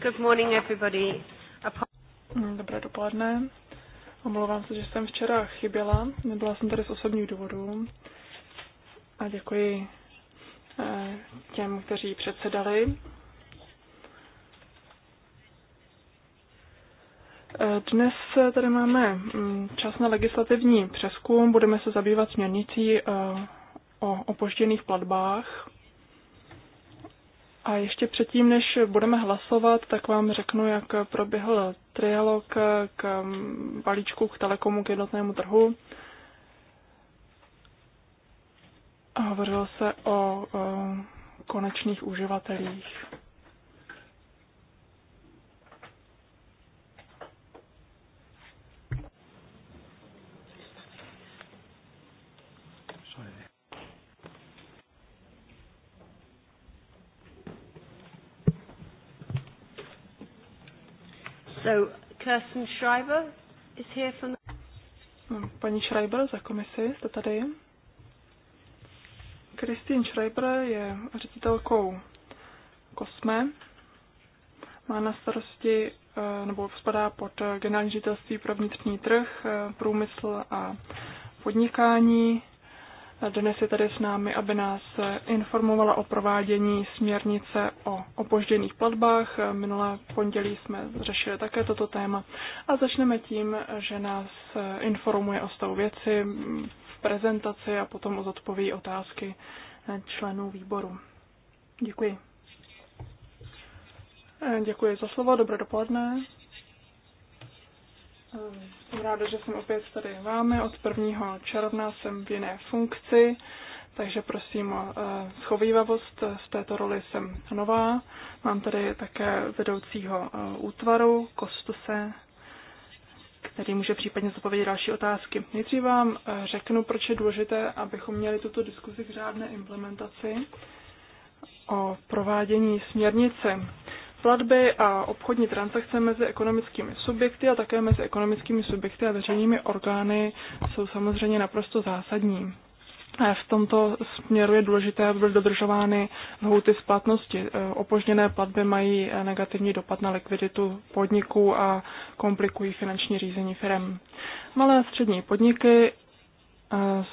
Good morning everybody. No, dobré dopoledne. Omlouvám se, že jsem včera chyběla. Nebyla jsem tady z osobních důvodů. A děkuji eh, těm, kteří předsedali. Eh, dnes tady máme mm, čas na legislativní přeskum. Budeme se zabývat směrnicí eh, o opožděných platbách. A ještě předtím, než budeme hlasovat, tak vám řeknu, jak proběhl trialog k mm, balíčku k telekomu k jednotnému trhu. A hovořilo se o eh, konečných uživatelích. So Kirsten Schreiber is here from the... Hmm, paní Schreiber za komisi, jste tady? Kristin Schreiber je ředitelkou Kosme. Má na starosti eh, nebo spadá pod generální ředitelství pro vnitřní trh, eh, průmysl a podnikání dnes je tady s námi, aby nás informovala o provádění směrnice o opožděných platbách. Minulé pondělí jsme řešili také toto téma a začneme tím, že nás informuje o stavu věci v prezentaci a potom o zodpoví otázky členů výboru. Děkuji. Děkuji za slovo, dobré dopoledne. Jsem ráda, že jsem opět tady vámi. Od 1. června jsem v jiné funkci, takže prosím o eh, schovývavost. V této roli jsem nová. Mám tady také vedoucího eh, útvaru Kostuse, který může případně zapovědět další otázky. Nejdřív vám eh, řeknu, proč je důležité, abychom měli tuto diskuzi k řádné implementaci o provádění směrnice platby a obchodní transakce mezi ekonomickými subjekty a také mezi ekonomickými subjekty a veřejnými orgány jsou samozřejmě naprosto zásadní. V tomto směru je důležité, aby byly dodržovány lhuty splatnosti. E, opožděné platby mají e, negativní dopad na likviditu podniků a komplikují finanční řízení firm. Malé a střední podniky e,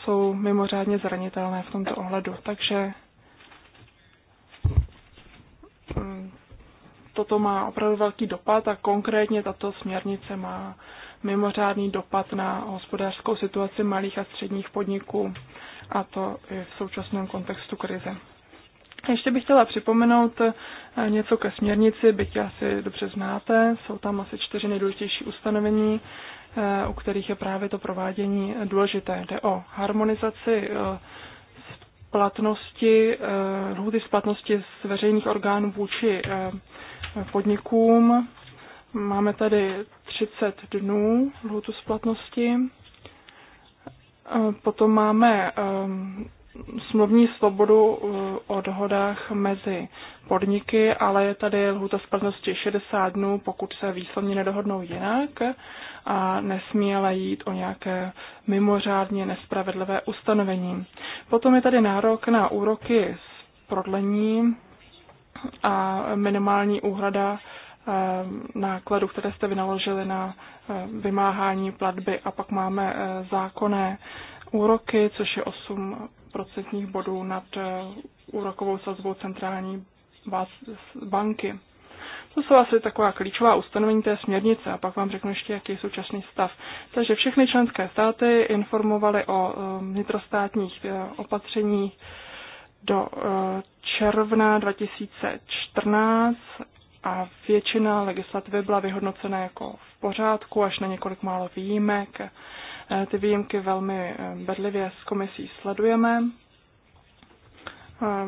jsou mimořádně zranitelné v tomto ohledu, takže mm, toto má opravdu velký dopad a konkrétně tato směrnice má mimořádný dopad na hospodářskou situaci malých a středních podniků a to i v současném kontextu krize. Ještě bych chtěla připomenout eh, něco ke směrnici, byť asi dobře znáte. Jsou tam asi čtyři nejdůležitější ustanovení, eh, u kterých je právě to provádění důležité. Jde o harmonizaci eh, splatnosti, lhůty splatnosti z veřejných orgánů vůči podnikům. Máme tady 30 dnů lhutu splatnosti. Potom máme ehm, smluvní svobodu eh, o dohodách mezi podniky, ale je tady lhůta splatnosti 60 dnů, pokud se výslovně nedohodnou jinak a nesmí ale jít o nějaké mimořádně nespravedlivé ustanovení. Potom je tady nárok na úroky z prodlení a minimální úhrada eh, nákladů, které jste vynaložili na eh, vymáhání platby a pak máme eh, zákonné úroky, což je 8 procentních bodů nad úrokovou sazbou centrální banky. To jsou asi taková klíčová ustanovení té směrnice a pak vám řeknu ještě, jaký je současný stav. Takže všechny členské státy informovaly o vnitrostátních opatření do eh, června 2014 a většina legislativy byla vyhodnocena jako v pořádku, až na několik málo výjimek. Eh, ty výjimky velmi eh, bedlivě s komisí sledujeme.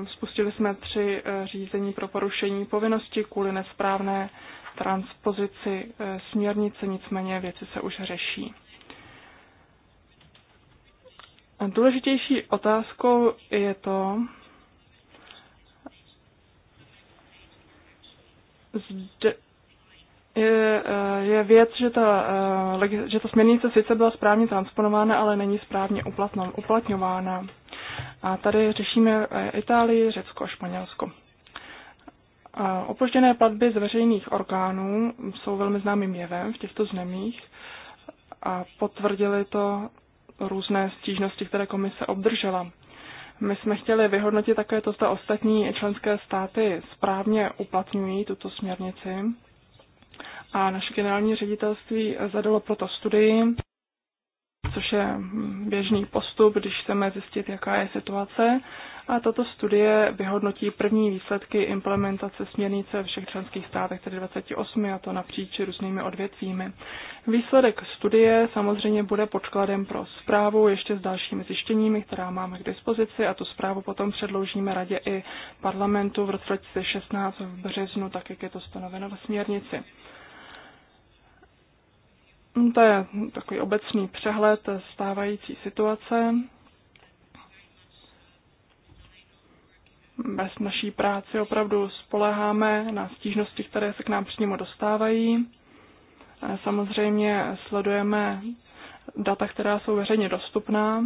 Spustili jsme tři řízení pro porušení povinnosti kvůli nesprávné transpozici směrnice, nicméně věci se už řeší. Důležitější otázkou je to, zde je, eh, je věc, že ta, eh, že ta směrnice sice byla správně transponována, ale není správně uplatňována. A tady řešíme eh, Itálii, Řecko a Španělsko. Opožděné platby z veřejných orgánů jsou velmi známým jevem v těchto zemích a potvrdili to různé stížnosti, které komise obdržela. My jsme chtěli vyhodnotit také to, zda ostatní členské státy správně uplatňují tuto směrnici. A naše generální ředitelství zadalo proto studii, což je běžný postup, když chceme zjistit, jaká je situace a tato studie vyhodnotí první výsledky implementace směrnice všech členských státech, tedy 28, a to napříč různými odvětvími. Výsledek studie samozřejmě bude podkladem pro zprávu ještě s dalšími zjištěními, která máme k dispozici a tu zprávu potom předložíme radě i parlamentu v roce 2016 v březnu, tak jak je to stanoveno ve směrnici. To je takový obecný přehled stávající situace. bez naší práci opravdu spoleháme na stížnosti, které se k nám přímo dostávají. Samozřejmě sledujeme data, která jsou veřejně dostupná.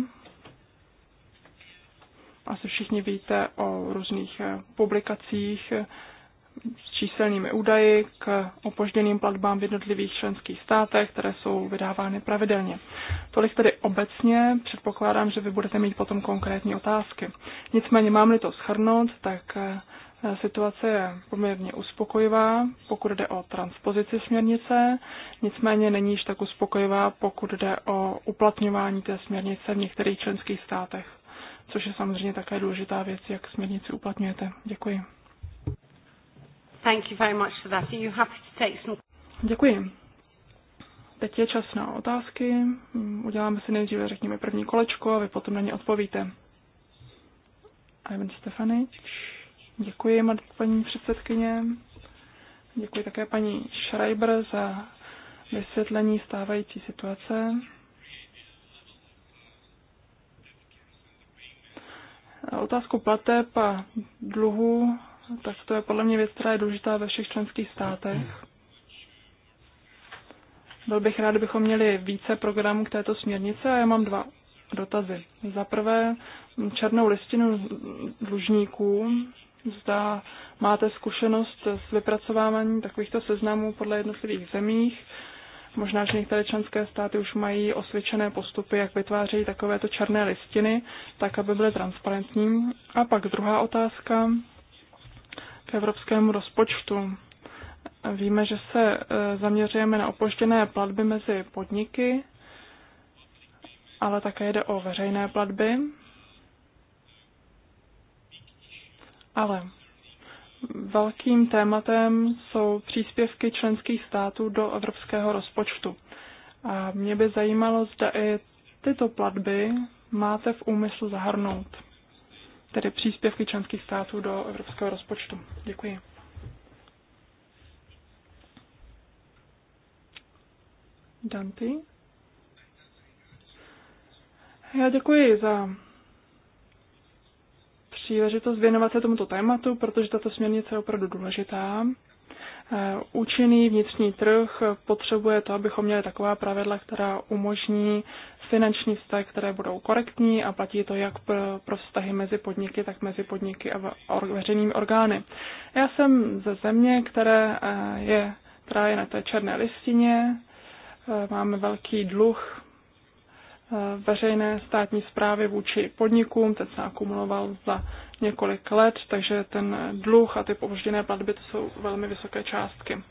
Asi všichni víte o různých publikacích, s číselnými údaji k opožděným platbám v jednotlivých členských státech, které jsou vydávány pravidelně. Tolik tedy obecně, předpokládám, že vy budete mít potom konkrétní otázky. Nicméně mám-li to schrnout, tak eh, Situace je poměrně uspokojivá, pokud jde o transpozici směrnice, nicméně není již tak uspokojivá, pokud jde o uplatňování té směrnice v některých členských státech, což je samozřejmě také důležitá věc, jak směrnici uplatňujete. Děkuji. Thank you very much for that. Are you happy to take some... Děkuji. Teď je čas na otázky. Uděláme si nejdříve, řekněme, první kolečko a vy potom na ně odpovíte. Ivan Stefanič. Děkuji, paní předsedkyně. Děkuji také paní Schreiber za vysvětlení stávající situace. Otázku plateb a dluhu tak to je podle mě věc, která je důležitá ve všech členských státech. Byl bych rád, kdybychom měli více programů k této směrnice a já mám dva dotazy. Za prvé, černou listinu dlužníků. Zda máte zkušenost s vypracováváním takovýchto seznamů podle jednotlivých zemích. Možná, že některé členské státy už mají osvědčené postupy, jak vytvářejí takovéto černé listiny, tak aby byly transparentní. A pak druhá otázka k evropskému rozpočtu. Víme, že se e, zaměřujeme na opožděné platby mezi podniky, ale také jde o veřejné platby. Ale velkým tématem jsou příspěvky členských států do evropského rozpočtu. A mě by zajímalo, zda i tyto platby máte v úmyslu zahrnout tedy příspěvky členských států do evropského rozpočtu. Děkuji. Danty. Já děkuji za příležitost věnovat se tomuto tématu, protože tato směrnice je opravdu důležitá. Eh, účinný vnitřní trh potřebuje to, abychom měli taková pravidla, která umožní finanční vztahy, které budou korektní a platí to jak pro vztahy mezi podniky, tak mezi podniky a veřejnými orgány. Já jsem ze země, které eh, je, která je na té černé listině, eh, máme velký dluh veřejné státní zprávy vůči podnikům, ten se akumuloval za několik let, takže ten dluh a ty požděné platby to jsou velmi vysoké částky.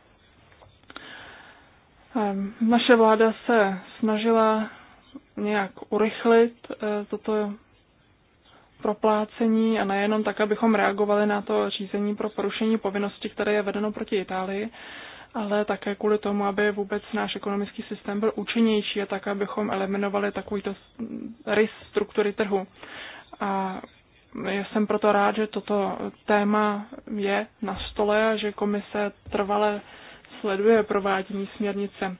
Ehm, naše vláda se snažila nějak urychlit eh, toto proplácení a nejenom tak, abychom reagovali na to řízení pro porušení povinnosti, které je vedeno proti Itálii, ale také kvůli tomu, aby vůbec náš ekonomický systém byl účinnější a tak, abychom eliminovali takovýto rys struktury trhu. A jsem proto rád, že toto téma je na stole a že komise trvale sleduje provádění směrnice.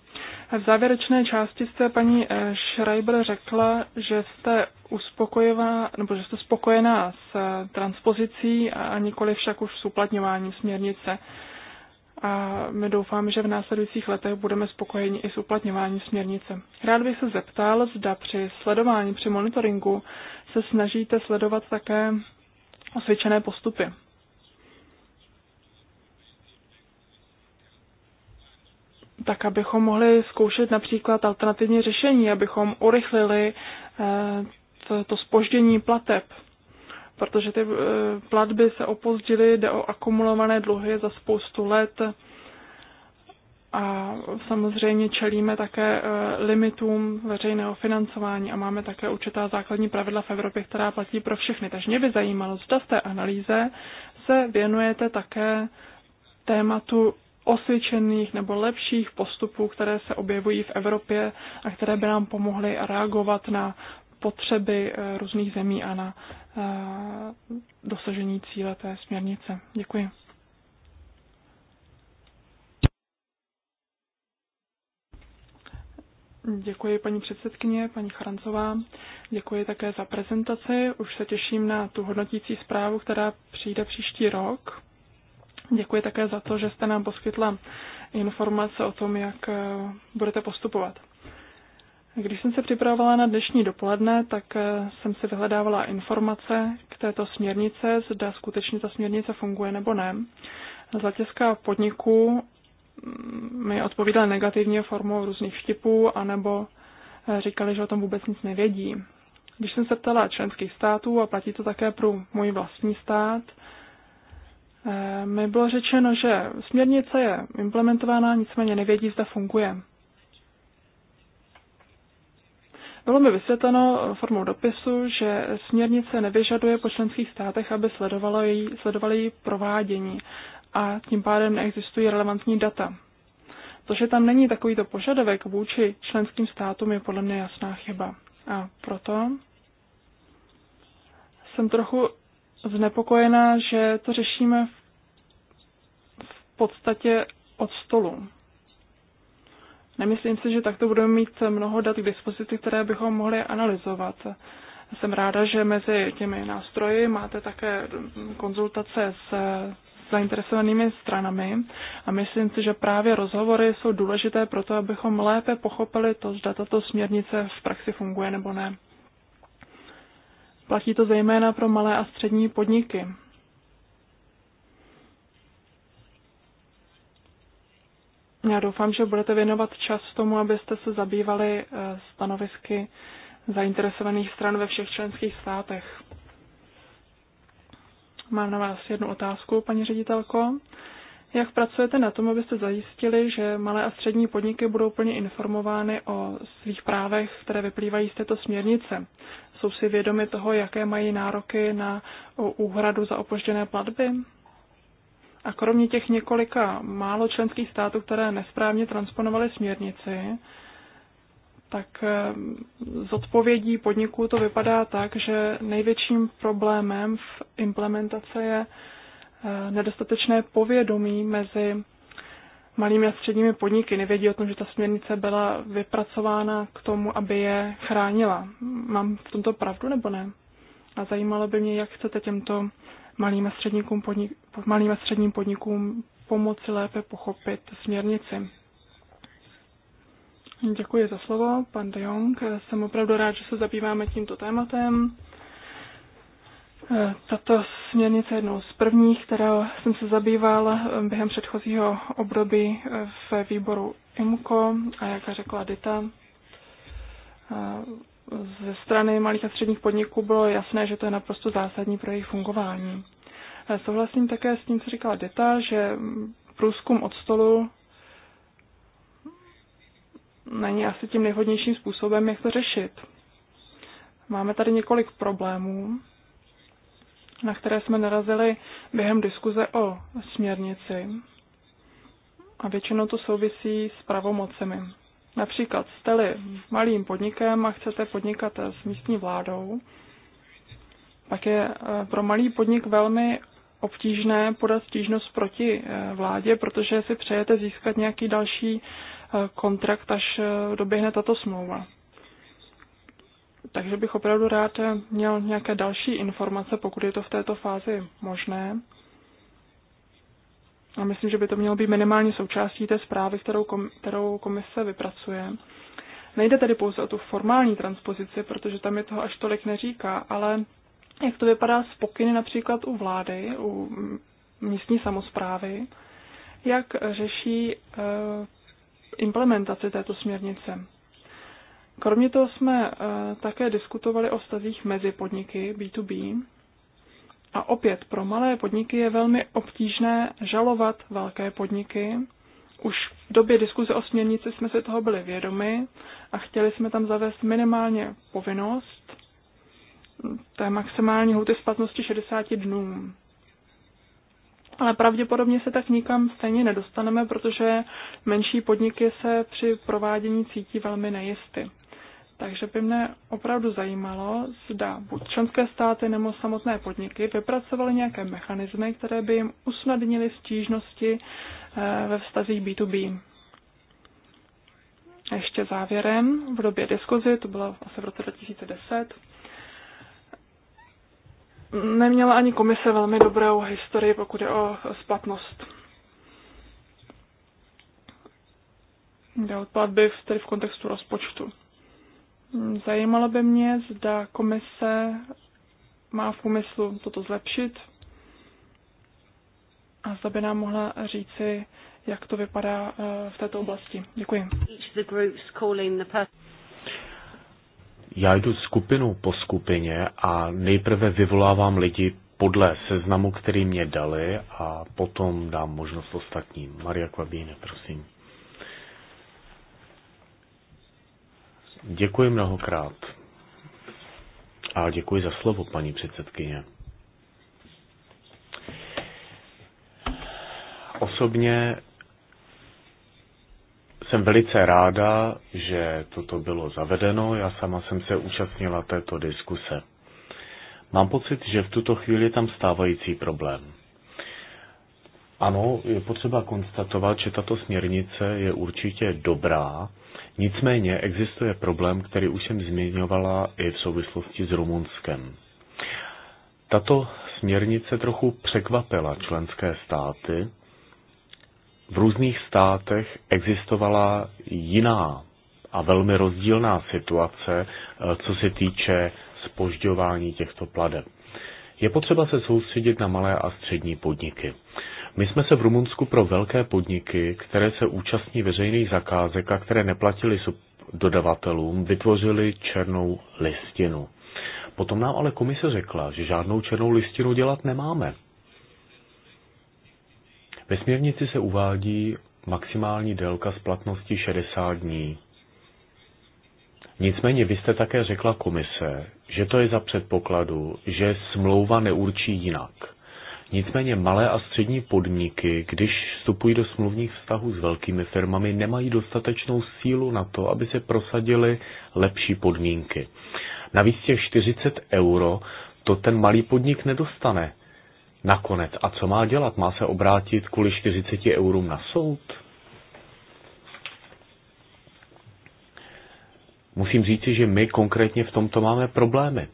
V závěrečné části jste, paní eh, Schreiber, řekla, že jste uspokojená, nebo že jste spokojená s eh, transpozicí a nikoli však už s uplatňováním směrnice. A my doufáme, že v následujících letech budeme spokojeni i s uplatňováním směrnice. Rád bych se zeptal, zda při sledování, při monitoringu se snažíte sledovat také osvědčené postupy. tak abychom mohli zkoušet například alternativní řešení, abychom urychlili eh, to, to spoždění plateb, protože ty eh, platby se opozdily, jde o akumulované dluhy za spoustu let a samozřejmě čelíme také eh, limitům veřejného financování a máme také určitá základní pravidla v Evropě, která platí pro všechny. Takže mě by zajímalo, zda v té analýze se věnujete také tématu osvědčených nebo lepších postupů, které se objevují v Evropě a které by nám pomohly reagovat na potřeby eh, různých zemí a na eh, dosažení cíle té směrnice. Děkuji. Děkuji paní předsedkyně, paní Charancová. Děkuji také za prezentaci. Už se těším na tu hodnotící zprávu, která přijde příští rok. Děkuji také za to, že jste nám poskytla informace o tom, jak eh, budete postupovat. Když jsem se připravovala na dnešní dopoledne, tak eh, jsem si vyhledávala informace k této směrnice, zda skutečně ta směrnice funguje nebo ne. Z podniku. podniků mi odpovídali negativně formou různých vtipů, anebo eh, říkali, že o tom vůbec nic nevědí. Když jsem se ptala členských států, a platí to také pro můj vlastní stát, eh, mi bylo řečeno, že směrnice je implementována, nicméně nevědí, zda funguje. Bylo mi vysvětleno formou dopisu, že směrnice nevyžaduje po členských státech, aby sledovalo její, sledovali její provádění a tím pádem neexistují relevantní data. To, že tam není takovýto požadavek vůči členským státům, je podle mě jasná chyba. A proto jsem trochu znepokojená, že to řešíme v podstatě od stolu. Nemyslím si, že takto budeme mít mnoho dat k dispozici, které bychom mohli analyzovat. Jsem ráda, že mezi těmi nástroji máte také konzultace s zainteresovanými stranami a myslím si, že právě rozhovory jsou důležité pro to, abychom lépe pochopili to, zda tato směrnice v praxi funguje nebo ne. Platí to zejména pro malé a střední podniky. Já doufám, že budete věnovat čas tomu, abyste se zabývali eh, stanovisky zainteresovaných stran ve všech členských státech. Mám na vás jednu otázku, paní ředitelko. Jak pracujete na tom, abyste zajistili, že malé a střední podniky budou plně informovány o svých právech, které vyplývají z této směrnice? Jsou si vědomi toho, jaké mají nároky na úhradu za opožděné platby? A kromě těch několika málo členských států, které nesprávně transponovaly směrnici, tak eh, z odpovědí podniků to vypadá tak, že největším problémem v implementace je eh, nedostatečné povědomí mezi malými a středními podniky. Nevědí o tom, že ta směrnice byla vypracována k tomu, aby je chránila. Mám v tomto pravdu nebo ne? A zajímalo by mě, jak chcete těmto malým a, podnik, malým a středním podnikům pomoci lépe pochopit směrnici. Děkuji za slovo, pan De Jong. Jsem opravdu rád, že se zabýváme tímto tématem. Tato směrnice je jednou z prvních, kterou jsem se zabýval během předchozího období v výboru IMCO a jak řekla Dita, ze strany malých a středních podniků bylo jasné, že to je naprosto zásadní pro jejich fungování. Souhlasím také s tím, co říkala Dita, že průzkum od stolu není asi tím nejhodnějším způsobem, jak to řešit. Máme tady několik problémů, na které jsme narazili během diskuze o směrnici. A většinou to souvisí s pravomocemi. Například jste-li malým podnikem a chcete podnikat s místní vládou, pak je eh, pro malý podnik velmi obtížné podat stížnost proti eh, vládě, protože si přejete získat nějaký další Eh, kontrakt, až eh, doběhne tato smlouva. Takže bych opravdu rád eh, měl nějaké další informace, pokud je to v této fázi možné. A myslím, že by to mělo být minimálně součástí té zprávy, kterou, kom, kterou komise vypracuje. Nejde tedy pouze o tu formální transpozici, protože tam je toho až tolik neříká, ale jak to vypadá s pokyny například u vlády, u místní samozprávy, jak řeší implementaci této směrnice. Kromě toho jsme eh, také diskutovali o stazích mezi podniky B2B. A opět pro malé podniky je velmi obtížné žalovat velké podniky. Už v době diskuze o směrnici jsme si toho byli vědomi a chtěli jsme tam zavést minimálně povinnost té maximální huty splatnosti 60 dnů ale pravděpodobně se tak nikam stejně nedostaneme, protože menší podniky se při provádění cítí velmi nejisty. Takže by mne opravdu zajímalo, zda buď členské státy nebo samotné podniky vypracovaly nějaké mechanizmy, které by jim usnadnily stížnosti eh, ve vztazích B2B. A ještě závěrem, v době diskuzi, to bylo asi v roce 2010, neměla ani komise velmi dobrou historii, pokud je o splatnost. Jde o platby tedy v kontextu rozpočtu. Zajímalo by mě, zda komise má v úmyslu toto zlepšit a zda by nám mohla říci, jak to vypadá eh, v této oblasti. Děkuji já jdu skupinu po skupině a nejprve vyvolávám lidi podle seznamu, který mě dali a potom dám možnost ostatním. Maria Kvabíne, prosím. Děkuji mnohokrát. A děkuji za slovo, paní předsedkyně. Osobně jsem velice ráda, že toto bylo zavedeno. Já sama jsem se účastnila této diskuse. Mám pocit, že v tuto chvíli je tam stávající problém. Ano, je potřeba konstatovat, že tato směrnice je určitě dobrá, nicméně existuje problém, který už jsem zmiňovala i v souvislosti s Rumunskem. Tato směrnice trochu překvapila členské státy, v různých státech existovala jiná a velmi rozdílná situace, eh, co se týče spožďování těchto pladeb. Je potřeba se soustředit na malé a střední podniky. My jsme se v Rumunsku pro velké podniky, které se účastní veřejných zakázek a které neplatili dodavatelům, vytvořili černou listinu. Potom nám ale komise řekla, že žádnou černou listinu dělat nemáme. Ve směrnici se uvádí maximální délka splatnosti 60 dní. Nicméně vy jste také řekla komise, že to je za předpokladu, že smlouva neurčí jinak. Nicméně malé a střední podniky, když vstupují do smluvních vztahů s velkými firmami, nemají dostatečnou sílu na to, aby se prosadili lepší podmínky. Navíc těch 40 euro to ten malý podnik nedostane. Nakonec. A co má dělat? Má se obrátit kvůli 40 eurům na soud? Musím říci, že my konkrétně v tomto máme problémy.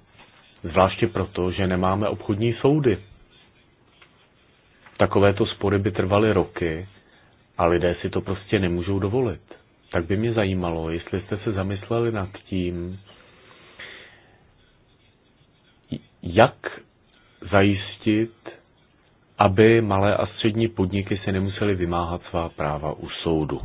Zvláště proto, že nemáme obchodní soudy. Takovéto spory by trvaly roky a lidé si to prostě nemůžou dovolit. Tak by mě zajímalo, jestli jste se zamysleli nad tím, jak zajistit aby malé a střední podniky si nemusely vymáhat svá práva u soudu.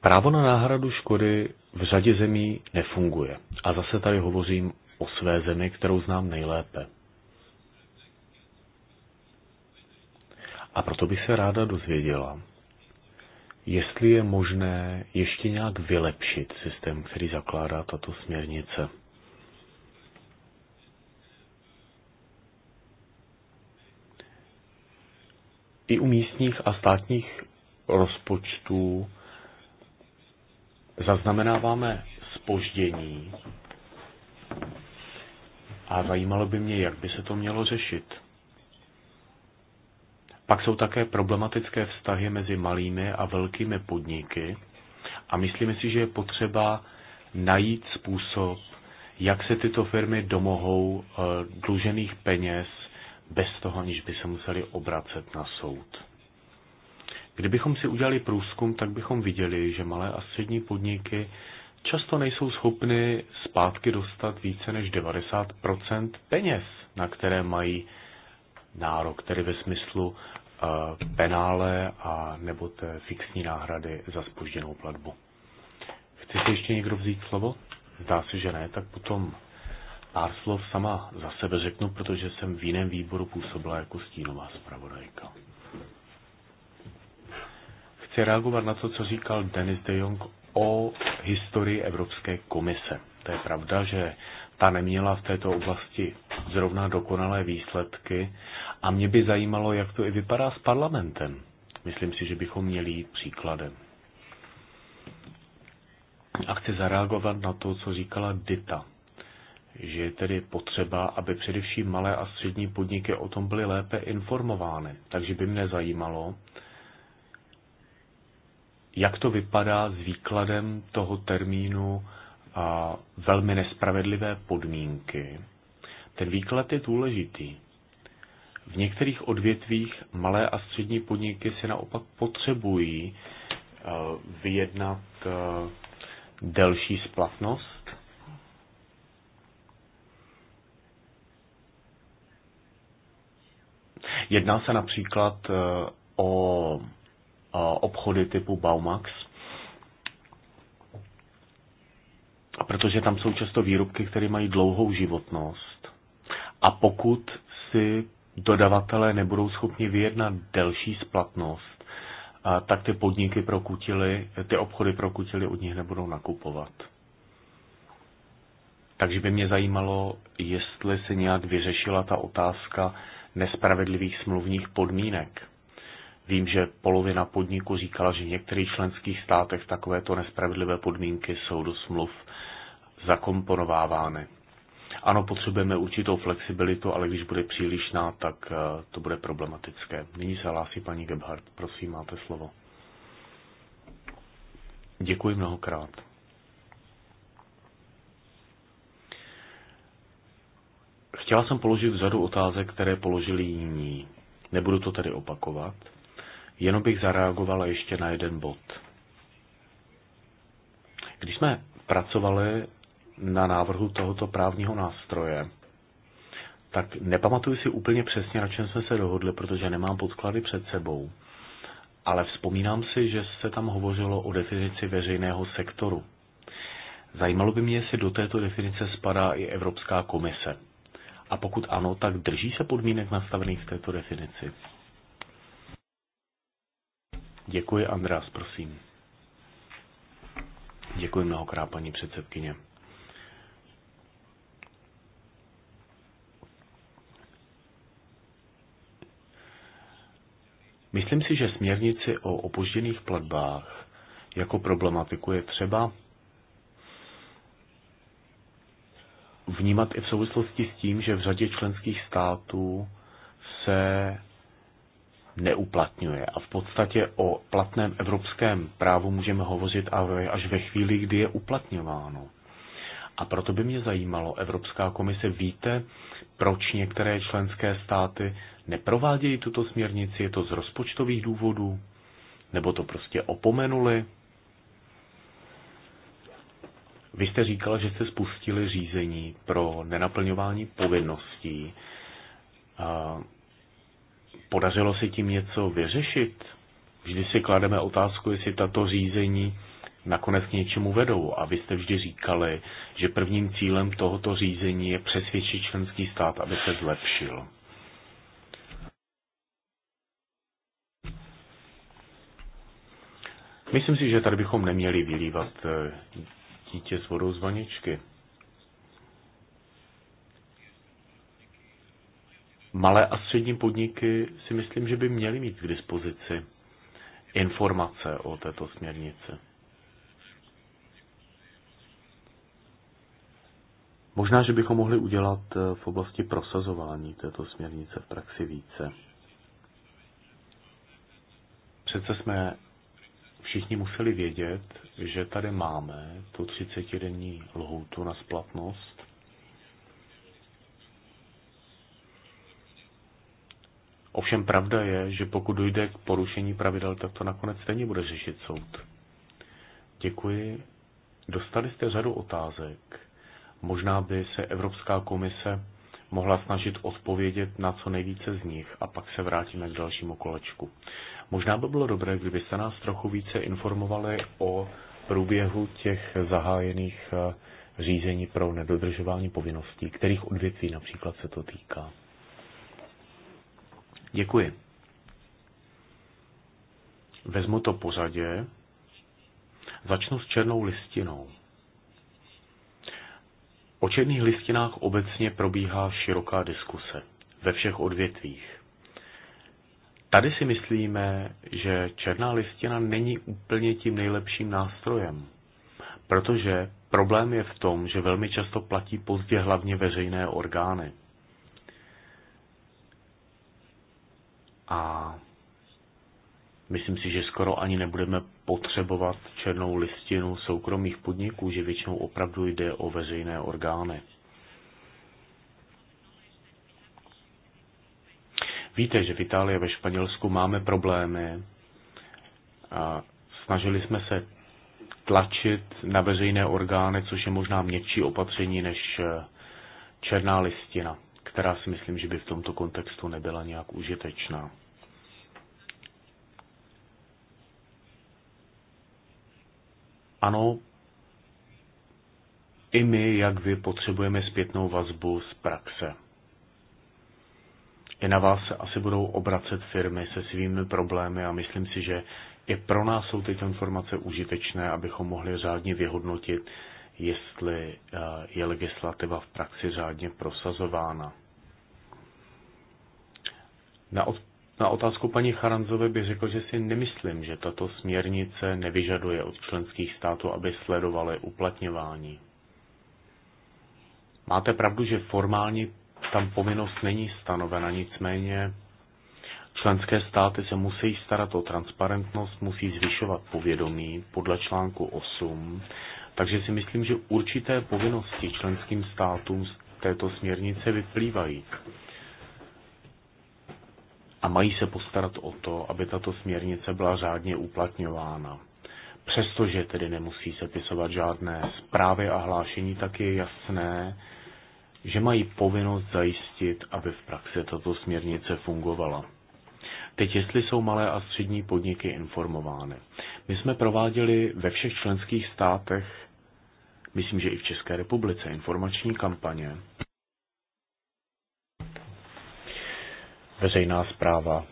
Právo na náhradu škody v řadě zemí nefunguje. A zase tady hovořím o své zemi, kterou znám nejlépe. A proto bych se ráda dozvěděla, jestli je možné ještě nějak vylepšit systém, který zakládá tato směrnice. i u místních a státních rozpočtů zaznamenáváme spoždění a zajímalo by mě, jak by se to mělo řešit. Pak jsou také problematické vztahy mezi malými a velkými podniky a myslíme si, že je potřeba najít způsob, jak se tyto firmy domohou eh, dlužených peněz bez toho, aniž by se museli obracet na soud. Kdybychom si udělali průzkum, tak bychom viděli, že malé a střední podniky často nejsou schopny zpátky dostat více než 90 peněz, na které mají nárok, tedy ve smyslu eh, penále a nebo té fixní náhrady za spožděnou platbu. Chce si ještě někdo vzít slovo? Zdá se, že ne, tak potom pár slov sama za sebe řeknu, protože jsem v jiném výboru působila jako stínová zpravodajka. Chci reagovat na to, co říkal Denis de Jong o historii Evropské komise. To je pravda, že ta neměla v této oblasti zrovna dokonalé výsledky a mě by zajímalo, jak to i vypadá s parlamentem. Myslím si, že bychom měli jít příkladem. A chci zareagovat na to, co říkala Dita že je tedy potřeba, aby především malé a střední podniky o tom byly lépe informovány. Takže by mě zajímalo, jak to vypadá s výkladem toho termínu a velmi nespravedlivé podmínky. Ten výklad je důležitý. V některých odvětvích malé a střední podniky se naopak potřebují vyjednat delší splatnost, Jedná se například eh, o eh, obchody typu Baumax, protože tam jsou často výrobky, které mají dlouhou životnost. A pokud si dodavatelé nebudou schopni vyjednat delší splatnost, eh, tak ty podniky pro kutily, ty obchody pro kutily od nich nebudou nakupovat. Takže by mě zajímalo, jestli se nějak vyřešila ta otázka nespravedlivých smluvních podmínek. Vím, že polovina podniku říkala, že v některých členských státech takovéto nespravedlivé podmínky jsou do smluv zakomponovávány. Ano, potřebujeme určitou flexibilitu, ale když bude přílišná, tak eh, to bude problematické. Nyní se hlásí paní Gebhardt. Prosím, máte slovo. Děkuji mnohokrát. Chtěla jsem položit řadu otázek, které položili jiní. Nebudu to tedy opakovat. Jenom bych zareagovala ještě na jeden bod. Když jsme pracovali na návrhu tohoto právního nástroje, tak nepamatuju si úplně přesně, na čem jsme se dohodli, protože nemám podklady před sebou. Ale vzpomínám si, že se tam hovořilo o definici veřejného sektoru. Zajímalo by mě, jestli do této definice spadá i Evropská komise. A pokud ano, tak drží se podmínek nastavených v této definici? Děkuji, András, prosím. Děkuji mnohokrát, paní předsedkyně. Myslím si, že směrnici o opožděných platbách jako problematiku je třeba vnímat i v souvislosti s tím, že v řadě členských států se neuplatňuje. A v podstatě o platném evropském právu můžeme hovořit až ve chvíli, kdy je uplatňováno. A proto by mě zajímalo, Evropská komise, víte, proč některé členské státy neprovádějí tuto směrnici? Je to z rozpočtových důvodů? Nebo to prostě opomenuli? Vy jste říkal, že jste spustili řízení pro nenaplňování povinností. Podařilo se tím něco vyřešit? Vždy si klademe otázku, jestli tato řízení nakonec k něčemu vedou. A vy jste vždy říkali, že prvním cílem tohoto řízení je přesvědčit členský stát, aby se zlepšil. Myslím si, že tady bychom neměli vylívat eh, dítě s vodou z vaničky. Malé a střední podniky si myslím, že by měly mít k dispozici informace o této směrnici. Možná, že bychom mohli udělat eh, v oblasti prosazování této směrnice v praxi více. Přece jsme všichni museli vědět, že tady máme tu 30-denní lhoutu na splatnost. Ovšem pravda je, že pokud dojde k porušení pravidel, tak to nakonec stejně bude řešit soud. Děkuji. Dostali jste řadu otázek. Možná by se Evropská komise mohla snažit odpovědět na co nejvíce z nich a pak se vrátíme k dalšímu kolečku. Možná by bylo dobré, kdybyste nás trochu více informovali o průběhu těch zahájených eh, řízení pro nedodržování povinností, kterých odvětví například se to týká. Děkuji. Vezmu to pořadě. Začnu s černou listinou. O černých listinách obecně probíhá široká diskuse ve všech odvětvích. Tady si myslíme, že černá listina není úplně tím nejlepším nástrojem, protože problém je v tom, že velmi často platí pozdě hlavně veřejné orgány. A Myslím si, že skoro ani nebudeme potřebovat černou listinu soukromých podniků, že většinou opravdu jde o veřejné orgány. Víte, že v Itálii a ve Španělsku máme problémy. A snažili jsme se tlačit na veřejné orgány, což je možná měkčí opatření než eh, černá listina, která si myslím, že by v tomto kontextu nebyla nějak užitečná. Ano, i my, jak vy, potřebujeme zpětnou vazbu z praxe. I na vás se asi budou obracet firmy se svými problémy a myslím si, že i pro nás jsou tyto informace užitečné, abychom mohli řádně vyhodnotit, jestli eh, je legislativa v praxi řádně prosazována. Na od... Na otázku paní Charanzové bych řekl, že si nemyslím, že tato směrnice nevyžaduje od členských států, aby sledovaly uplatňování. Máte pravdu, že formálně tam povinnost není stanovena, nicméně členské státy se musí starat o transparentnost, musí zvyšovat povědomí podle článku 8, takže si myslím, že určité povinnosti členským státům z této směrnice vyplývají a mají se postarat o to, aby tato směrnice byla řádně uplatňována. Přestože tedy nemusí se pisovat žádné zprávy a hlášení, tak je jasné, že mají povinnost zajistit, aby v praxi tato směrnice fungovala. Teď jestli jsou malé a střední podniky informovány. My jsme prováděli ve všech členských státech, myslím, že i v České republice, informační kampaně, veřejná zpráva,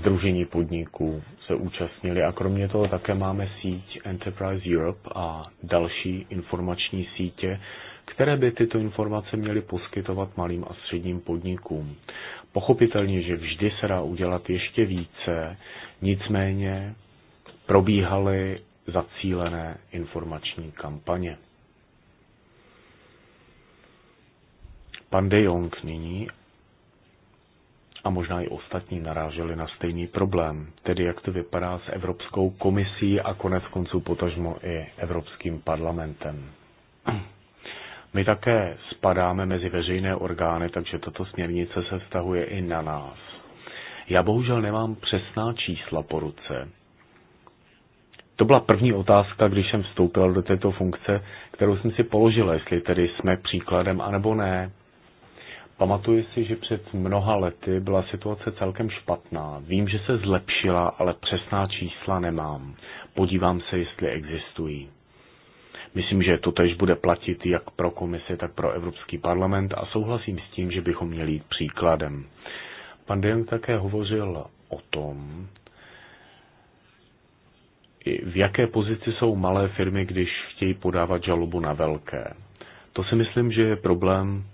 Združení podniků se účastnili a kromě toho také máme síť Enterprise Europe a další informační sítě, které by tyto informace měly poskytovat malým a středním podnikům. Pochopitelně, že vždy se dá udělat ještě více, nicméně probíhaly zacílené informační kampaně. Pan De Jong nyní a možná i ostatní naráželi na stejný problém, tedy jak to vypadá s Evropskou komisí a konec konců potažmo i Evropským parlamentem. My také spadáme mezi veřejné orgány, takže tato směrnice se vztahuje i na nás. Já bohužel nemám přesná čísla po ruce. To byla první otázka, když jsem vstoupil do této funkce, kterou jsem si položil, jestli tedy jsme příkladem anebo ne. Pamatuji si, že před mnoha lety byla situace celkem špatná. Vím, že se zlepšila, ale přesná čísla nemám. Podívám se, jestli existují. Myslím, že to tež bude platit jak pro komisi, tak pro Evropský parlament a souhlasím s tím, že bychom měli jít příkladem. Pan Dejan také hovořil o tom, v jaké pozici jsou malé firmy, když chtějí podávat žalobu na velké. To si myslím, že je problém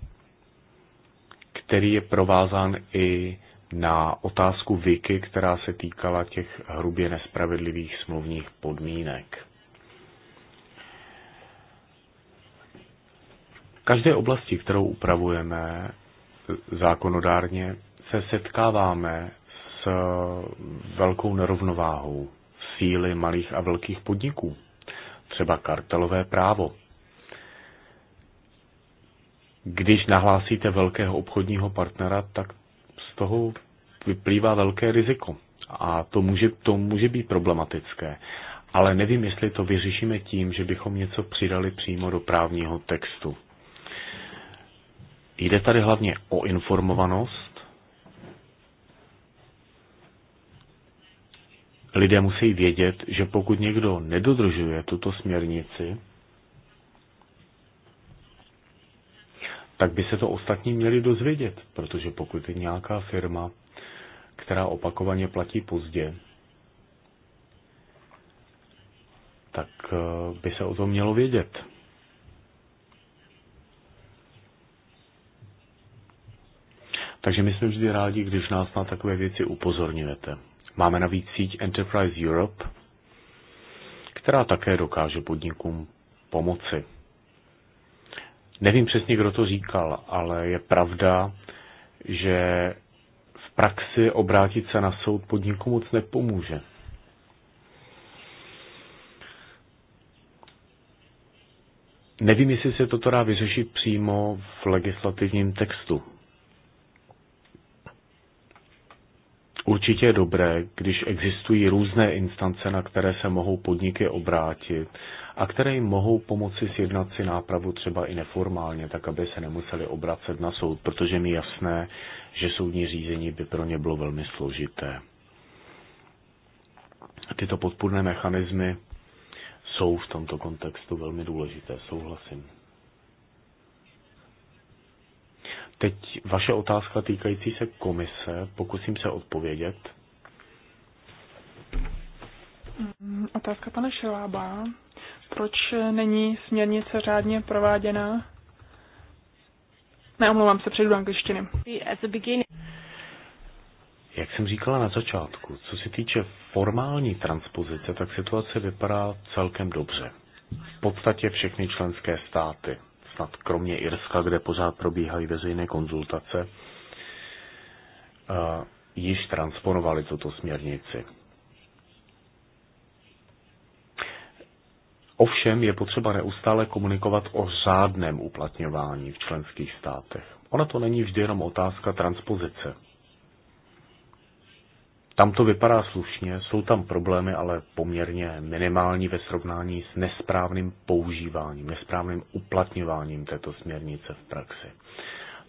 který je provázán i na otázku Viki, která se týkala těch hrubě nespravedlivých smluvních podmínek. V každé oblasti, kterou upravujeme zákonodárně, se setkáváme s velkou nerovnováhou síly malých a velkých podniků. Třeba kartelové právo když nahlásíte velkého obchodního partnera, tak z toho vyplývá velké riziko. A to může, to může být problematické. Ale nevím, jestli to vyřešíme tím, že bychom něco přidali přímo do právního textu. Jde tady hlavně o informovanost. Lidé musí vědět, že pokud někdo nedodržuje tuto směrnici, tak by se to ostatní měli dozvědět, protože pokud je nějaká firma, která opakovaně platí pozdě, tak eh, by se o tom mělo vědět. Takže my jsme vždy rádi, když nás na takové věci upozorňujete. Máme navíc síť Enterprise Europe, která také dokáže podnikům pomoci. Nevím přesně, kdo to říkal, ale je pravda, že v praxi obrátit se na soud podniku moc nepomůže. Nevím, jestli se toto dá vyřešit přímo v legislativním textu. Určitě je dobré, když existují různé instance, na které se mohou podniky obrátit a které jim mohou pomoci sjednat si nápravu třeba i neformálně, tak aby se nemuseli obracet na soud, protože mi jasné, že soudní řízení by pro ně bylo velmi složité. Tyto podpůrné mechanismy jsou v tomto kontextu velmi důležité, souhlasím. Teď vaše otázka týkající se komise, pokusím se odpovědět. Otázka pana Šelába proč není směrnice řádně prováděná? Neomlouvám se, přejdu do angličtiny. Jak jsem říkala na začátku, co se týče formální transpozice, tak situace vypadá celkem dobře. V podstatě všechny členské státy, snad kromě Irska, kde pořád probíhají veřejné konzultace, eh, již transponovali tuto směrnici. Ovšem je potřeba neustále komunikovat o řádném uplatňování v členských státech. Ona to není vždy jenom otázka transpozice. Tam to vypadá slušně, jsou tam problémy, ale poměrně minimální ve srovnání s nesprávným používáním, nesprávným uplatňováním této směrnice v praxi.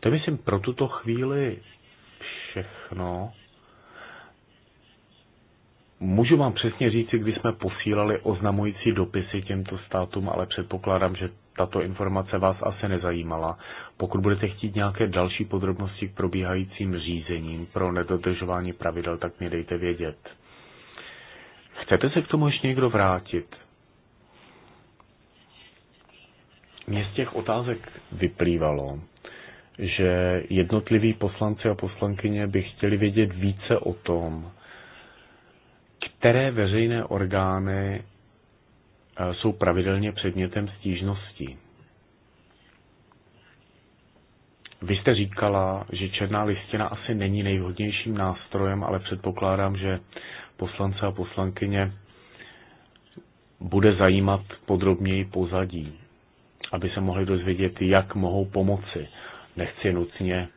To je, myslím, pro tuto chvíli všechno. Můžu vám přesně říct, kdy jsme posílali oznamující dopisy těmto státům, ale předpokládám, že tato informace vás asi nezajímala. Pokud budete chtít nějaké další podrobnosti k probíhajícím řízením pro nedodržování pravidel, tak mě dejte vědět. Chcete se k tomu ještě někdo vrátit? Mně z těch otázek vyplývalo, že jednotliví poslanci a poslankyně by chtěli vědět více o tom, které veřejné orgány eh, jsou pravidelně předmětem stížností. Vy jste říkala, že černá listina asi není nejvhodnějším nástrojem, ale předpokládám, že poslance a poslankyně bude zajímat podrobněji pozadí, aby se mohli dozvědět, jak mohou pomoci. Nechci nutně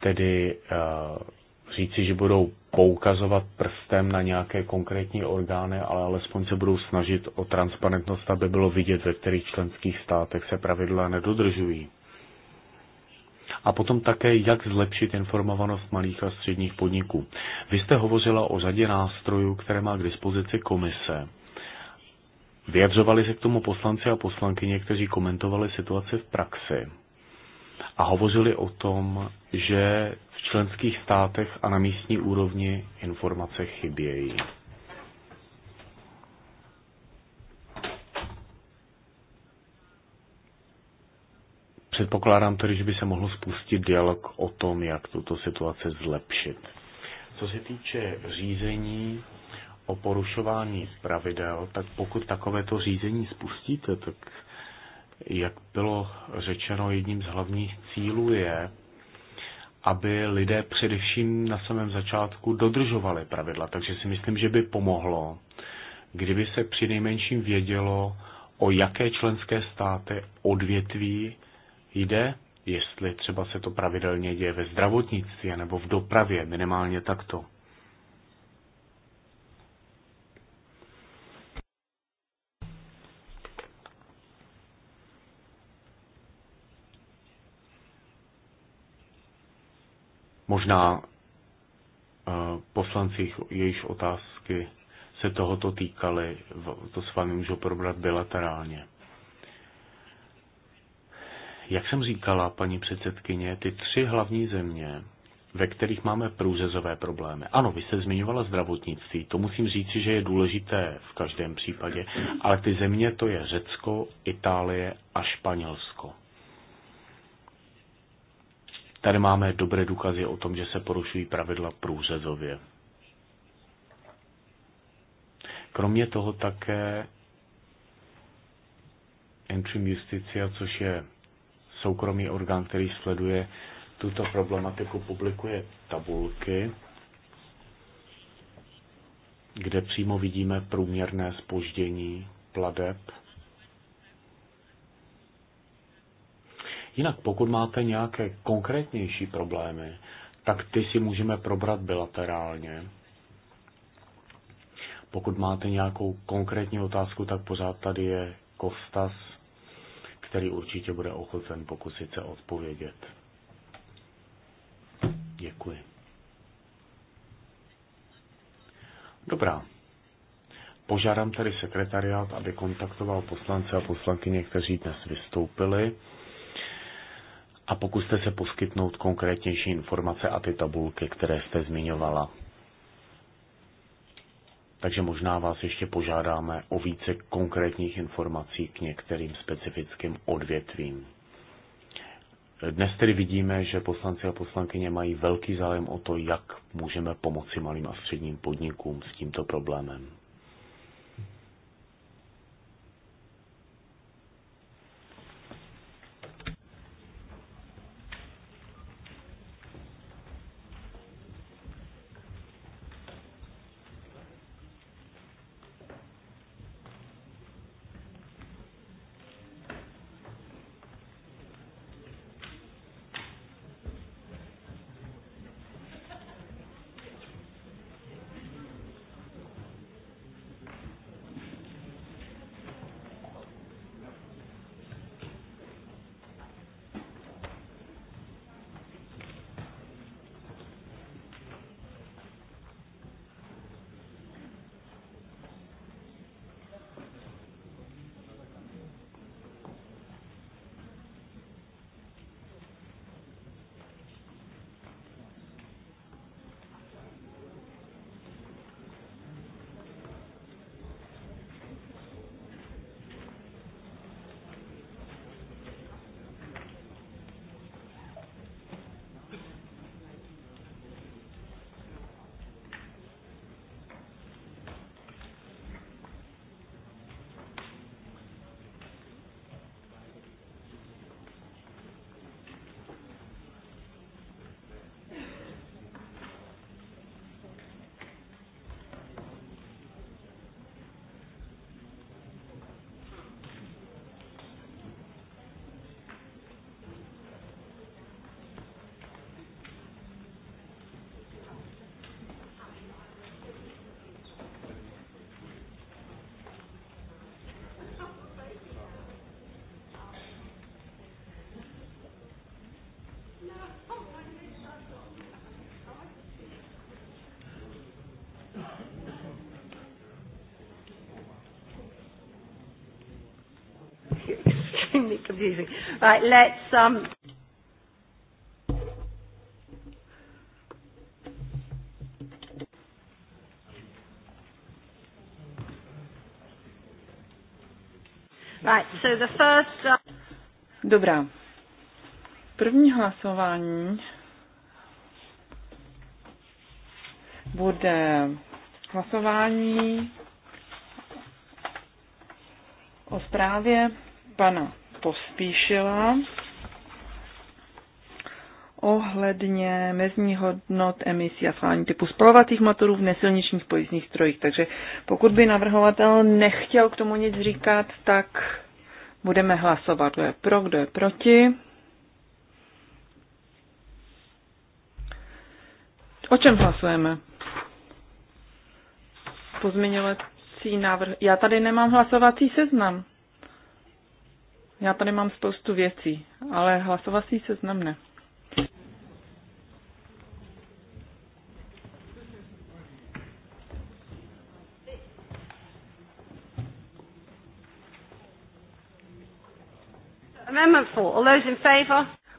tedy uh, říci, že budou poukazovat prstem na nějaké konkrétní orgány, ale alespoň se budou snažit o transparentnost, aby bylo vidět, ve kterých členských státech se pravidla nedodržují. A potom také, jak zlepšit informovanost malých a středních podniků. Vy jste hovořila o řadě nástrojů, které má k dispozici komise. Vyjadřovali se k tomu poslanci a poslankyně, kteří komentovali situaci v praxi a hovořili o tom, že v členských státech a na místní úrovni informace chybějí. Předpokládám tedy, že by se mohl spustit dialog o tom, jak tuto situaci zlepšit. Co se týče řízení o porušování pravidel, tak pokud takovéto řízení spustíte, tak jak bylo řečeno, jedním z hlavních cílů je aby lidé především na samém začátku dodržovali pravidla. Takže si myslím, že by pomohlo, kdyby se při nejmenším vědělo, o jaké členské státy odvětví jde, jestli třeba se to pravidelně děje ve zdravotnictví nebo v dopravě, minimálně takto. možná eh, poslanci jejich otázky se tohoto týkaly, to s vámi můžu probrat bilaterálně. Jak jsem říkala, paní předsedkyně, ty tři hlavní země, ve kterých máme průřezové problémy. Ano, vy jste zmiňovala zdravotnictví, to musím říci, že je důležité v každém případě, ale ty země to je Řecko, Itálie a Španělsko. Tady máme dobré důkazy o tom, že se porušují pravidla průřezově. Kromě toho také Entrim Justicia, což je soukromý orgán, který sleduje tuto problematiku, publikuje tabulky, kde přímo vidíme průměrné spoždění pladeb Jinak pokud máte nějaké konkrétnější problémy, tak ty si můžeme probrat bilaterálně. Pokud máte nějakou konkrétní otázku, tak pořád tady je Kostas, který určitě bude ochoten pokusit se odpovědět. Děkuji. Dobrá. Požádám tedy sekretariát, aby kontaktoval poslance a poslankyně, kteří dnes vystoupili a pokuste se poskytnout konkrétnější informace a ty tabulky, které jste zmiňovala. Takže možná vás ještě požádáme o více konkrétních informací k některým specifickým odvětvím. Dnes tedy vidíme, že poslanci a poslankyně mají velký zájem o to, jak můžeme pomoci malým a středním podnikům s tímto problémem. confusing. Right, let's. Um... Right, so the first. Uh... Dobrá. První hlasování bude hlasování o zprávě pana spíšila ohledně mezní hodnot emisí a schválení typu spalovacích motorů v nesilničních pojízdních strojích. Takže pokud by navrhovatel nechtěl k tomu nic říkat, tak budeme hlasovat, kdo je pro, kdo je proti. O čem hlasujeme? Pozměňovací návrh. Já tady nemám hlasovací seznam. Já tady mám spoustu věcí, ale hlasovací seznam ne.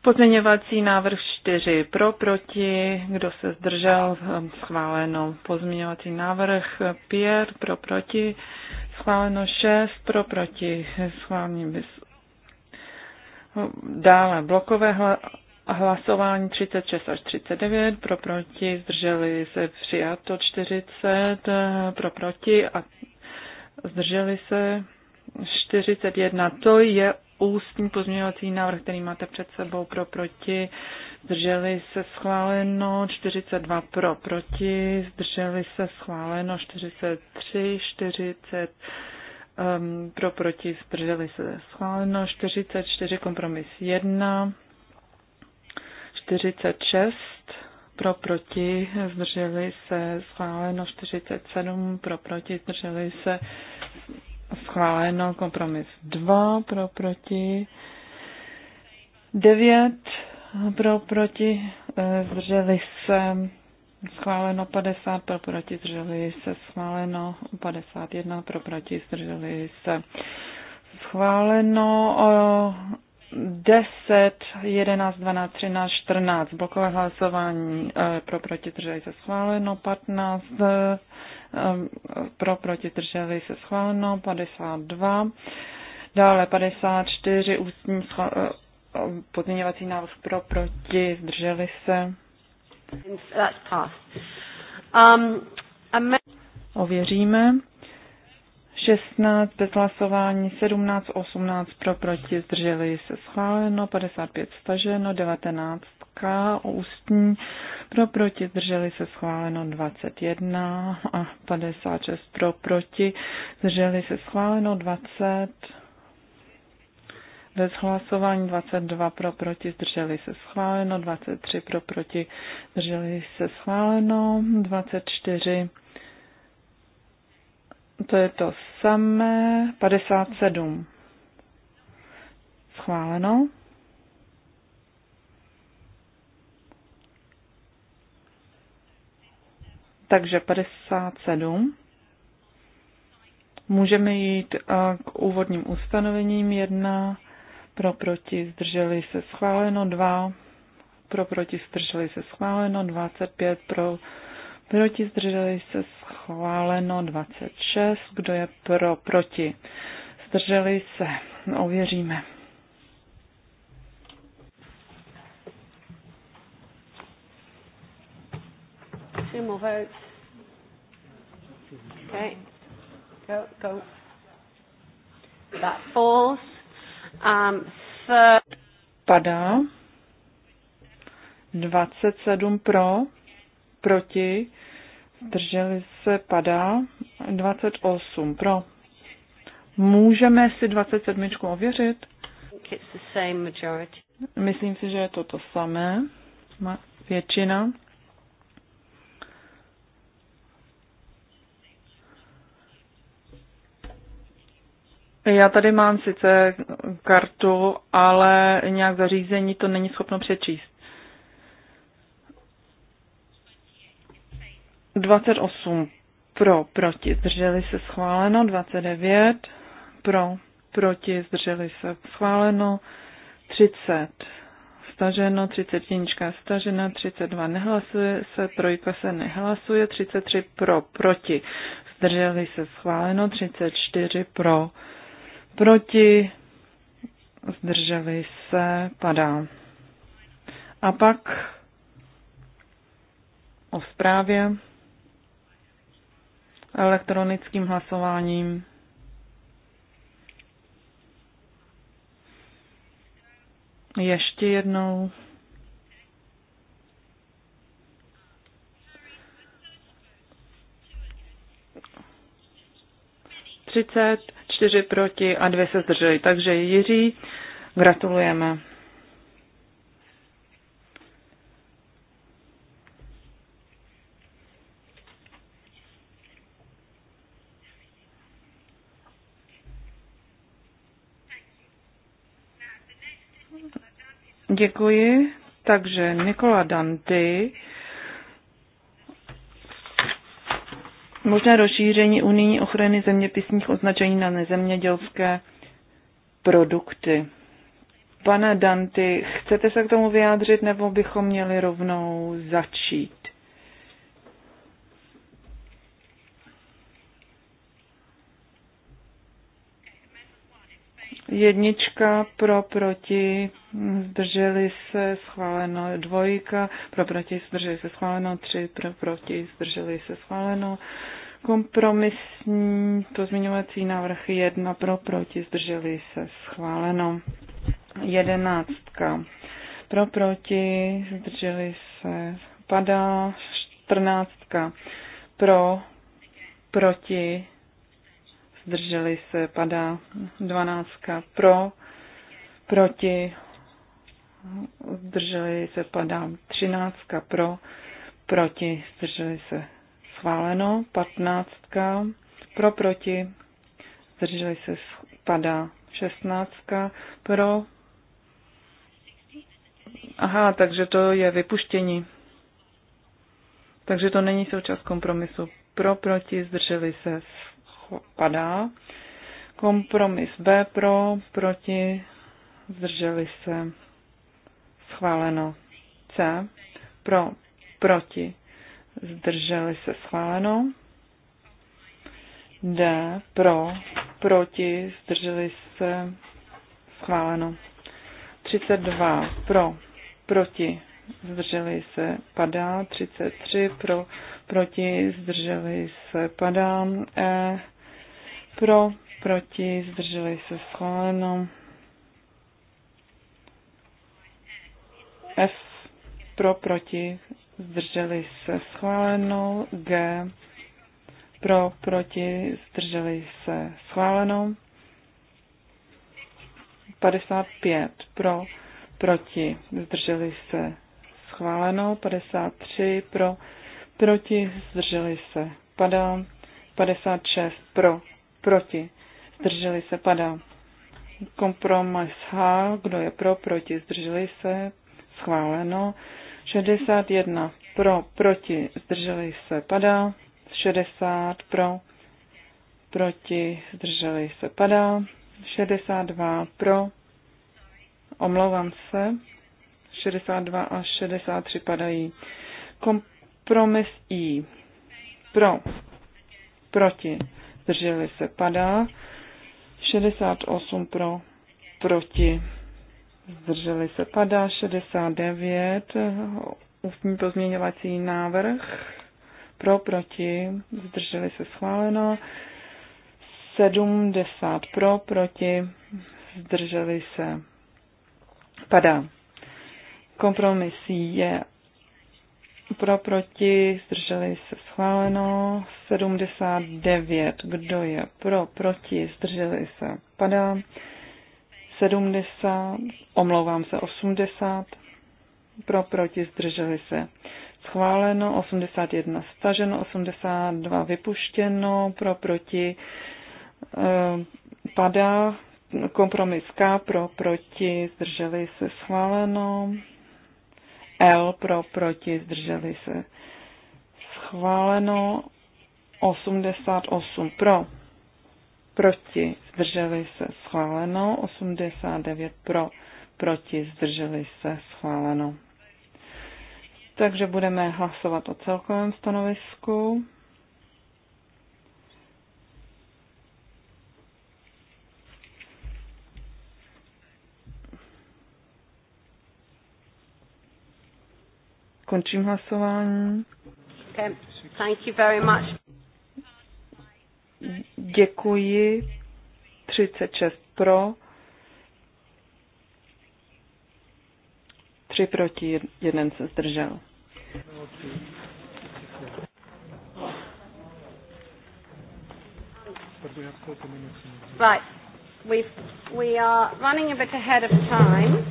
Pozměňovací návrh 4 pro, proti, kdo se zdržel, schváleno. Pozměňovací návrh 5 pro, proti, schváleno 6 pro, proti, schválení Dále blokové hlasování 36 až 39, pro proti zdrželi se přijato 40, pro proti a zdrželi se 41. To je ústní pozměňovací návrh, který máte před sebou pro proti. Zdrželi se schváleno 42 pro proti, zdrželi se schváleno 43, 40 um, pro proti zdrželi se schváleno, 44 kompromis 1, 46 pro proti zdrželi se schváleno, 47 pro proti zdrželi se schváleno, kompromis 2 pro proti, 9 pro proti eh, zdrželi se Schváleno 50 pro proti zdrželi se. Schváleno 51 pro proti zdrželi se. Schváleno 10, 11, 12, 13, 14. Blokové hlasování e, pro proti zdrželi se. Schváleno 15 e, e, pro proti zdrželi se. Schváleno 52. Dále 54 ústní pozměňovací návrh pro proti zdrželi se. Um, Ověříme. 16 bez hlasování, 17, 18 pro, proti, zdrželi se schváleno, 55 staženo, 19 K, ústní, pro, proti, zdrželi se schváleno, 21 a 56 pro, proti, zdrželi se schváleno, 20 bez hlasování, 22 pro proti, zdrželi se schváleno, 23 pro proti, zdrželi se schváleno, 24 to je to samé, 57 schváleno. Takže 57. Můžeme jít eh, k úvodním ustanovením 1 pro proti zdrželi se schváleno 2, pro proti zdrželi se schváleno 25, pro proti zdrželi se schváleno 26, kdo je pro proti zdrželi se, ověříme. Two more votes. Okay. Go, go. That falls. Um, s... Padá. 27 pro, proti, zdrželi se, padá. 28 pro. Můžeme si 27 ověřit? Myslím si, že je to to samé. Většina. Já tady mám sice kartu, ale nějak zařízení to není schopno přečíst. 28 pro, proti, zdrželi se schváleno, 29 pro, proti, zdrželi se schváleno, 30 staženo, 31 stažena, 32 nehlasuje se, trojka se nehlasuje, 33 pro, proti, zdrželi se schváleno, 34 pro, proti, zdrželi se, padá. A pak o zprávě elektronickým hlasováním. Ještě jednou. 30, 4 proti a 2 se zdrželi. Takže Jiří, gratulujeme. Děkuji. Takže Nikola Danty možné rozšíření unijní ochrany zeměpisních označení na nezemědělské produkty. Pane Danty, chcete se k tomu vyjádřit, nebo bychom měli rovnou začít? Jednička pro proti, zdrželi se schváleno dvojka, pro proti zdrželi se schváleno tři, pro proti zdrželi se schváleno kompromisní pozměňovací návrh jedna, pro proti zdrželi se schváleno jedenáctka, pro proti zdrželi se padá čtrnáctka, pro proti zdrželi se, padá 12 pro, proti, zdrželi se, padá 13 pro, proti, zdrželi se, schváleno, patnáctka, pro, proti, zdrželi se, padá 16 pro, Aha, takže to je vypuštění. Takže to není součást kompromisu. Pro, proti, zdrželi se, padá. Kompromis B pro, proti, zdrželi se, schváleno. C pro, proti, zdrželi se, schváleno. D pro, proti, zdrželi se, schváleno. 32 pro, proti, zdrželi se, padá. 33 pro, proti, zdrželi se, padá. E pro, proti, zdrželi se schváleno. F pro, proti, zdrželi se schváleno. G pro, proti, zdrželi se schváleno. 55 pro, proti, zdrželi se schváleno. 53 pro, proti, zdrželi se padá. 56 pro, proti, zdrželi se, padá. Kompromis H, kdo je pro, proti, zdrželi se, schváleno. 61 pro, proti, zdrželi se, padá. 60 pro, proti, zdrželi se, padá. 62 pro, omlouvám se, 62 a 63 padají. Kompromis I. Pro. Proti zdrželi se, padá. 68 pro, proti, zdrželi se, padá. 69, ústní pozměňovací návrh, pro, proti, zdrželi se, schváleno. 70 pro, proti, zdrželi se, padá. Kompromis je pro, proti, zdrželi se schváleno. 79. Kdo je pro, proti, zdrželi se padá. 70. Omlouvám se, 80. Pro, proti, zdrželi se schváleno. 81. Staženo. 82. Vypuštěno. Pro, proti, eh, padá kompromis K pro, proti, zdrželi se schváleno, L pro proti, zdrželi se. Schváleno 88 pro, proti, zdrželi se. Schváleno 89 pro, proti, zdrželi se. Schváleno. Takže budeme hlasovat o celkovém stanovisku. Končím hlasování. Okay. Thank you very much. Děkuji. 36 pro. 3 proti, jeden se zdržel. Right. We've, we are running a bit ahead of time.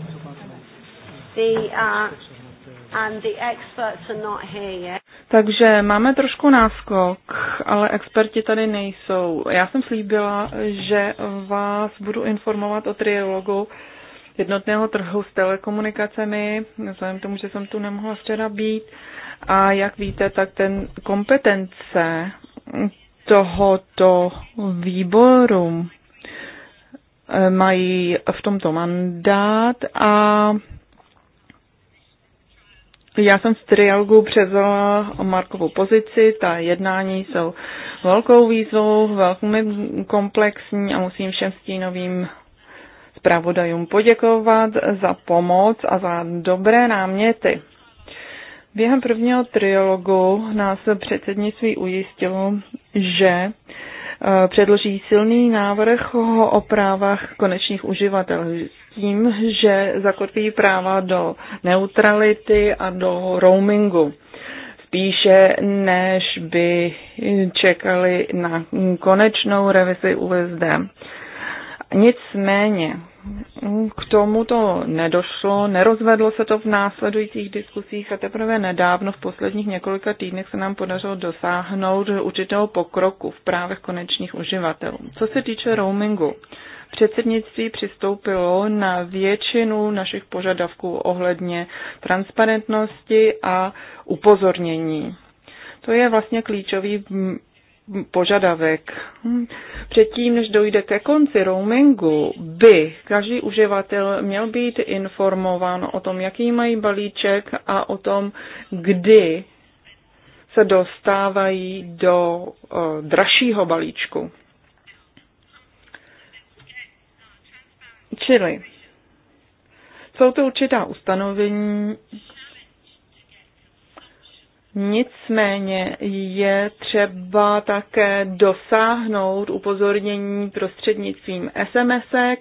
The uh, And the experts are not here yet. Takže máme trošku náskok, ale experti tady nejsou. Já jsem slíbila, že vás budu informovat o triologu jednotného trhu s telekomunikacemi, vzhledem tomu, že jsem tu nemohla včera být. A jak víte, tak ten kompetence tohoto výboru eh, mají v tomto mandát a já jsem v trialgu převzala Markovou pozici, ta jednání jsou velkou výzvou, velmi komplexní a musím všem stínovým zpravodajům poděkovat za pomoc a za dobré náměty. Během prvního trialogu nás předsednictví ujistilo, že eh, předloží silný návrh o právách konečných uživatelů tím, že zakotví práva do neutrality a do roamingu spíše, než by čekali na konečnou revizi USD. Nicméně k tomu to nedošlo, nerozvedlo se to v následujících diskusích a teprve nedávno, v posledních několika týdnech, se nám podařilo dosáhnout určitého pokroku v právech konečných uživatelů. Co se týče roamingu, Předsednictví přistoupilo na většinu našich požadavků ohledně transparentnosti a upozornění. To je vlastně klíčový požadavek. Hm. Předtím, než dojde ke konci roamingu, by každý uživatel měl být informován o tom, jaký mají balíček a o tom, kdy se dostávají do uh, dražšího balíčku. Čili jsou to určitá ustanovení, Nicméně je třeba také dosáhnout upozornění prostřednictvím -ek.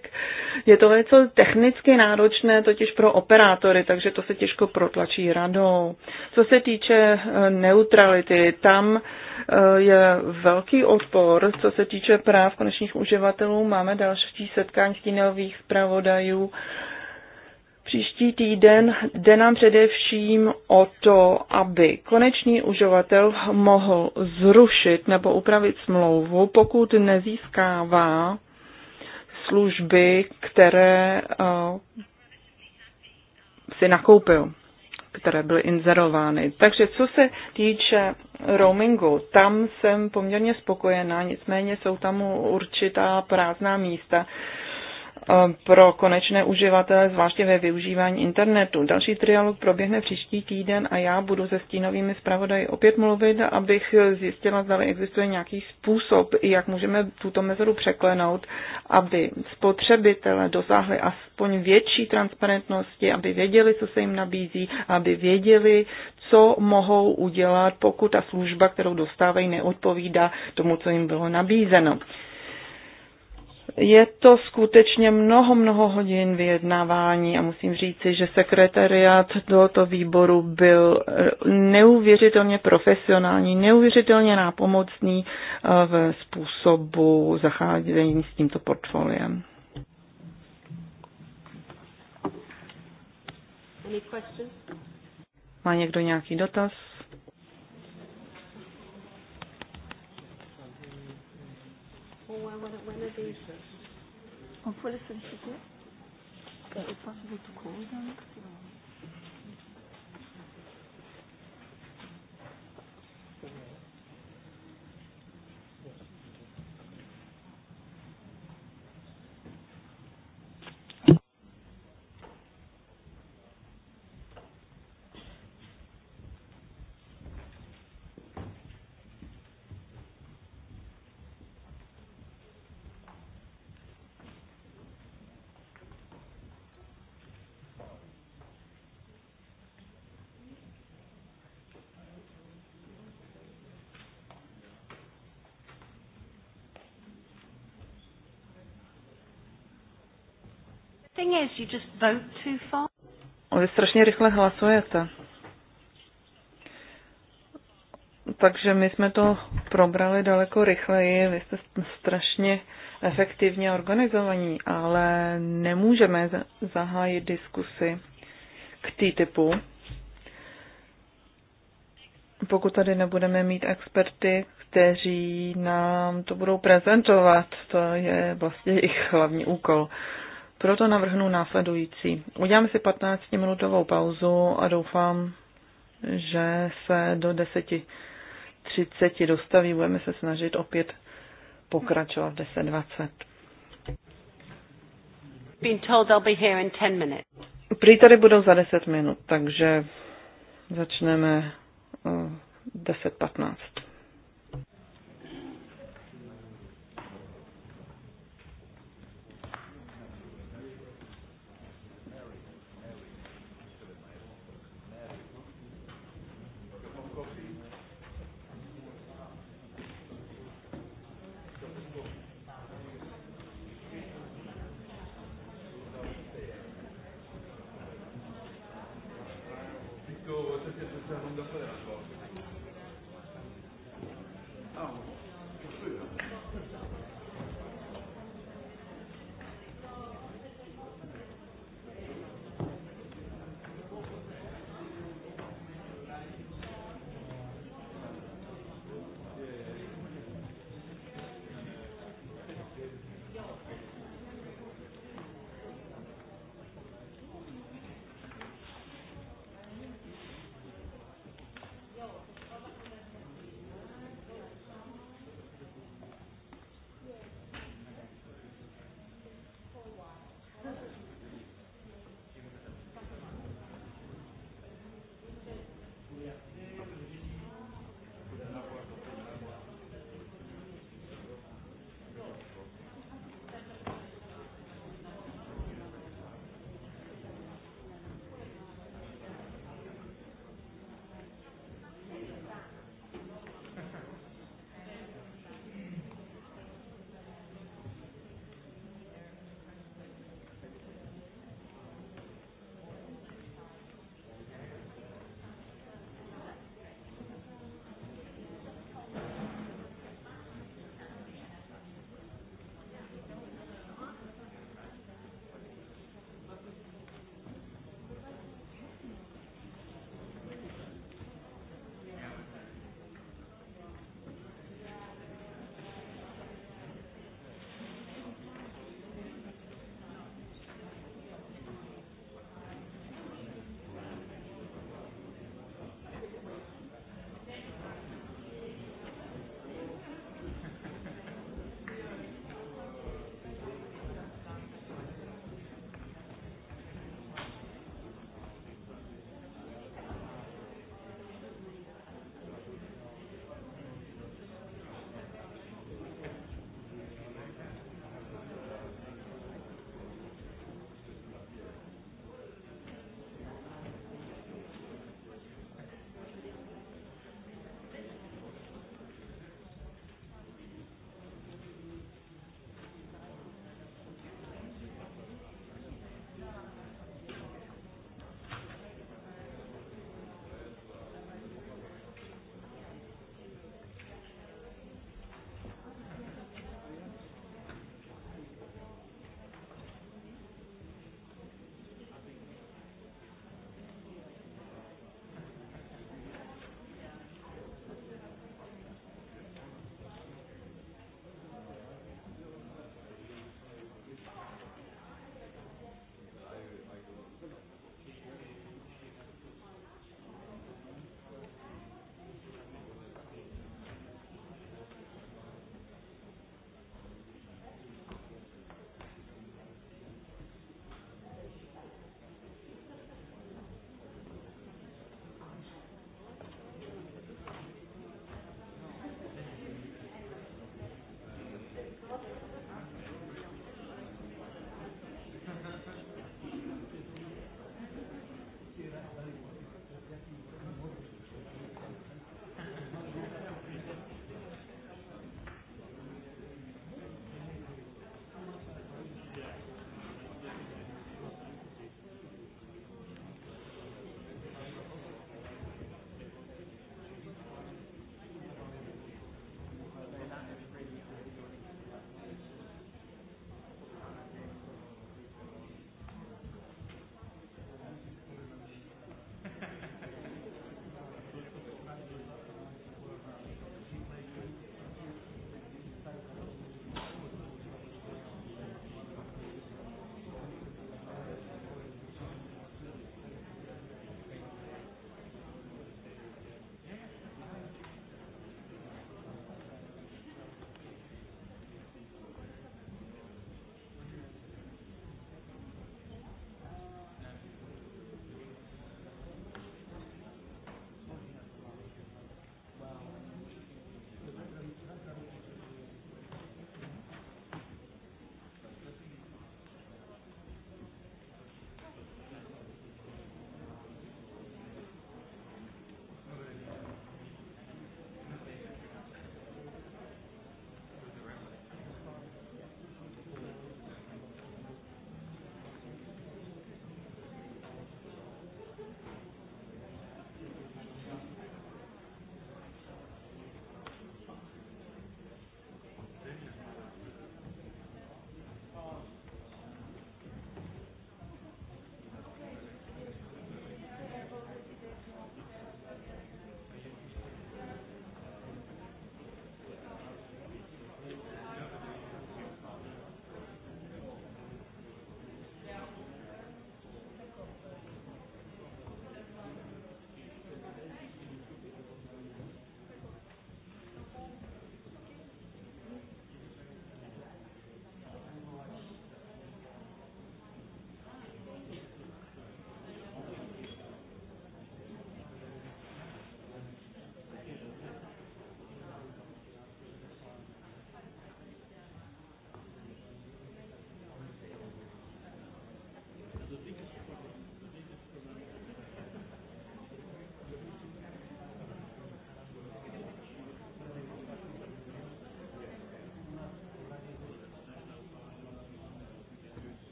Je to něco technicky náročné, totiž pro operátory, takže to se těžko protlačí radou. Co se týče eh, neutrality, tam eh, je velký odpor. Co se týče práv konečných uživatelů, máme další setkání stínových zpravodajů Příští týden jde nám především o to, aby konečný uživatel mohl zrušit nebo upravit smlouvu, pokud nezískává služby, které eh, si nakoupil, které byly inzerovány. Takže co se týče roamingu, tam jsem poměrně spokojená, nicméně jsou tam určitá prázdná místa Eh, pro konečné uživatele, zvláště ve využívání internetu. Další trialog proběhne příští týden a já budu se stínovými zpravodaji opět mluvit, abych zjistila, zda existuje nějaký způsob, jak můžeme tuto mezeru překlenout, aby spotřebitele dosáhli aspoň větší transparentnosti, aby věděli, co se jim nabízí, aby věděli, co mohou udělat, pokud ta služba, kterou dostávají, neodpovídá tomu, co jim bylo nabízeno. Je to skutečně mnoho, mnoho hodin vyjednávání a musím říci, že sekretariat tohoto výboru byl eh, neuvěřitelně profesionální, neuvěřitelně nápomocný eh, v způsobu zacházení s tímto portfoliem. Má někdo nějaký dotaz? when, when, when are they? On pourrait les solliciter. Is it possible to call them? is you just vote too Vy strašně rychle hlasujete. Takže my jsme to probrali daleko rychleji, vy jste strašně efektivně organizovaní, ale nemůžeme zahájit diskusy k TTIPu, pokud tady nebudeme mít experty, kteří nám to budou prezentovat, to je vlastně jejich hlavní úkol. Proto navrhnu následující. Uděláme si 15-minutovou pauzu a doufám, že se do 10.30 dostaví. Budeme se snažit opět pokračovat v 10.20. Prý tady budou za 10 minut, takže začneme 10.15. Eh,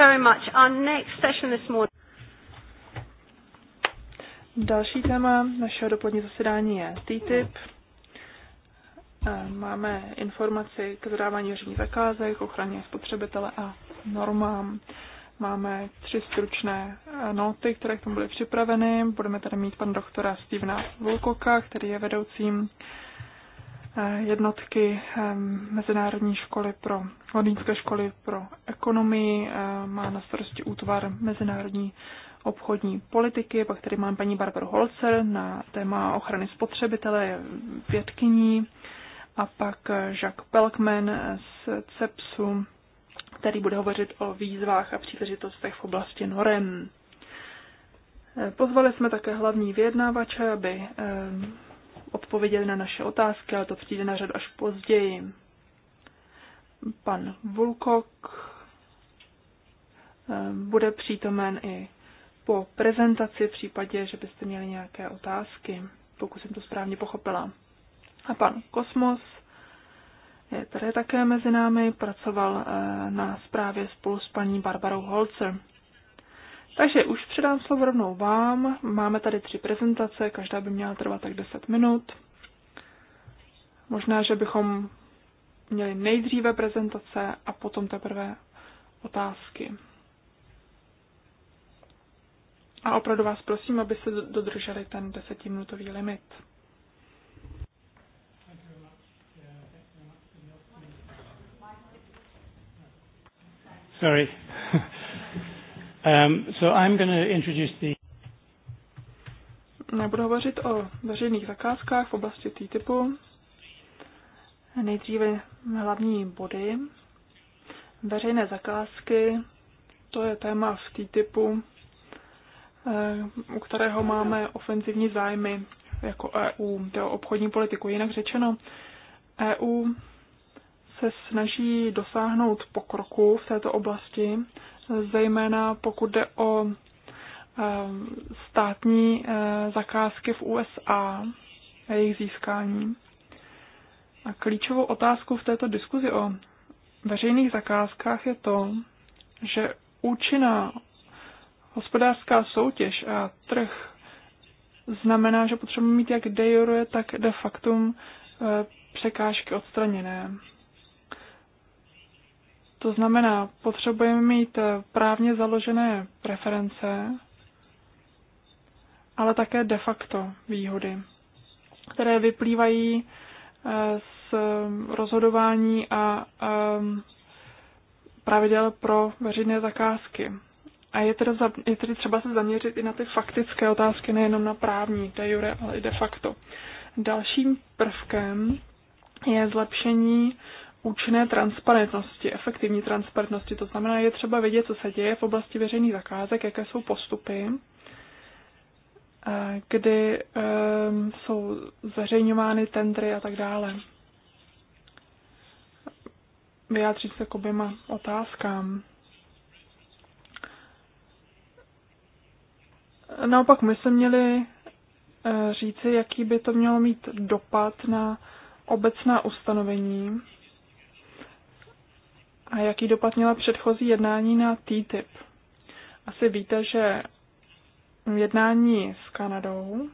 very much. Our next session this morning. Další téma našeho dopoledního zasedání je TTIP. Eh, máme informaci k zadávání veřejných zakázek, ochraně spotřebitele a normám. Máme tři stručné eh, noty, které k tomu byly připraveny. Budeme tady mít pan doktora Stevena Volkoka, který je vedoucím eh, jednotky Mezinárodní školy pro Londýnské školy ekonomii, eh, má na starosti útvar mezinárodní obchodní politiky, pak tady mám paní Barbara Holzer na téma ochrany spotřebitele, vědkyní, a pak eh, Jacques Pelkman z CEPSu, který bude hovořit o výzvách a příležitostech v oblasti norem. Eh, pozvali jsme také hlavní vyjednávače, aby odpověděli na naše otázky, ale to přijde na řadu až později. Pan Vulko, bude přítomen i po prezentaci v případě, že byste měli nějaké otázky, pokud jsem to správně pochopila. A pan Kosmos je tady také mezi námi, pracoval eh, na zprávě spolu s paní Barbarou Holzer. Takže už předám slovo rovnou vám. Máme tady tři prezentace, každá by měla trvat tak 10 minut. Možná, že bychom měli nejdříve prezentace a potom teprve otázky. A opravdu vás prosím, abyste dodrželi ten desetiminutový limit. Sorry. um, so I'm going to introduce the Nebudu hovořit o veřejných zakázkách v oblasti T-typu. Nejdříve hlavní body. Veřejné zakázky, to je téma v T-typu, Eh, u kterého máme ofenzivní zájmy jako EU, jde o obchodní politiku. Jinak řečeno, EU se snaží dosáhnout pokroku v této oblasti, zejména pokud jde o eh, státní eh, zakázky v USA a jejich získání. A klíčovou otázkou v této diskuzi o veřejných zakázkách je to, že účinná hospodářská soutěž a trh znamená, že potřebujeme mít jak de jure, tak de facto eh, překážky odstraněné. To znamená, potřebujeme mít eh, právně založené preference, ale také de facto výhody, které vyplývají eh, z rozhodování a pravidel pro veřejné zakázky. A je tedy, za, je tedy třeba se zaměřit i na ty faktické otázky, nejenom na právní, de jure, ale i de facto. Dalším prvkem je zlepšení účinné transparentnosti, efektivní transparentnosti. To znamená, je třeba vědět, co se děje v oblasti veřejných zakázek, jaké jsou postupy, eh, kdy ehm, jsou zveřejňovány tendry a tak dále. Vyjádřit se k oběma otázkám. Naopak my jsme měli eh, říci, jaký by to mělo mít dopad na obecná ustanovení a jaký dopad měla předchozí jednání na TTIP. Asi víte, že jednání s Kanadou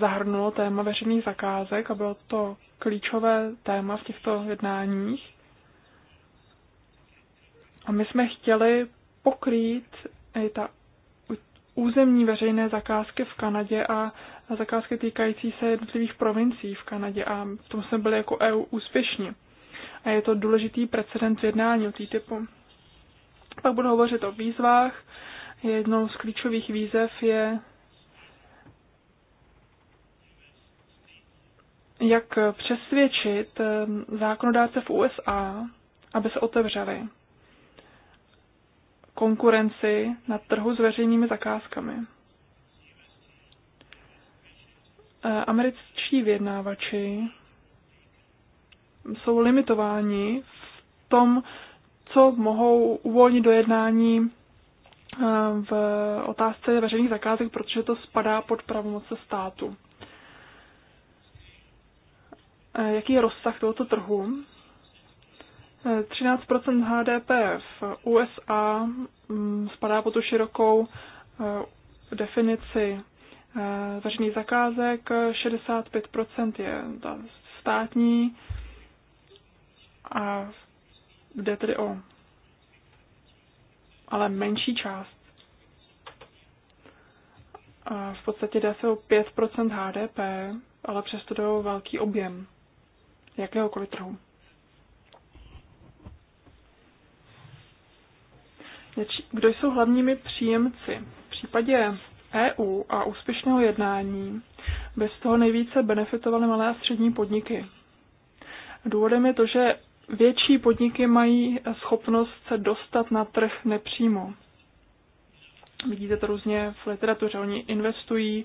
zahrnulo téma veřejných zakázek a bylo to klíčové téma v těchto jednáních. A my jsme chtěli pokrýt je ta územní veřejné zakázky v Kanadě a zakázky týkající se jednotlivých provincií v Kanadě a v tom jsme byli jako EU úspěšní. A je to důležitý precedent jednání o TTIPu. Pak budu hovořit o výzvách. Jednou z klíčových výzev je, jak přesvědčit eh, zákonodáce v USA, aby se otevřeli konkurenci na trhu s veřejnými zakázkami. E, američtí vyjednávači jsou limitováni v tom, co mohou uvolnit do jednání e, v otázce veřejných zakázek, protože to spadá pod pravomoce státu. E, jaký je rozsah tohoto trhu? 13 eh, HDP v USA mm, spadá pod tu širokou eh, definici eh, veřejných zakázek, 65 je ta státní a jde tedy o ale menší část. A v podstatě jde se o 5 HDP, ale přesto jde o velký objem jakéhokoliv trhu. kdo jsou hlavními příjemci. V případě EU a úspěšného jednání bez toho nejvíce benefitovaly malé a střední podniky. Důvodem je to, že větší podniky mají schopnost se dostat na trh nepřímo. Vidíte to různě v literatuře. Oni investují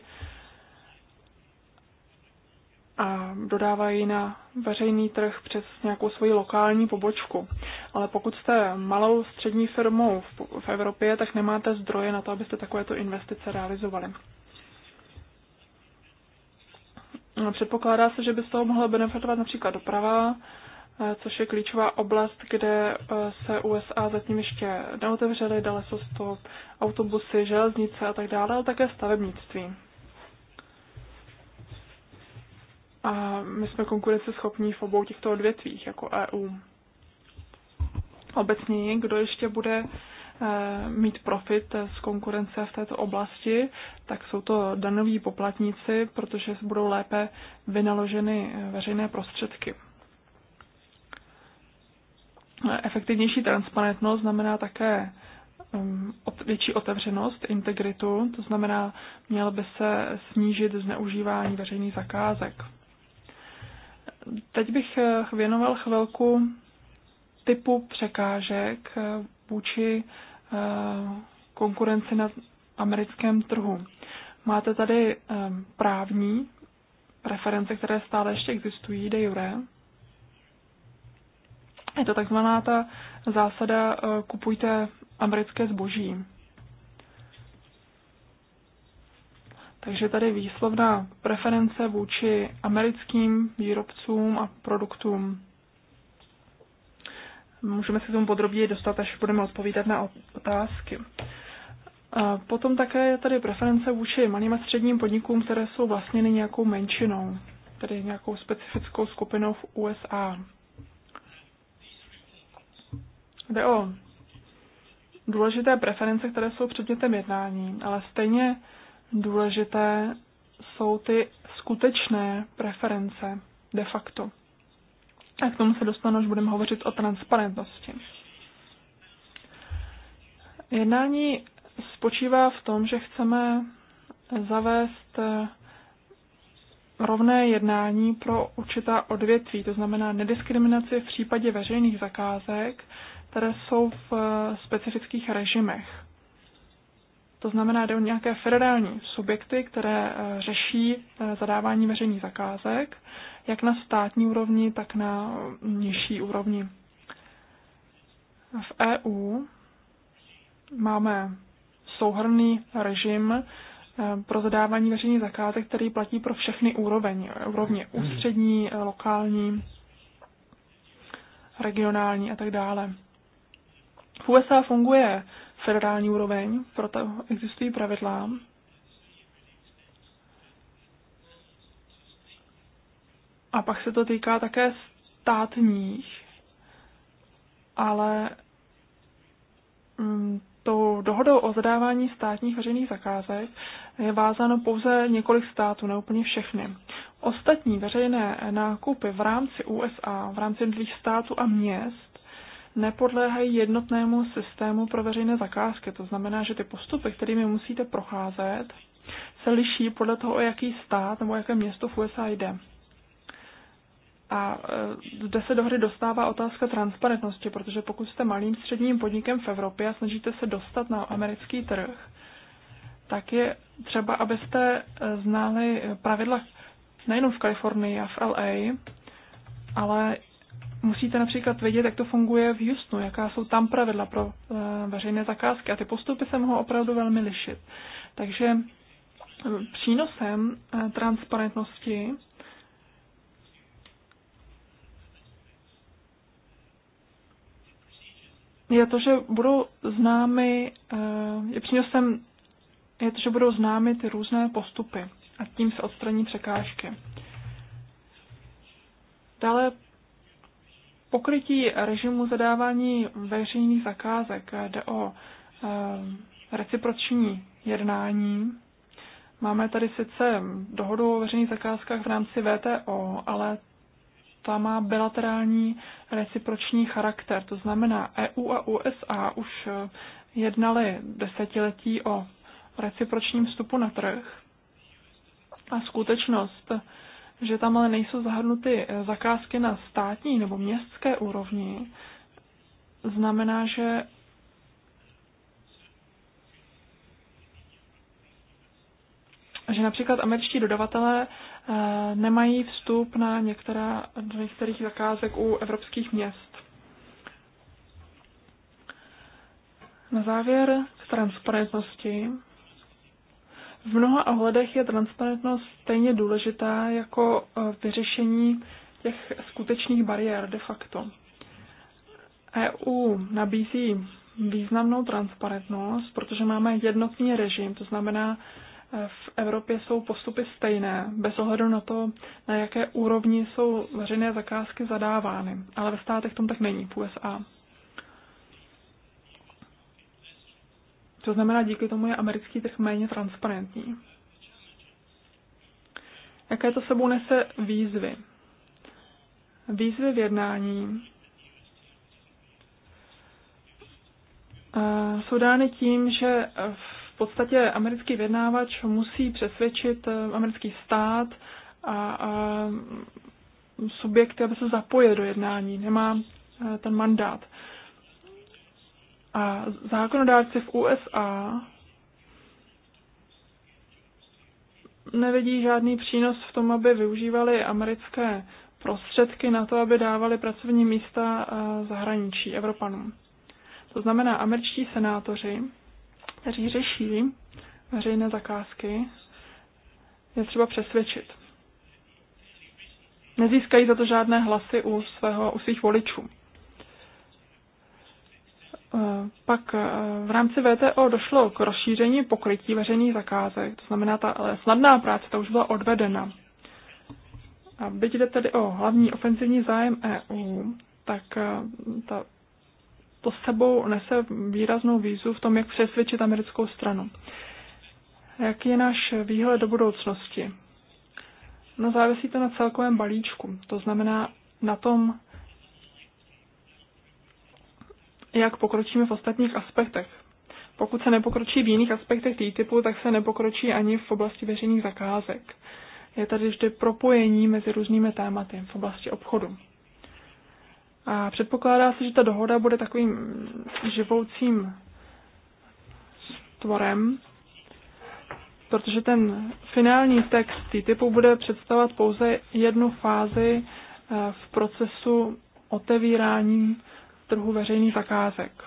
a dodávají na veřejný trh přes nějakou svoji lokální pobočku. Ale pokud jste malou střední firmou v, v Evropě, tak nemáte zdroje na to, abyste takovéto investice realizovali. No, předpokládá se, že by z toho mohla benefitovat například doprava, eh, což je klíčová oblast, kde eh, se USA zatím ještě neotevřely, dále jsou to autobusy, železnice a tak dále, ale také stavebnictví. A my jsme konkurenceschopní v obou těchto odvětvích jako EU. Obecně kdo ještě bude eh, mít profit z konkurence v této oblasti, tak jsou to danoví poplatníci, protože budou lépe vynaloženy eh, veřejné prostředky. Efektivnější transparentnost znamená také eh, větší otevřenost, integritu, to znamená, měl by se snížit zneužívání veřejných zakázek. Teď bych eh, věnoval chvilku typu překážek eh, vůči eh, konkurenci na americkém trhu. Máte tady právní preference, které stále ještě existují de jure. Je to takzvaná ta zásada kupujte americké zboží. Takže tady výslovná preference vůči americkým výrobcům a produktům. Můžeme se k tomu podrobněji dostat, až budeme odpovídat na otázky. A potom také je tady preference vůči malým a středním podnikům, které jsou vlastně nějakou menšinou, tedy nějakou specifickou skupinou v USA. Jde o důležité preference, které jsou předmětem jednání, ale stejně Důležité jsou ty skutečné preference de facto. A k tomu se dostanu, až budeme hovořit o transparentnosti. Jednání spočívá v tom, že chceme zavést rovné jednání pro určitá odvětví, to znamená nediskriminaci v případě veřejných zakázek, které jsou v specifických režimech. To znamená, jde o nějaké federální subjekty, které eh, řeší eh, zadávání veřejných zakázek, jak na státní úrovni, tak na nižší úrovni. V EU máme souhrný režim eh, pro zadávání veřejných zakázek, který platí pro všechny úroveň, úrovně hmm. ústřední, lokální, regionální a tak dále. V USA funguje federální úroveň, proto existují pravidla. A pak se to týká také státních, ale mm, tou dohodou o zadávání státních veřejných zakázek je vázáno pouze několik států, ne úplně všechny. Ostatní veřejné nákupy v rámci USA, v rámci jednotlivých států a měst nepodléhají jednotnému systému pro veřejné zakázky. To znamená, že ty postupy, kterými musíte procházet, se liší podle toho, o jaký stát nebo o jaké město v USA jde. A e, zde se do hry dostává otázka transparentnosti, protože pokud jste malým středním podnikem v Evropě a snažíte se dostat na americký trh, tak je třeba, abyste e, znali pravidla nejenom v Kalifornii a v LA, ale musíte například vědět, jak to funguje v Houstonu, jaká jsou tam pravidla pro eh, veřejné zakázky a ty postupy se mohou opravdu velmi lišit. Takže eh, přínosem eh, transparentnosti je to, že budou známy, je přínosem je to, že budou známy ty různé postupy a tím se odstraní překážky. Dále pokrytí režimu zadávání veřejných zakázek jde o eh, reciproční jednání. Máme tady sice dohodu o veřejných zakázkách v rámci VTO, ale ta má bilaterální reciproční charakter. To znamená, EU a USA už eh, jednali desetiletí o recipročním vstupu na trh. A skutečnost, že tam ale nejsou zahrnuty eh, zakázky na státní nebo městské úrovni, znamená, že že například američtí dodavatelé eh, nemají vstup na některá, do některých zakázek u evropských měst. Na závěr k transparentnosti v mnoha ohledech je transparentnost stejně důležitá jako eh, vyřešení těch skutečných bariér de facto. EU nabízí významnou transparentnost, protože máme jednotný režim, to znamená, eh, v Evropě jsou postupy stejné, bez ohledu na to, na jaké úrovni jsou veřejné zakázky zadávány, ale ve státech tom tak není, v USA. To znamená, díky tomu je americký trh méně transparentní. Jaké to sebou nese výzvy? Výzvy v jednání eh, jsou dány tím, že v podstatě americký vědnávač musí přesvědčit eh, americký stát a, a subjekty, aby se zapojil do jednání. Nemá eh, ten mandát. A zákonodárci v USA nevidí žádný přínos v tom, aby využívali americké prostředky na to, aby dávali pracovní místa eh, zahraničí Evropanům. To znamená, američtí senátoři, kteří řeší veřejné zakázky, je třeba přesvědčit. Nezískají za to žádné hlasy u, svého, u svých voličů. Eh, pak eh, v rámci VTO došlo k rozšíření pokrytí veřejných zakázek, to znamená, ta snadná práce ta už byla odvedena. A byť jde tedy o hlavní ofenzivní zájem EU, tak eh, ta, to sebou nese výraznou výzvu v tom, jak přesvědčit americkou stranu. Jaký je náš výhled do budoucnosti? No závisí to na celkovém balíčku, to znamená na tom, jak pokročíme v ostatních aspektech. Pokud se nepokročí v jiných aspektech TTIPu, tak se nepokročí ani v oblasti veřejných zakázek. Je tady vždy propojení mezi různými tématy v oblasti obchodu. A předpokládá se, že ta dohoda bude takovým živoucím tvorem, protože ten finální text TTIPu bude představovat pouze jednu fázi eh, v procesu otevírání trhu veřejných zakázek.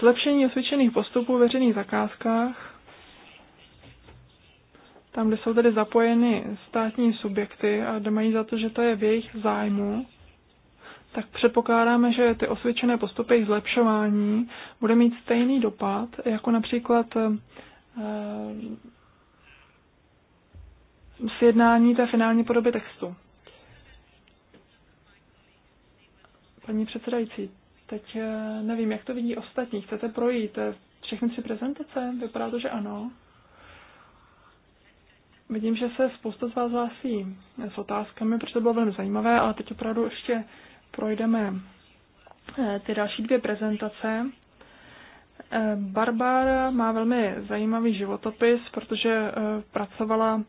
Zlepšení osvědčených postupů v veřejných zakázkách, tam, kde jsou tedy zapojeny státní subjekty a kde mají za to, že to je v jejich zájmu, tak předpokládáme, že ty osvědčené postupy jejich zlepšování bude mít stejný dopad, jako například eh, sjednání té finální podoby textu. Paní předsedající, teď eh, nevím, jak to vidí ostatní. Chcete projít eh, všechny tři prezentace? Vypadá to, že ano. Vidím, že se spousta z vás hlásí s otázkami, protože to bylo velmi zajímavé, ale teď opravdu ještě projdeme eh, ty další dvě prezentace. Barbara má velmi zajímavý životopis, protože pracovala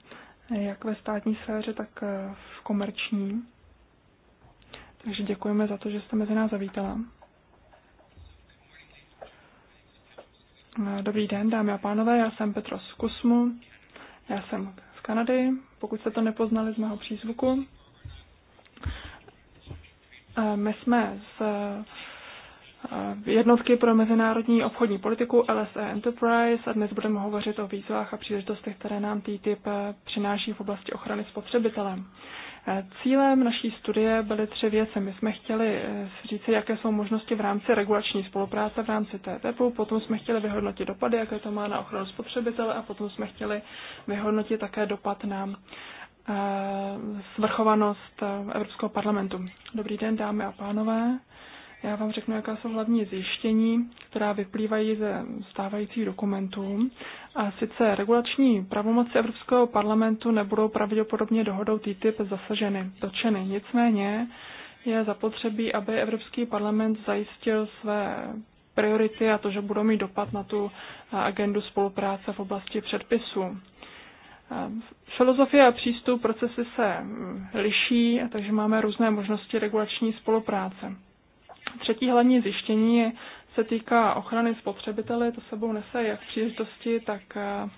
jak ve státní sféře, tak v komerční. Takže děkujeme za to, že jste mezi nás zavítala. Eh, dobrý den, dámy a pánové, já jsem Petros Kusmu, já jsem z Kanady, pokud jste to nepoznali z mého přízvuku. Eh, my jsme z eh, jednotky pro mezinárodní obchodní politiku LSE Enterprise a dnes budeme hovořit o výzvách a příležitostech, které nám TTIP přináší v oblasti ochrany spotřebitele. Cílem naší studie byly tři věci. My jsme chtěli eh, říct, jaké jsou možnosti v rámci regulační spolupráce v rámci TTIPu, potom jsme chtěli vyhodnotit dopady, jaké to má na ochranu spotřebitele a potom jsme chtěli vyhodnotit také dopad na eh, svrchovanost eh, Evropského parlamentu. Dobrý den, dámy a pánové. Já vám řeknu, jaká jsou hlavní zjištění, která vyplývají ze stávajících dokumentů. A sice regulační pravomoci Evropského parlamentu nebudou pravděpodobně dohodou TTIP zasaženy, dočeny. Nicméně je zapotřebí, aby Evropský parlament zajistil své priority a to, že budou mít dopad na tu agendu spolupráce v oblasti předpisů. Filozofie a přístup procesy se liší, takže máme různé možnosti regulační spolupráce. Třetí hlavní zjištění se týká ochrany spotřebitele, to sebou nese jak příležitosti, tak eh,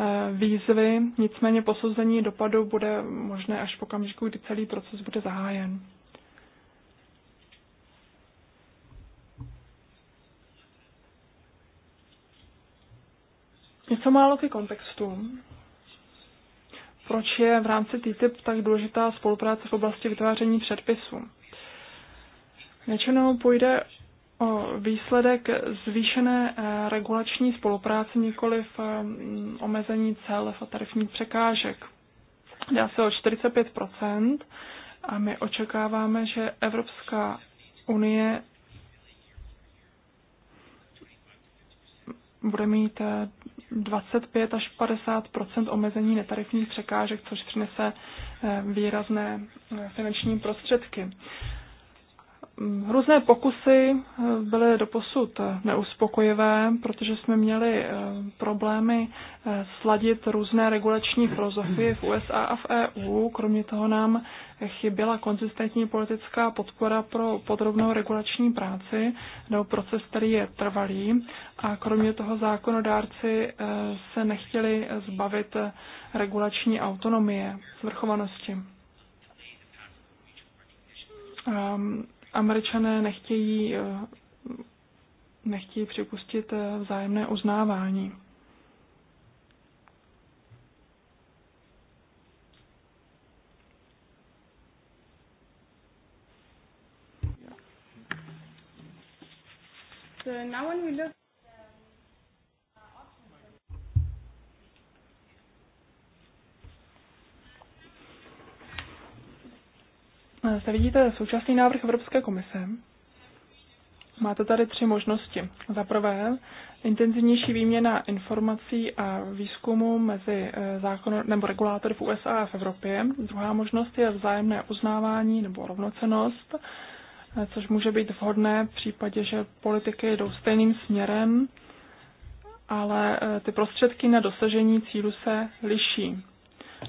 eh, výzvy, nicméně posouzení dopadu bude možné až v okamžiku, kdy celý proces bude zahájen. Něco málo ke kontextu. Proč je v rámci TTIP tak důležitá spolupráce v oblasti vytváření předpisů? Většinou půjde o výsledek zvýšené eh, regulační spolupráce, nikoli v eh, omezení cel a tarifních překážek. Dá se o 45 a my očekáváme, že Evropská unie bude mít 25 eh, až 50 omezení netarifních překážek, což přinese výrazné finanční prostředky. Různé pokusy eh, byly doposud eh, neuspokojivé, protože jsme měli eh, problémy sladit různé regulační filozofie v USA a v EU. Kromě toho nám chyběla konzistentní politická podpora pro podrobnou regulační práci, nebo proces, který je trvalý. A kromě toho zákonodárci se nechtěli zbavit regulační autonomie, svrchovanosti. Um, američané nechtějí, eh, nechtějí připustit eh, vzájemné uznávání. So now when we look Zde eh, vidíte současný návrh Evropské komise. Máte tady tři možnosti. Za prvé, intenzivnější výměna informací a výzkumu mezi eh, zákon, nebo regulátory v USA a v Evropě. Druhá možnost je vzájemné uznávání nebo rovnocenost, eh, což může být vhodné v případě, že politiky jdou stejným směrem, ale ty prostředky na dosažení cílu se liší.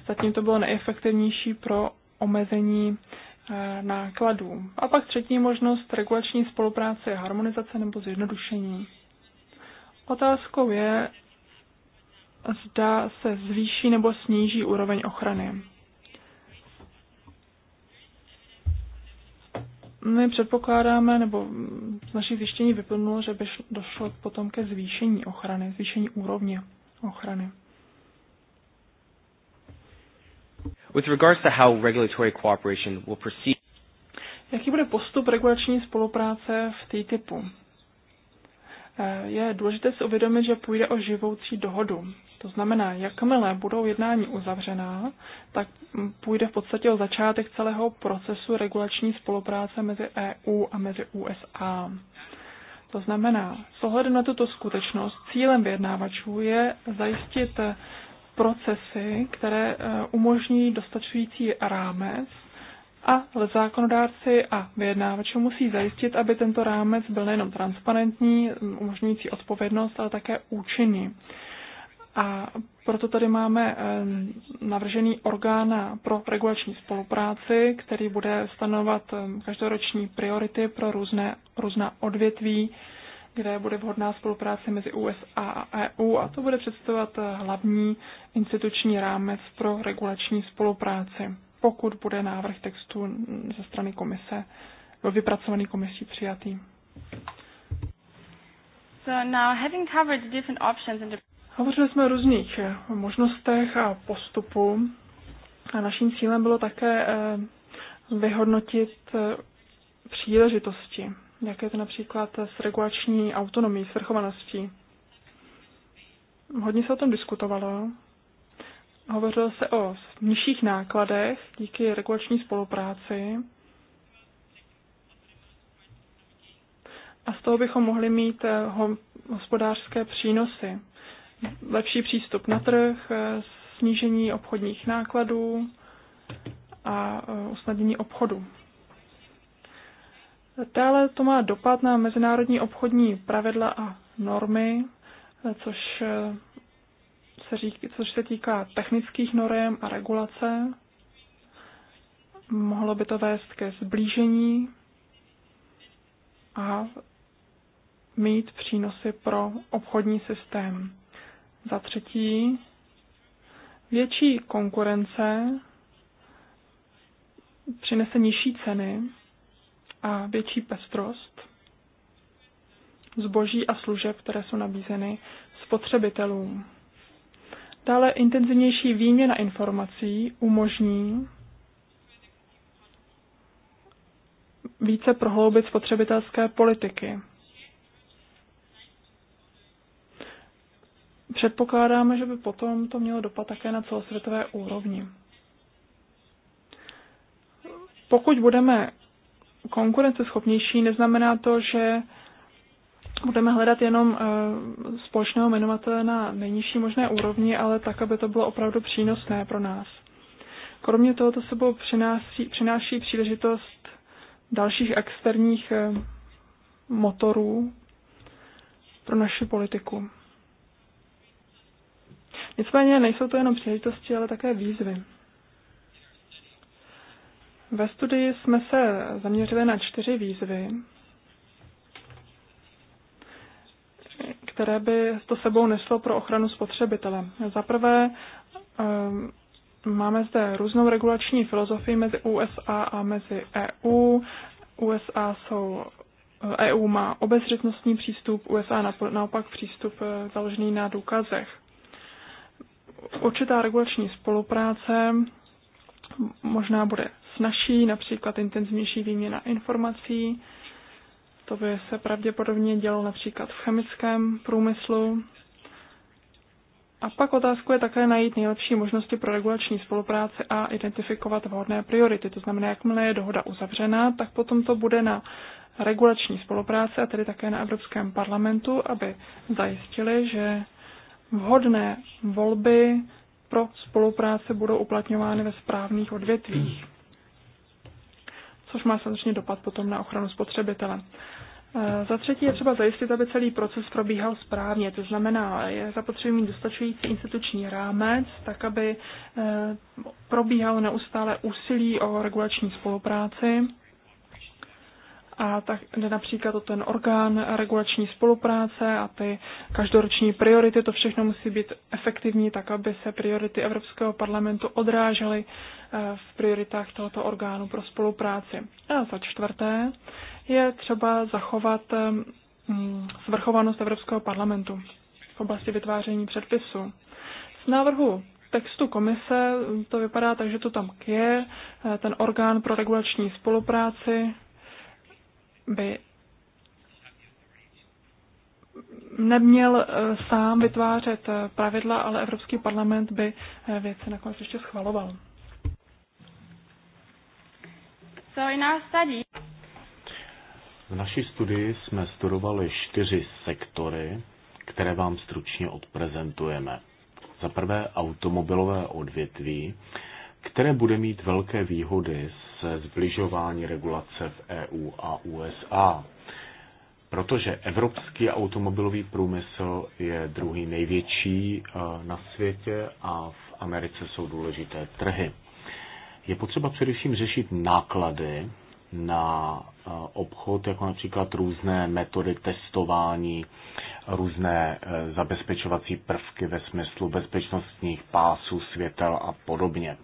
Zatím to bylo neefektivnější pro omezení Eh, nákladů. A pak třetí možnost, regulační spolupráce, harmonizace nebo zjednodušení. Otázkou je, zda se zvýší nebo sníží úroveň ochrany. My předpokládáme, nebo z naší zjištění vyplnulo, že by došlo potom ke zvýšení ochrany, zvýšení úrovně ochrany. With regards to how regulatory cooperation will proceed. Jaký bude postup regulační spolupráce v TTIPu? Eh, je důležité si uvědomit, že půjde o živoucí dohodu. To znamená, jakmile budou jednání uzavřená, tak půjde v podstatě o začátek celého procesu regulační spolupráce mezi EU a mezi USA. To znamená, s ohledem na tuto skutečnost, cílem vyjednávačů je zajistit procesy, které eh, umožní dostačující rámec a zákonodárci a vyjednávači musí zajistit, aby tento rámec byl nejenom transparentní, umožňující odpovědnost, ale také účinný. A proto tady máme eh, navržený orgán pro regulační spolupráci, který bude stanovat eh, každoroční priority pro různé, různá odvětví, kde bude vhodná spolupráce mezi USA a EU a to bude představovat hlavní instituční rámec pro regulační spolupráci, pokud bude návrh textu ze strany komise byl vypracovaný komisí přijatý. So now, having covered different options and the... Hovořili jsme o různých eh, možnostech a postupu a naším cílem bylo také eh, vyhodnotit eh, příležitosti jak je to například s regulační autonomií, svrchovaností. Hodně se o tom diskutovalo. Hovořilo se o nižších nákladech díky regulační spolupráci. A z toho bychom mohli mít eh, hospodářské přínosy. Lepší přístup na trh, eh, snížení obchodních nákladů a eh, usnadnění obchodu. Dále to má dopad na mezinárodní obchodní pravidla a normy, což eh, se, řík, což se týká technických norm a regulace. Mohlo by to vést ke zblížení a mít přínosy pro obchodní systém. Za třetí, větší konkurence přinese nižší ceny a větší pestrost zboží a služeb, které jsou nabízeny spotřebitelům. Dále intenzivnější výměna informací umožní více prohloubit spotřebitelské politiky. Předpokládáme, že by potom to mělo dopad také na celosvětové úrovni. Pokud budeme konkurenceschopnější, neznamená to, že budeme hledat jenom eh, společného jmenovatele na nejnižší možné úrovni, ale tak, aby to bylo opravdu přínosné pro nás. Kromě toho to sebou přináší, přináší příležitost dalších externích eh, motorů pro naši politiku. Nicméně nejsou to jenom příležitosti, ale také výzvy. Ve studii jsme se zaměřili na čtyři výzvy, které by to sebou neslo pro ochranu spotřebitele. Za prvé, ehm, máme zde různou regulační filozofii mezi USA a mezi EU. USA jsou EU má obezřetnostní přístup, USA naopak přístup eh, založený na důkazech. Určitá regulační spolupráce možná bude snažší, například intenzivnější výměna informací. To by se pravděpodobně dělo například v chemickém průmyslu. A pak otázku je také najít nejlepší možnosti pro regulační spolupráci a identifikovat vhodné priority. To znamená, jakmile je dohoda uzavřená, tak potom to bude na regulační spolupráce a tedy také na Evropském parlamentu, aby zajistili, že vhodné volby pro spolupráce budou uplatňovány ve správných odvětvích což má samozřejmě dopad potom na ochranu spotřebitele. E, za třetí je třeba zajistit, aby celý proces probíhal správně, to znamená, je zapotřebí mít dostačující instituční rámec, tak aby e, probíhal neustále úsilí o regulační spolupráci a tak jde například o ten orgán regulační spolupráce a ty každoroční priority, to všechno musí být efektivní, tak aby se priority Evropského parlamentu odrážely eh, v prioritách tohoto orgánu pro spolupráci. A za čtvrté je třeba zachovat eh, mm, svrchovanost Evropského parlamentu v oblasti vytváření předpisů. Z návrhu textu komise to vypadá tak, že to tam je, eh, ten orgán pro regulační spolupráci by neměl eh, sám vytvářet eh, pravidla, ale Evropský parlament by eh, věci nakonec ještě schvaloval. So in our study... V naší studii jsme studovali čtyři sektory, které vám stručně odprezentujeme. Za prvé automobilové odvětví, které bude mít velké výhody z regulace, zbližování regulace v EU a USA. Protože evropský automobilový průmysl je druhý největší eh, na světě a v Americe jsou důležité trhy. Je potřeba především řešit náklady na eh, obchod, jako například různé metody testování, různé eh, zabezpečovací prvky ve smyslu bezpečnostních pásů, světel a podobně.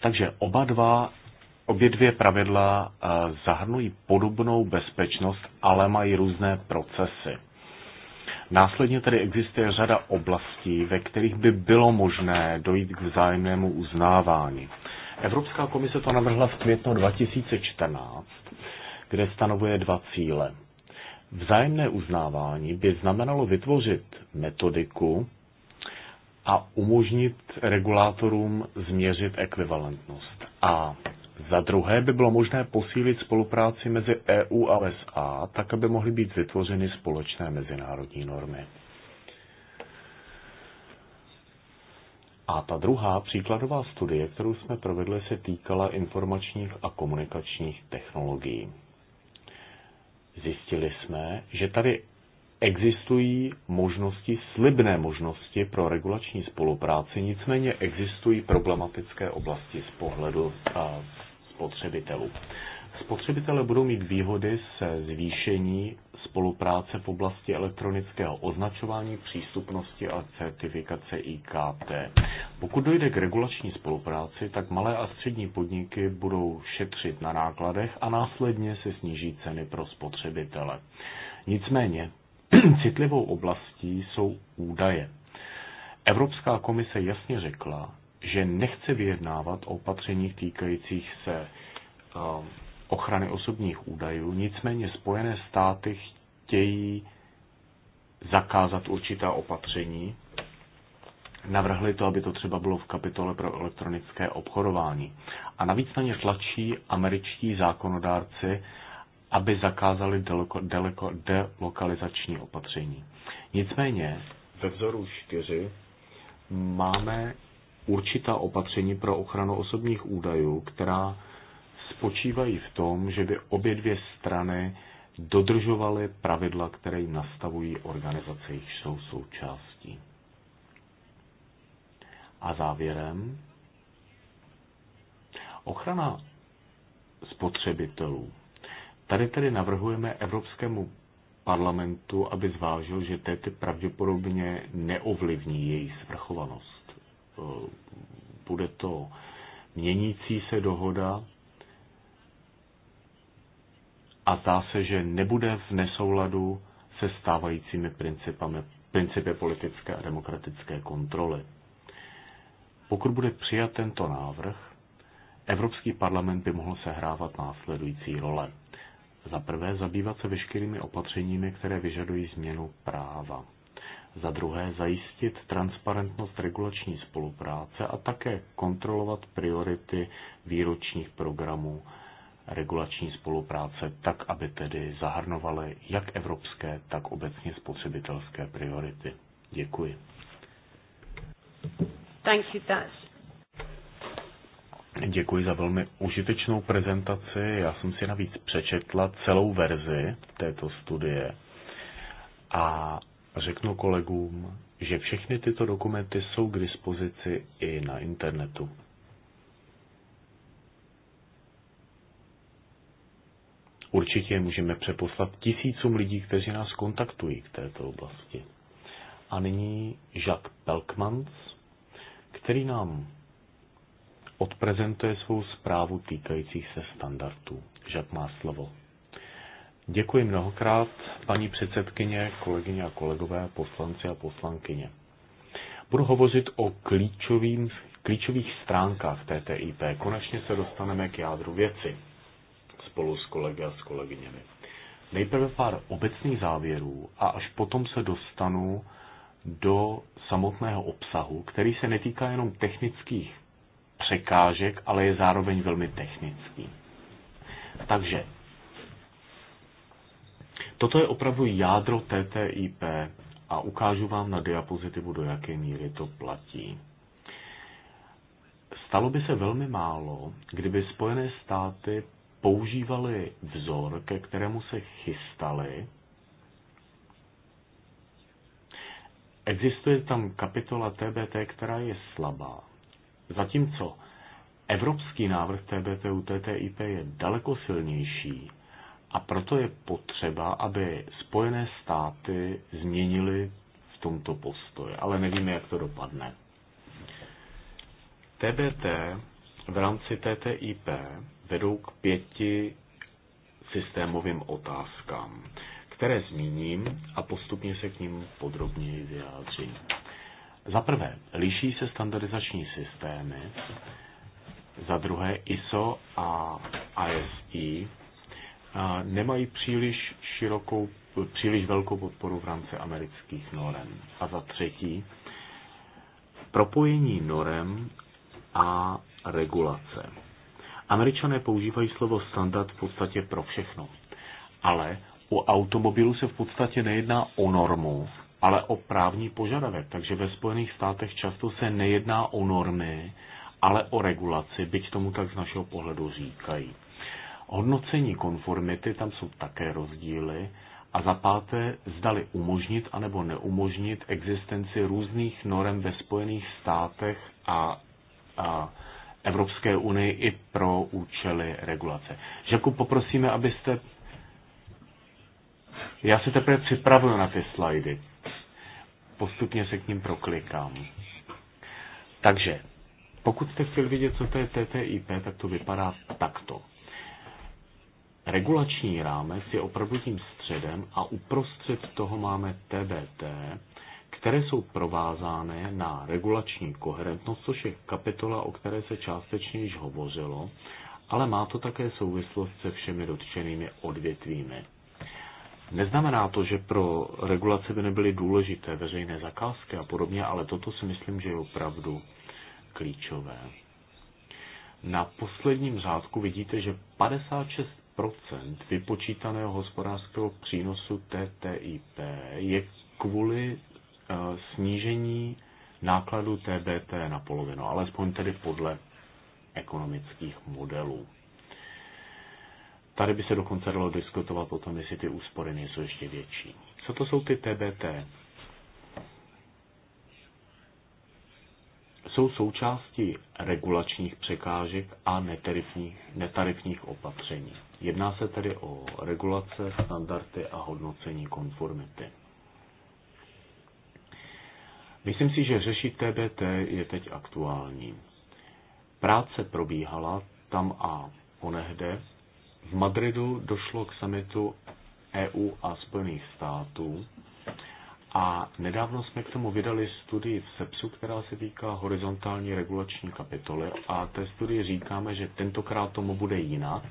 Takže oba dva Obě dvě pravidla eh, zahrnují podobnou bezpečnost, ale mají různé procesy. Následně tedy existuje řada oblastí, ve kterých by bylo možné dojít k vzájemnému uznávání. Evropská komise to navrhla v květnu 2014, kde stanovuje dva cíle. Vzájemné uznávání by znamenalo vytvořit metodiku a umožnit regulátorům změřit ekvivalentnost. A za druhé by bylo možné posílit spolupráci mezi EU a USA, tak aby mohly být vytvořeny společné mezinárodní normy. A ta druhá příkladová studie, kterou jsme provedli, se týkala informačních a komunikačních technologií. Zjistili jsme, že tady existují možnosti, slibné možnosti pro regulační spolupráci, nicméně existují problematické oblasti z pohledu spotřebitelů. Spotřebitelé budou mít výhody se zvýšení spolupráce v oblasti elektronického označování, přístupnosti a certifikace IKT. Pokud dojde k regulační spolupráci, tak malé a střední podniky budou šetřit na nákladech a následně se sníží ceny pro spotřebitele. Nicméně, citlivou oblastí jsou údaje. Evropská komise jasně řekla, že nechce vyjednávat o opatřeních týkajících se um, ochrany osobních údajů, nicméně Spojené státy chtějí zakázat určitá opatření. Navrhli to, aby to třeba bylo v kapitole pro elektronické obchodování. A navíc na ně tlačí američtí zákonodárci, aby zakázali deloko, deloko, delokalizační opatření. Nicméně ve vzoru 4 máme určitá opatření pro ochranu osobních údajů, která spočívají v tom, že by obě dvě strany dodržovaly pravidla, které jim nastavují organizace, jich jsou součástí. A závěrem, ochrana spotřebitelů. Tady tedy navrhujeme Evropskému parlamentu, aby zvážil, že TTIP pravděpodobně neovlivní její svrchovanost eh, bude to měnící se dohoda a zdá se, že nebude v nesouladu se stávajícími principy, principy politické a demokratické kontroly. Pokud bude přijat tento návrh, Evropský parlament by mohl sehrávat následující role. Za prvé zabývat se veškerými opatřeními, které vyžadují změnu práva za druhé zajistit transparentnost regulační spolupráce a také kontrolovat priority výročních programů regulační spolupráce tak, aby tedy zahrnovaly jak evropské, tak obecně spotřebitelské priority. Děkuji. Thank you, Děkuji za velmi užitečnou prezentaci. Já jsem si navíc přečetla celou verzi této studie a řeknu kolegům, že všechny tyto dokumenty jsou k dispozici i na internetu. Určitě můžeme přeposlat tisícům lidí, kteří nás kontaktují k této oblasti. A nyní Jacques Pelkmans, který nám odprezentuje svou zprávu týkajících se standardů. Jacques má slovo. Děkuji mnohokrát, paní předsedkyně, kolegyně a kolegové, poslanci a poslankyně. Budu hovořit o klíčovým, klíčových stránkách TTIP. Konečně se dostaneme k jádru věci spolu s kolegy a s kolegyněmi. Nejprve pár obecných závěrů a až potom se dostanu do samotného obsahu, který se netýká jenom technických překážek, ale je zároveň velmi technický. Takže Toto je opravdu jádro TTIP a ukážu vám na diapozitivu, do jaké míry to platí. Stalo by se velmi málo, kdyby Spojené státy používaly vzor, ke kterému se chystali. Existuje tam kapitola TBT, která je slabá. Zatímco evropský návrh TBT u TTIP je daleko silnější, a proto je potřeba, aby Spojené státy změnily v tomto postoji, ale nevíme, jak to dopadne. TBT v rámci TTIP vedou k pěti systémovým otázkám, které zmíním a postupně se k ním podrobněji vyjádřím. Za prvé, liší se standardizační systémy, za druhé ISO a ISI nemají příliš širokou, příliš velkou podporu v rámci amerických norem. A za třetí, propojení norem a regulace. Američané používají slovo standard v podstatě pro všechno, ale u automobilu se v podstatě nejedná o normu, ale o právní požadavek. Takže ve Spojených státech často se nejedná o normy, ale o regulaci, byť tomu tak z našeho pohledu říkají. Hodnocení konformity, tam jsou také rozdíly. A za páté, zdali umožnit anebo neumožnit existenci různých norem ve Spojených státech a, a Evropské unii i pro účely regulace. Žeku, poprosíme, abyste... Já se teprve připravuju na ty slajdy. Postupně se k ním proklikám. Takže, pokud jste chtěli vidět, co to je TTIP, tak to vypadá takto regulační rámec je opravdu tím středem a uprostřed toho máme TBT, které jsou provázány na regulační koherentnost, což je kapitola, o které se částečně již hovořilo, ale má to také souvislost se všemi dotčenými odvětvími. Neznamená to, že pro regulace by nebyly důležité veřejné zakázky a podobně, ale toto si myslím, že je opravdu klíčové. Na posledním řádku vidíte, že 56 procent vypočítaného hospodářského přínosu TTIP je kvůli eh, snížení nákladu TBT na polovinu, alespoň tedy podle ekonomických modelů. Tady by se dokonce dalo diskutovat o tom, jestli ty úspory nejsou ještě větší. Co to jsou ty TBT? jsou součástí regulačních překážek a netarifních, netarifních opatření. Jedná se tedy o regulace, standardy a hodnocení konformity. Myslím si, že řešit TBT je teď aktuální. Práce probíhala tam a onehde. V Madridu došlo k samitu EU a Spojených států a nedávno jsme k tomu vydali studii v SEPSu, která se týká horizontální regulační kapitoly a té studii říkáme, že tentokrát tomu bude jinak.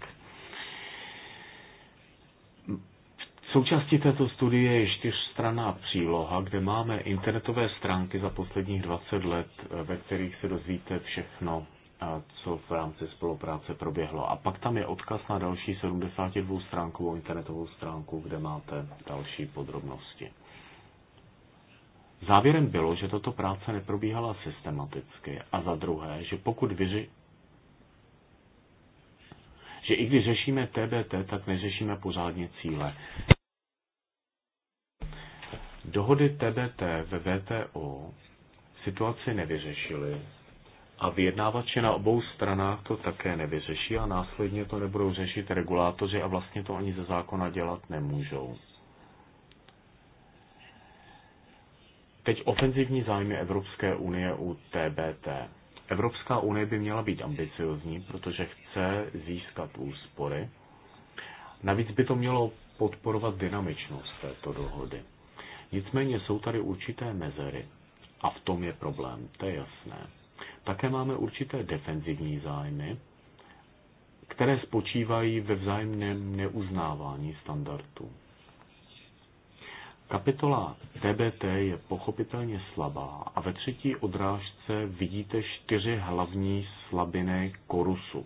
V součástí této studie je čtyřstranná příloha, kde máme internetové stránky za posledních 20 let, ve kterých se dozvíte všechno, co v rámci spolupráce proběhlo. A pak tam je odkaz na další 72 stránkovou internetovou stránku, kde máte další podrobnosti. Závěrem bylo, že tato práce neprobíhala systematicky a za druhé, že pokud vyři... že i když řešíme TBT, tak neřešíme pořádně cíle. Dohody TBT ve VTO situaci nevyřešily a vyjednávače na obou stranách to také nevyřeší a následně to nebudou řešit regulátoři a vlastně to ani ze zákona dělat nemůžou. Teď ofenzivní zájmy Evropské unie u TBT. Evropská unie by měla být ambiciozní, protože chce získat úspory. Navíc by to mělo podporovat dynamičnost této dohody. Nicméně jsou tady určité mezery a v tom je problém, to je jasné. Také máme určité defenzivní zájmy, které spočívají ve vzájemném neuznávání standardů. Kapitola TBT je pochopitelně slabá a ve třetí odrážce vidíte čtyři hlavní slabiny korusu.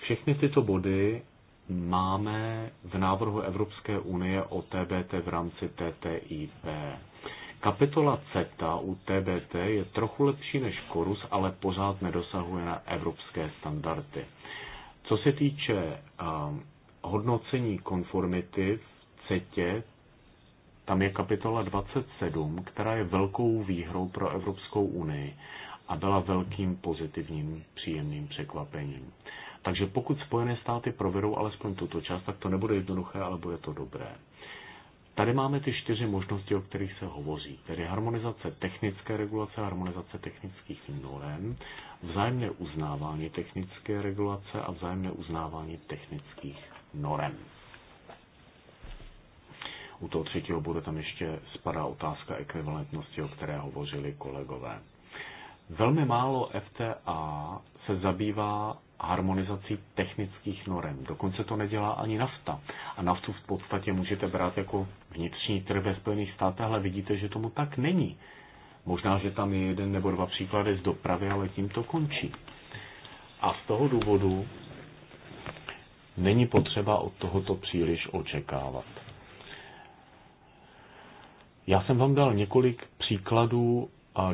Všechny tyto body máme v návrhu Evropské unie o TBT v rámci TTIP. Kapitola CETA u TBT je trochu lepší než korus, ale pořád nedosahuje na evropské standardy. Co se týče um, hodnocení konformity CETě tam je kapitola 27, která je velkou výhrou pro Evropskou unii a byla velkým pozitivním příjemným překvapením. Takže pokud Spojené státy provedou alespoň tuto část, tak to nebude jednoduché, ale bude to dobré. Tady máme ty čtyři možnosti, o kterých se hovoří, tedy harmonizace technické regulace, harmonizace technických norm, vzájemné uznávání technické regulace a vzájemné uznávání technických norm. U toho třetího bodu tam ještě spadá otázka ekvivalentnosti, o které hovořili kolegové. Velmi málo FTA se zabývá harmonizací technických norem. Dokonce to nedělá ani nafta. A naftu v podstatě můžete brát jako vnitřní trh ve Spojených státech, ale vidíte, že tomu tak není. Možná, že tam je jeden nebo dva příklady z dopravy, ale tím to končí. A z toho důvodu není potřeba od tohoto příliš očekávat. Já jsem vám dal několik příkladů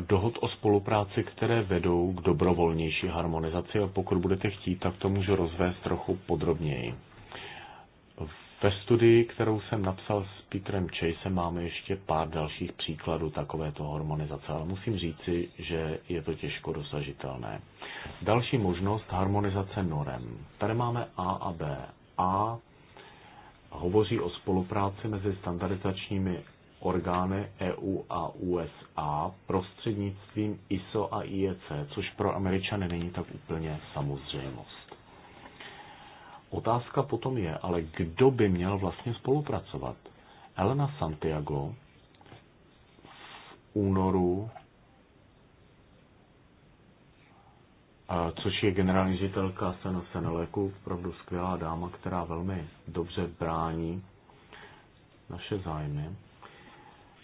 dohod o spolupráci, které vedou k dobrovolnější harmonizaci a pokud budete chtít, tak to můžu rozvést trochu podrobněji. Ve studii, kterou jsem napsal s Petrem Chasem, máme ještě pár dalších příkladů takovéto harmonizace, ale musím říci, že je to těžko dosažitelné. Další možnost harmonizace norem. Tady máme A a B. A hovoří o spolupráci mezi standardizačními orgány EU a USA prostřednictvím ISO a IEC, což pro Američany není tak úplně samozřejmost. Otázka potom je, ale kdo by měl vlastně spolupracovat? Elena Santiago v únoru, což je generální ředitelka Seneleku, opravdu skvělá dáma, která velmi dobře brání naše zájmy,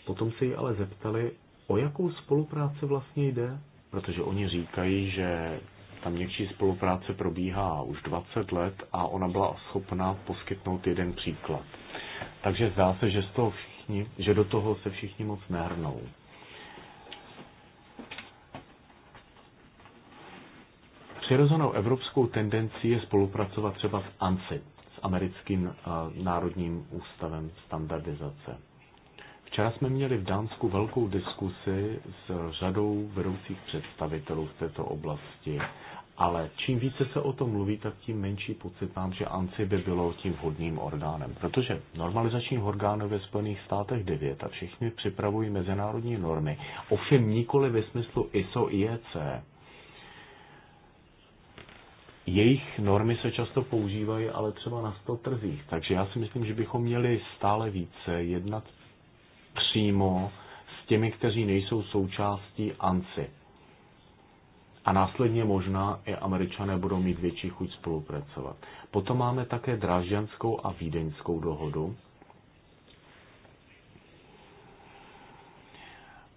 Potom se jí ale zeptali, o jakou spolupráci vlastně jde, protože oni říkají, že tam někčí spolupráce probíhá už 20 let a ona byla schopná poskytnout jeden příklad. Takže zdá se, že, z toho všichni, že do toho se všichni moc nehrnou. Přirozenou evropskou tendencí je spolupracovat třeba s ANSI, s Americkým eh, národním ústavem standardizace. Včera jsme měli v Dánsku velkou diskusi s řadou vedoucích představitelů v této oblasti, ale čím více se o tom mluví, tak tím menší pocit mám, že ANCI by bylo tím vhodným orgánem. Protože normalizačních orgánů ve Spojených státech 9 a všichni připravují mezinárodní normy, ovšem nikoli ve smyslu ISO IEC. Jejich normy se často používají, ale třeba na 100 trzích. Takže já si myslím, že bychom měli stále více jednat přímo s těmi, kteří nejsou součástí ANSI. A následně možná i američané budou mít větší chuť spolupracovat. Potom máme také dražďanskou a Vídeňskou dohodu,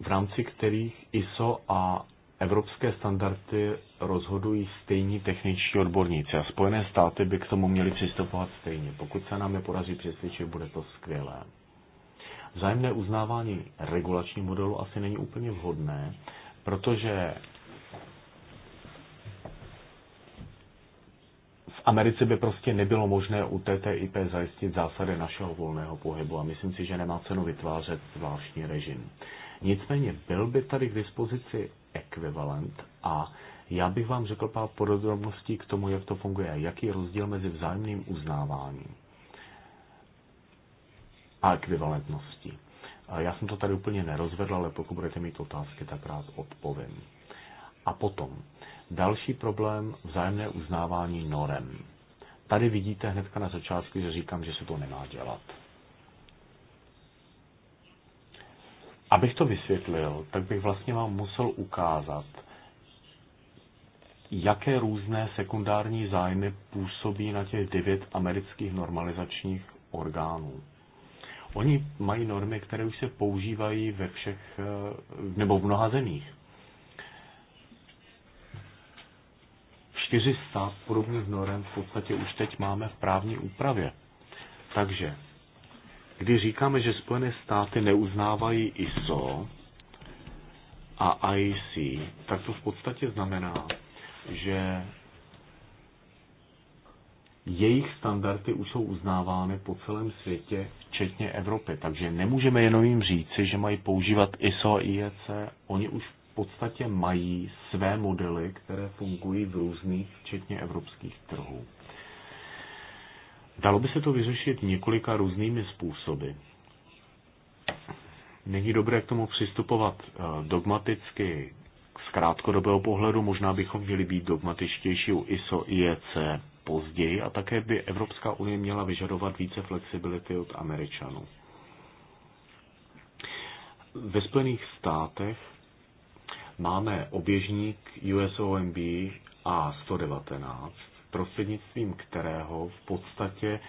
v rámci kterých ISO a evropské standardy rozhodují stejní techničtí odborníci a Spojené státy by k tomu měly přistupovat stejně. Pokud se nám je podaří přesvědčit, bude to skvělé. Vzájemné uznávání regulačního modelu asi není úplně vhodné, protože v Americe by prostě nebylo možné u TTIP zajistit zásady našeho volného pohybu a myslím si, že nemá cenu vytvářet zvláštní režim. Nicméně byl by tady k dispozici ekvivalent a já bych vám řekl pár podrobností k tomu, jak to funguje, jaký je rozdíl mezi vzájemným uznáváním a ekvivalentnosti. Já jsem to tady úplně nerozvedl, ale pokud budete mít otázky, tak rád odpovím. A potom, další problém, vzájemné uznávání norem. Tady vidíte hnedka na začátku, že říkám, že se to nemá dělat. Abych to vysvětlil, tak bych vlastně vám musel ukázat, jaké různé sekundární zájmy působí na těch devět amerických normalizačních orgánů. Oni mají normy, které už se používají ve všech, eh, nebo v mnoha zemích. 400 podobných norem v podstatě už teď máme v právní úpravě. Takže, když říkáme, že Spojené státy neuznávají ISO a IC, tak to v podstatě znamená, že jejich standardy už jsou uznávány po celém světě, včetně Evropy. Takže nemůžeme jenom jim říci, že mají používat ISO a IEC. Oni už v podstatě mají své modely, které fungují v různých, včetně evropských trhů. Dalo by se to vyřešit několika různými způsoby. Není dobré k tomu přistupovat eh, dogmaticky z krátkodobého pohledu, možná bychom měli být dogmatičtější u ISO IEC později a také by Evropská unie měla vyžadovat více flexibility od Američanů. Ve Spojených státech máme oběžník USOMB A119, prostřednictvím kterého v podstatě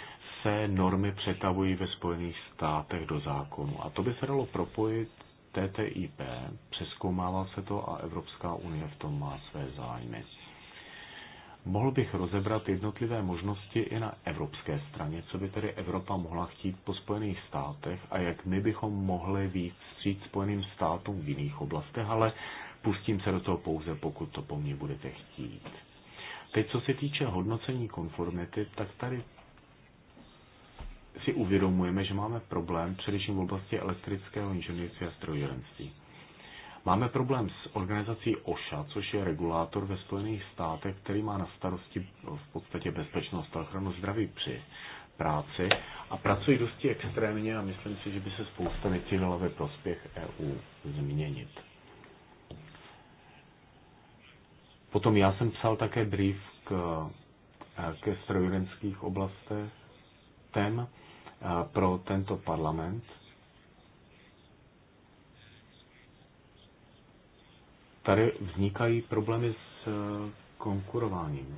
se normy přetavují ve Spojených státech do zákonu. A to by se dalo propojit TTIP, přeskoumává se to a Evropská unie v tom má své zájmy. Mohl bych rozebrat jednotlivé možnosti i na evropské straně, co by tedy Evropa mohla chtít po Spojených státech a jak my bychom mohli víc vstřít Spojeným státům v jiných oblastech, ale pustím se do toho pouze, pokud to po mně budete chtít. Teď, co se týče hodnocení konformity, tak tady si uvědomujeme, že máme problém především v oblasti elektrického inženýrství a strojírenství. Máme problém s organizací OSHA, což je regulátor ve Spojených státech, který má na starosti v podstatě bezpečnost a ochranu zdraví při práci a pracují dosti extrémně a myslím si, že by se spousta věcí ve prospěch EU změnit. Potom já jsem psal také brief k, ke strojírenských oblastech tém eh, pro tento parlament tady vznikají problémy s eh, konkurováním.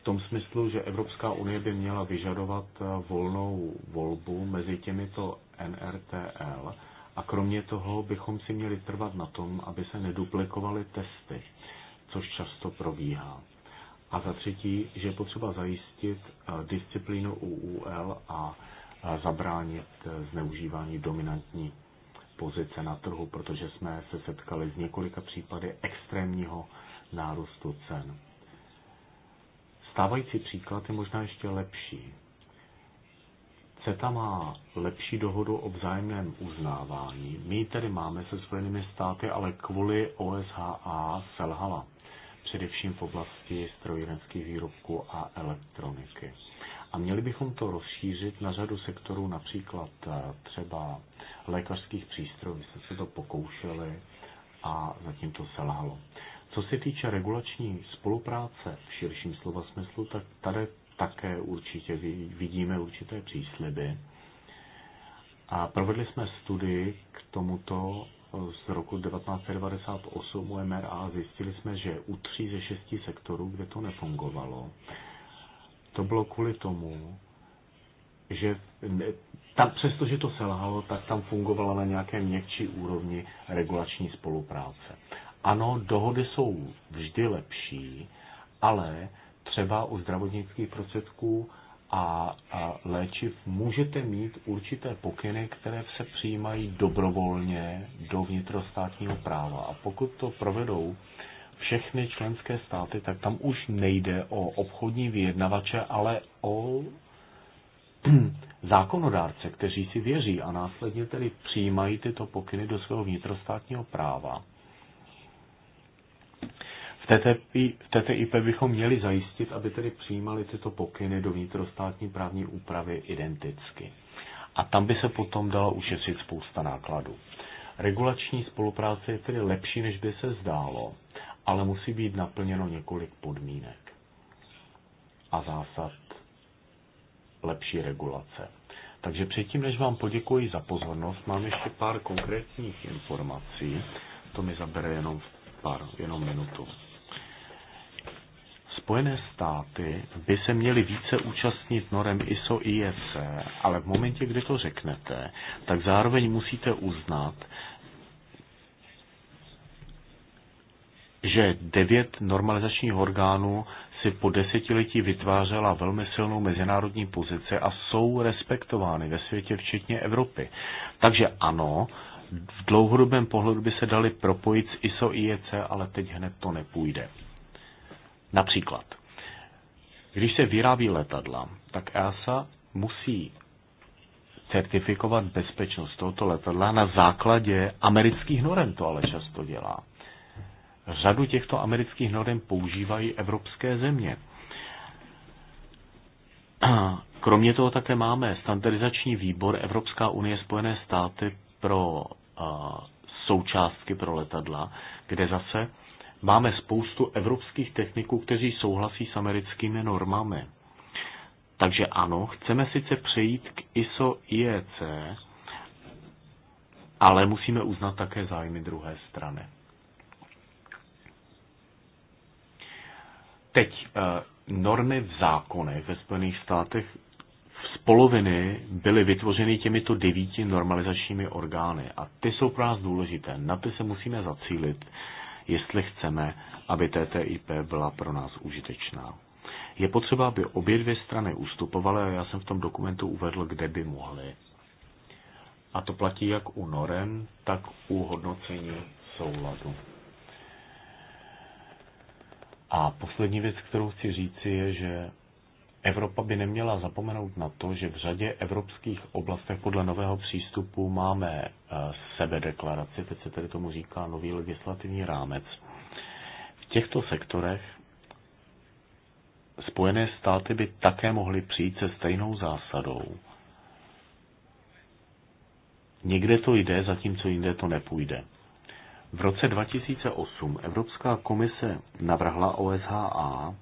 V tom smyslu, že Evropská unie by měla vyžadovat eh, volnou volbu mezi těmito NRTL a kromě toho bychom si měli trvat na tom, aby se neduplikovaly testy, což často probíhá. A za třetí, že je potřeba zajistit eh, disciplínu UUL a zabránit zneužívání dominantní pozice na trhu, protože jsme se setkali s několika případy extrémního nárůstu cen. Stávající příklad je možná ještě lepší. CETA má lepší dohodu o vzájemném uznávání. My ji tedy máme se Spojenými státy, ale kvůli OSHA selhala, především v oblasti strojírenských výrobků a elektroniky. A měli bychom to rozšířit na řadu sektorů, například eh, třeba lékařských přístrojů. My jsme se to pokoušeli a zatím to selhalo. Co se týče regulační spolupráce v širším slova smyslu, tak tady také určitě vidíme určité přísliby. A provedli jsme studii k tomuto eh, z roku 1998 MRA a zjistili jsme, že u tří ze šesti sektorů, kde to nefungovalo, to bylo kvůli tomu, že tam přestože to selhalo, tak tam fungovala na nějaké měkčí úrovni regulační spolupráce. Ano, dohody jsou vždy lepší, ale třeba u zdravotnických prostředků a, a léčiv můžete mít určité pokyny, které se přijímají dobrovolně do vnitrostátního práva. A pokud to provedou všechny členské státy, tak tam už nejde o obchodní vyjednavače, ale o zákonodárce, kteří si věří a následně tedy přijímají tyto pokyny do svého vnitrostátního práva. V TTIP, v TTIP bychom měli zajistit, aby tedy přijímali tyto pokyny do vnitrostátní právní úpravy identicky. A tam by se potom dala ušetřit spousta nákladů. Regulační spolupráce je tedy lepší, než by se zdálo ale musí být naplněno několik podmínek a zásad lepší regulace. Takže předtím, než vám poděkuji za pozornost, mám ještě pár konkrétních informací. To mi zabere jenom pár, jenom minutu. Spojené státy by se měly více účastnit norem ISO iec ale v momentě, kdy to řeknete, tak zároveň musíte uznat, že devět normalizačních orgánů si po desetiletí vytvářela velmi silnou mezinárodní pozici a jsou respektovány ve světě, včetně Evropy. Takže ano, v dlouhodobém pohledu by se dali propojit s ISO IEC, ale teď hned to nepůjde. Například, když se vyrábí letadla, tak EASA musí certifikovat bezpečnost tohoto letadla na základě amerických norem, to ale často dělá řadu těchto amerických norm používají evropské země. Kromě toho také máme standardizační výbor Evropská unie Spojené státy pro součástky pro letadla, kde zase máme spoustu evropských techniků, kteří souhlasí s americkými normami. Takže ano, chceme sice přejít k ISO IEC, ale musíme uznat také zájmy druhé strany. Teď eh, normy v zákonech ve Spojených státech z poloviny byly vytvořeny těmito devíti normalizačními orgány a ty jsou pro nás důležité. Na ty se musíme zacílit, jestli chceme, aby TTIP byla pro nás užitečná. Je potřeba, aby obě dvě strany ustupovaly a já jsem v tom dokumentu uvedl, kde by mohly. A to platí jak u norem, tak u hodnocení souladu. A poslední věc, kterou chci říci, je, že Evropa by neměla zapomenout na to, že v řadě evropských oblastech podle nového přístupu máme eh, sebedeklaraci, teď se tedy tomu říká nový legislativní rámec. V těchto sektorech Spojené státy by také mohly přijít se stejnou zásadou. Někde to jde, zatímco jinde to nepůjde. V roce 2008 Evropská komise navrhla OSHA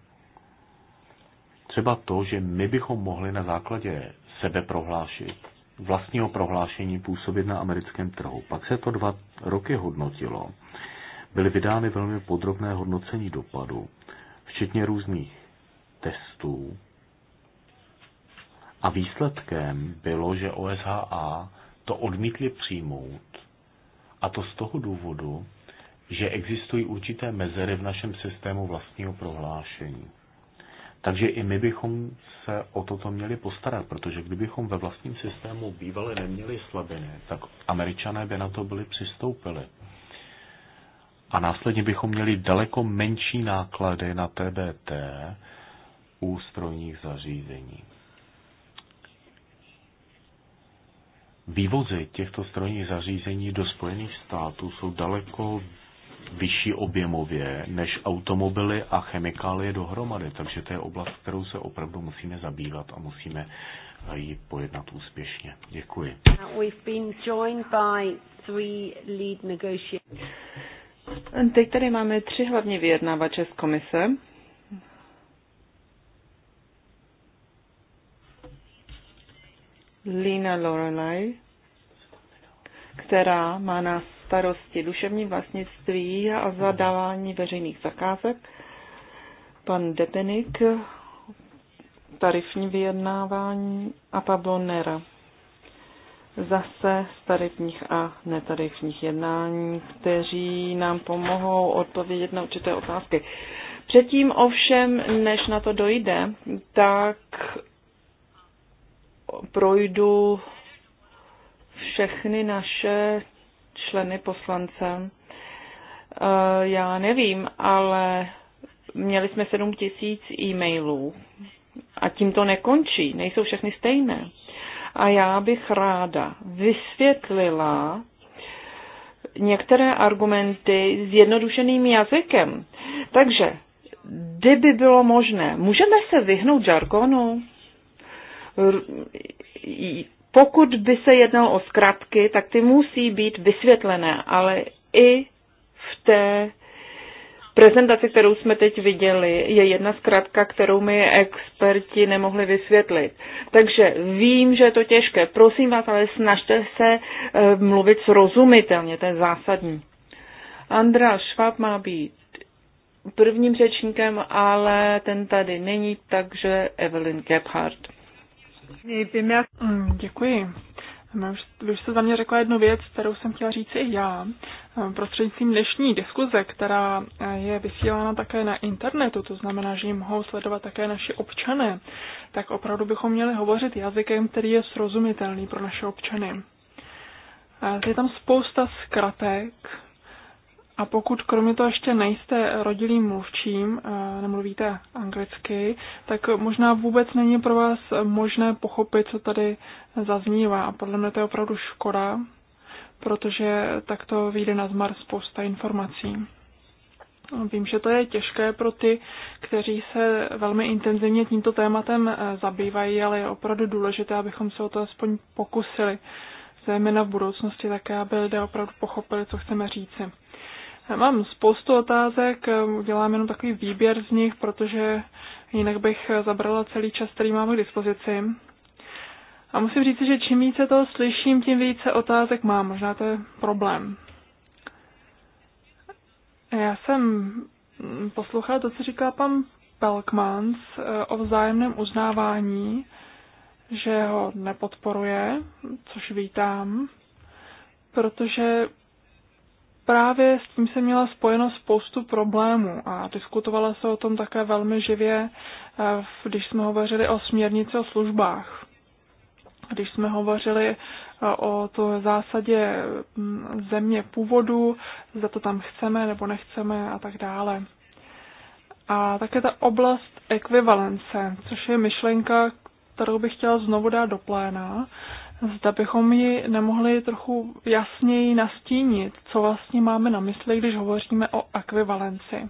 třeba to, že my bychom mohli na základě sebe prohlášit, vlastního prohlášení působit na americkém trhu. Pak se to dva roky hodnotilo. Byly vydány velmi podrobné hodnocení dopadu, včetně různých testů. A výsledkem bylo, že OSHA to odmítli přijmout a to z toho důvodu, že existují určité mezery v našem systému vlastního prohlášení. Takže i my bychom se o toto měli postarat, protože kdybychom ve vlastním systému bývali neměli slabiny, tak američané by na to byli přistoupili. A následně bychom měli daleko menší náklady na TBT u strojních zařízení. Vývozy těchto strojních zařízení do Spojených států jsou daleko vyšší objemově než automobily a chemikálie dohromady, takže to je oblast, kterou se opravdu musíme zabývat a musíme eh, ji pojednat úspěšně. Děkuji. Teď tady máme tři hlavní vyjednávače z komise. Lina Lorelai, která má na starosti duševní vlastnictví a zadávání veřejných zakázek, pan Depenik, tarifní vyjednávání a Pablo Nera, zase z tarifních a netarifních jednání, kteří nám pomohou odpovědět na určité otázky. Předtím ovšem, než na to dojde, tak projdu všechny naše členy poslance. Eh, já nevím, ale měli jsme 7 tisíc e-mailů a tím to nekončí, nejsou všechny stejné. A já bych ráda vysvětlila některé argumenty s jednodušeným jazykem. Takže, kdyby bylo možné, můžeme se vyhnout žargonu? pokud by se jednalo o zkratky, tak ty musí být vysvětlené, ale i v té prezentaci, kterou jsme teď viděli, je jedna zkratka, kterou mi experti nemohli vysvětlit. Takže vím, že je to těžké. Prosím vás, ale snažte se eh, mluvit srozumitelně, to je zásadní. Andra Šváb má být prvním řečníkem, ale ten tady není, takže Evelyn Gebhardt. Mm, děkuji. No, vy jste za mě řekla jednu věc, kterou jsem chtěla říct i já. Eh, prostřednictvím dnešní diskuze, která eh, je vysílána také na internetu, to znamená, že ji mohou sledovat také naši občané, tak opravdu bychom měli hovořit jazykem, který je srozumitelný pro naše občany. Eh, je tam spousta zkratek, a pokud kromě toho ještě nejste rodilým mluvčím, eh, nemluvíte anglicky, tak možná vůbec není pro vás možné pochopit, co tady zaznívá. A podle mě to je opravdu škoda, protože takto vyjde na zmar spousta informací. Vím, že to je těžké pro ty, kteří se velmi intenzivně tímto tématem eh, zabývají, ale je opravdu důležité, abychom se o to aspoň pokusili, zejména v budoucnosti také, aby lidé opravdu pochopili, co chceme říci. Mám spoustu otázek, ehm, udělám jenom takový výběr z nich, protože jinak bych zabrala celý čas, který mám k dispozici. A musím říct, že čím více toho slyším, tím více otázek mám. Možná to je problém. Já jsem poslouchala to, co říká pan Pelkmans eh, o vzájemném uznávání, že ho nepodporuje, což vítám, protože právě s tím se měla spojeno spoustu problémů a diskutovala se o tom také velmi živě, eh, když jsme hovořili o směrnici o službách. Když jsme hovořili eh, o to zásadě mm, země původu, za to tam chceme nebo nechceme a tak dále. A také ta oblast ekvivalence, což je myšlenka, kterou bych chtěla znovu dát do pléna, zda bychom ji nemohli trochu jasněji nastínit, co vlastně máme na mysli, když hovoříme o akvivalenci.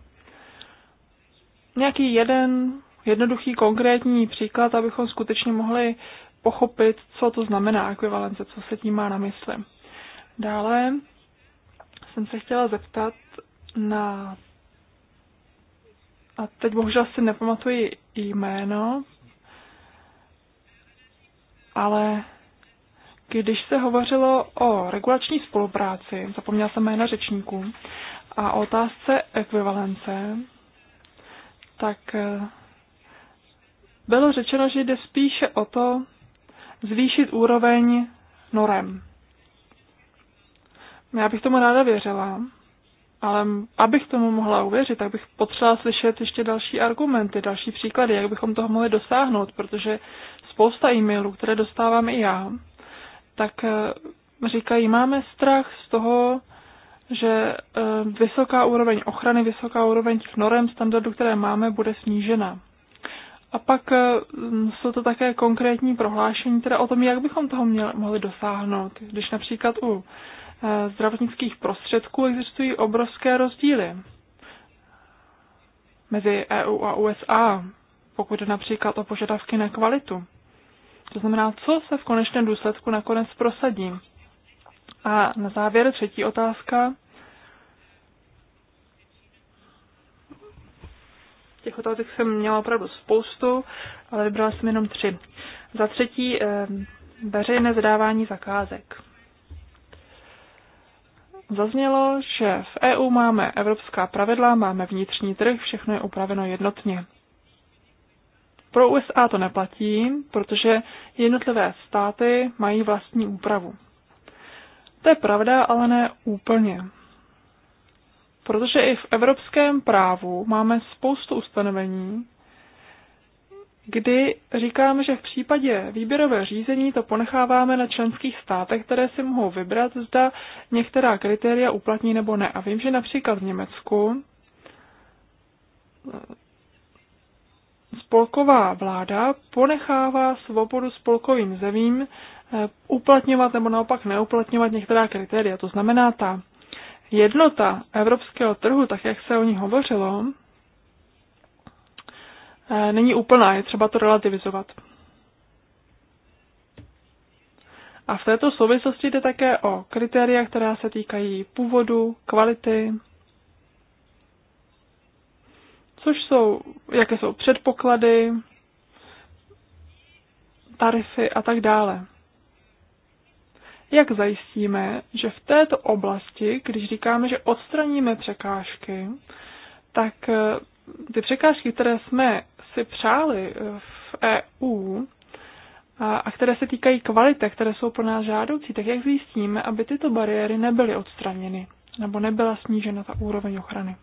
Nějaký jeden jednoduchý konkrétní příklad, abychom skutečně mohli pochopit, co to znamená akvivalence, co se tím má na mysli. Dále jsem se chtěla zeptat na. A teď bohužel si nepamatuji jméno, ale když se hovořilo o regulační spolupráci, zapomněla jsem jména řečníků, a o otázce ekvivalence, tak eh, bylo řečeno, že jde spíše o to zvýšit úroveň norem. Já bych tomu ráda věřila, ale abych tomu mohla uvěřit, tak bych potřebovala slyšet ještě další argumenty, další příklady, jak bychom toho mohli dosáhnout, protože spousta e-mailů, které dostávám i já, tak eh, říkají, máme strach z toho, že eh, vysoká úroveň ochrany, vysoká úroveň těch norem, standardů, které máme, bude snížena. A pak eh, jsou to také konkrétní prohlášení teda o tom, jak bychom toho měli, mohli dosáhnout. Když například u zdravotnických prostředků existují obrovské rozdíly mezi EU a USA, pokud jde například o požadavky na kvalitu. To znamená, co se v konečném důsledku nakonec prosadí. A na závěr třetí otázka. Těch otázek jsem měla opravdu spoustu, ale vybrala jsem jenom tři. Za třetí, eh, veřejné zadávání zakázek. Zaznělo, že v EU máme evropská pravidla, máme vnitřní trh, všechno je upraveno jednotně. Pro USA to neplatí, protože jednotlivé státy mají vlastní úpravu. To je pravda, ale ne úplně. Protože i v evropském právu máme spoustu ustanovení, kdy říkáme, že v případě výběrové řízení to ponecháváme na členských státech, které si mohou vybrat, zda některá kritéria uplatní nebo ne. A vím, že například v Německu spolková vláda ponechává svobodu spolkovým zemím eh, uplatňovat nebo naopak neuplatňovat některá kritéria. To znamená, ta jednota evropského trhu, tak jak se o ní hovořilo, eh, není úplná, je třeba to relativizovat. A v této souvislosti jde také o kritéria, která se týkají původu, kvality, což jsou, jaké jsou předpoklady, tarify a tak dále. Jak zajistíme, že v této oblasti, když říkáme, že odstraníme překážky, tak eh, ty překážky, které jsme si přáli eh, v EU a, které se týkají kvality, které jsou pro nás žádoucí, tak jak zjistíme, aby tyto bariéry nebyly odstraněny nebo nebyla snížena ta úroveň ochrany?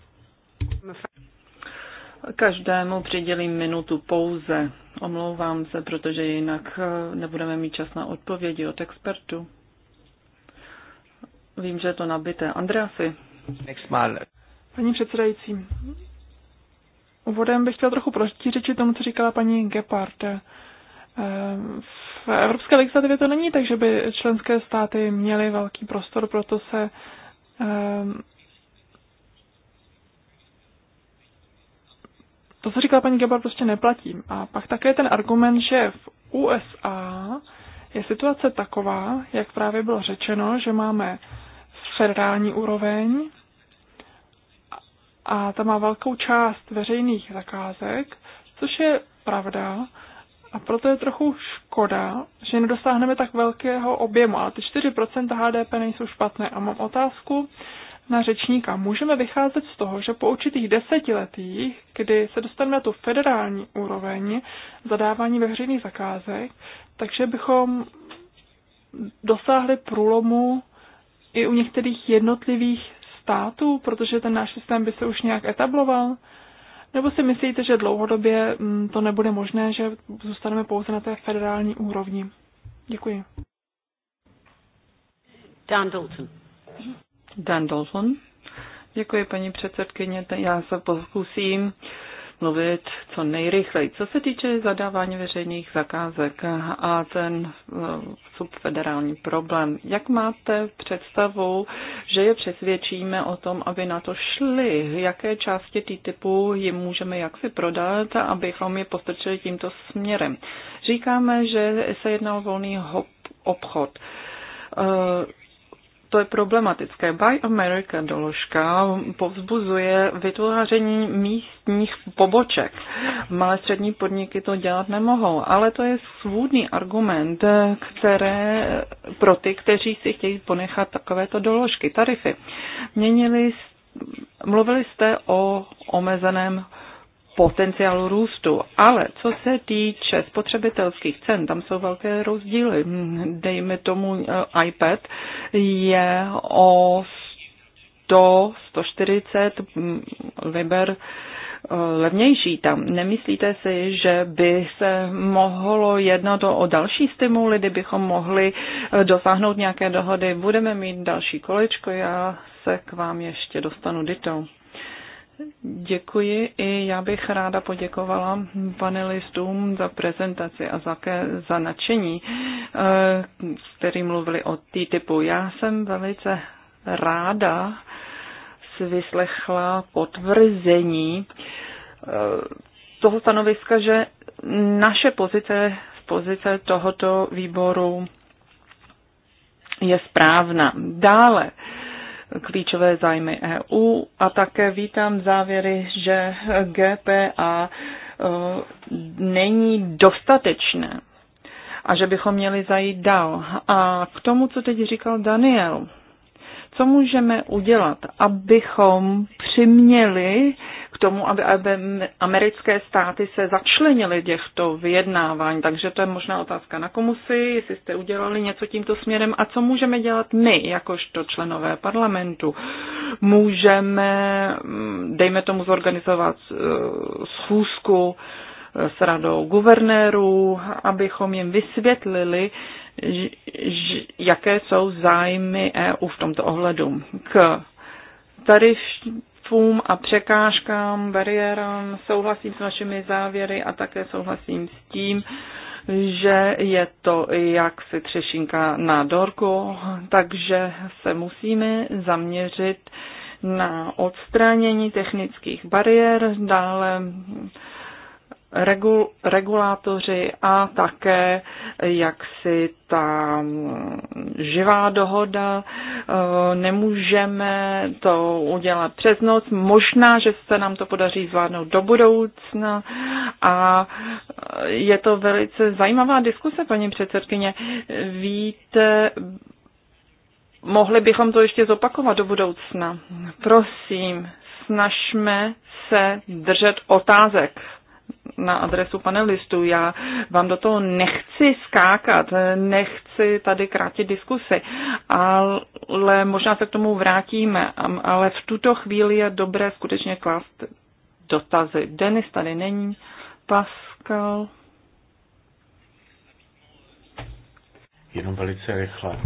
Každému přidělím minutu pouze. Omlouvám se, protože jinak eh, nebudeme mít čas na odpovědi od expertů. Vím, že je to nabité. Andreasi. Paní předsedající, úvodem bych chtěl trochu protiřečit tomu, co říkala paní Gepard. Eh, v evropské legislativě to není tak, že by členské státy měly velký prostor, proto se eh, to, co říkala paní Gabar, prostě neplatí. A pak také ten argument, že v USA je situace taková, jak právě bylo řečeno, že máme federální úroveň a ta má velkou část veřejných zakázek, což je pravda, a proto je trochu škoda, že nedosáhneme tak velkého objemu, ale ty 4% HDP nejsou špatné. A mám otázku, na řečníka. Můžeme vycházet z toho, že po určitých desetiletích, kdy se dostaneme na tu federální úroveň zadávání veřejných zakázek, takže bychom dosáhli průlomu i u některých jednotlivých států, protože ten náš systém by se už nějak etabloval? Nebo si myslíte, že dlouhodobě mm, to nebude možné, že zůstaneme pouze na té federální úrovni? Děkuji. Dan Dalton. Dan Dolson, Děkuji, paní předsedkyně. Já se pokusím mluvit co nejrychleji. Co se týče zadávání veřejných zakázek a ten eh, subfederální problém, jak máte představu, že je přesvědčíme o tom, aby na to šli? Jaké části tý typu jim můžeme jaksi prodat, abychom je postrčili tímto směrem? Říkáme, že se jedná o volný hop obchod eh, to je problematické. Buy America doložka povzbuzuje vytváření místních poboček. Malé střední podniky to dělat nemohou, ale to je svůdný argument které, pro ty, kteří si chtějí ponechat takovéto doložky, tarify. Měnili, mluvili jste o omezeném potenciálu růstu. Ale co se týče spotřebitelských cen, tam jsou velké rozdíly. Dejme tomu eh, iPad je o 100, 140 liber levnější tam. Nemyslíte si, že by se mohlo jednat o další stimuly, kdybychom mohli eh, dosáhnout nějaké dohody? Budeme mít další kolečko, já se k vám ještě dostanu Dito. Děkuji i já bych ráda poděkovala panelistům za prezentaci a za, za nadšení, s eh, kterým mluvili o TTIPu. Já jsem velice ráda si vyslechla potvrzení eh, toho stanoviska, že naše pozice, pozice tohoto výboru je správná. Dále klíčové zájmy EU a také vítám závěry, že GPA eh, není dostatečné a že bychom měli zajít dál. A k tomu, co teď říkal Daniel, co můžeme udělat, abychom přiměli k tomu, aby, aby americké státy se začlenily těchto vyjednávání. Takže to je možná otázka na komisi, jestli jste udělali něco tímto směrem a co můžeme dělat my, jakožto členové parlamentu. Můžeme, mm, dejme tomu, zorganizovat eh, schůzku eh, s radou guvernérů, abychom jim vysvětlili, jaké jsou zájmy EU v tomto ohledu. K tarif, stvům a překážkám, bariérám. Souhlasím s vašimi závěry a také souhlasím s tím, že je to jak si třešinka na dorku, takže se musíme zaměřit na odstranění technických bariér, dále regul, regulátoři a také jak si ta živá dohoda. Eh, nemůžeme to udělat přes noc. Možná, že se nám to podaří zvládnout do budoucna a eh, je to velice zajímavá diskuse, paní předsedkyně. Víte, mohli bychom to ještě zopakovat do budoucna. Prosím, snažme se držet otázek na adresu panelistů. Já vám do toho nechci skákat, nechci tady krátit diskusy, ale možná se k tomu vrátíme, ale v tuto chvíli je dobré skutečně klást dotazy. Denis tady není, Pascal. Jenom velice rychle.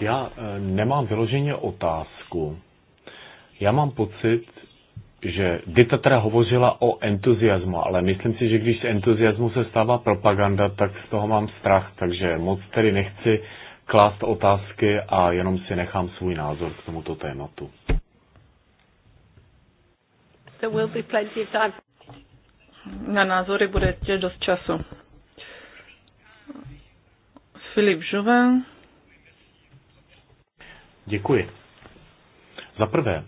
Já eh, nemám vyloženě otázku. Já mám pocit, že Dita teda hovořila o entuziasmu, ale myslím si, že když z entuziasmu se stává propaganda, tak z toho mám strach, takže moc tedy nechci klást otázky a jenom si nechám svůj názor k tomuto tématu. Na názory bude tě dost času. Filip Žuven. Děkuji. Za prvé,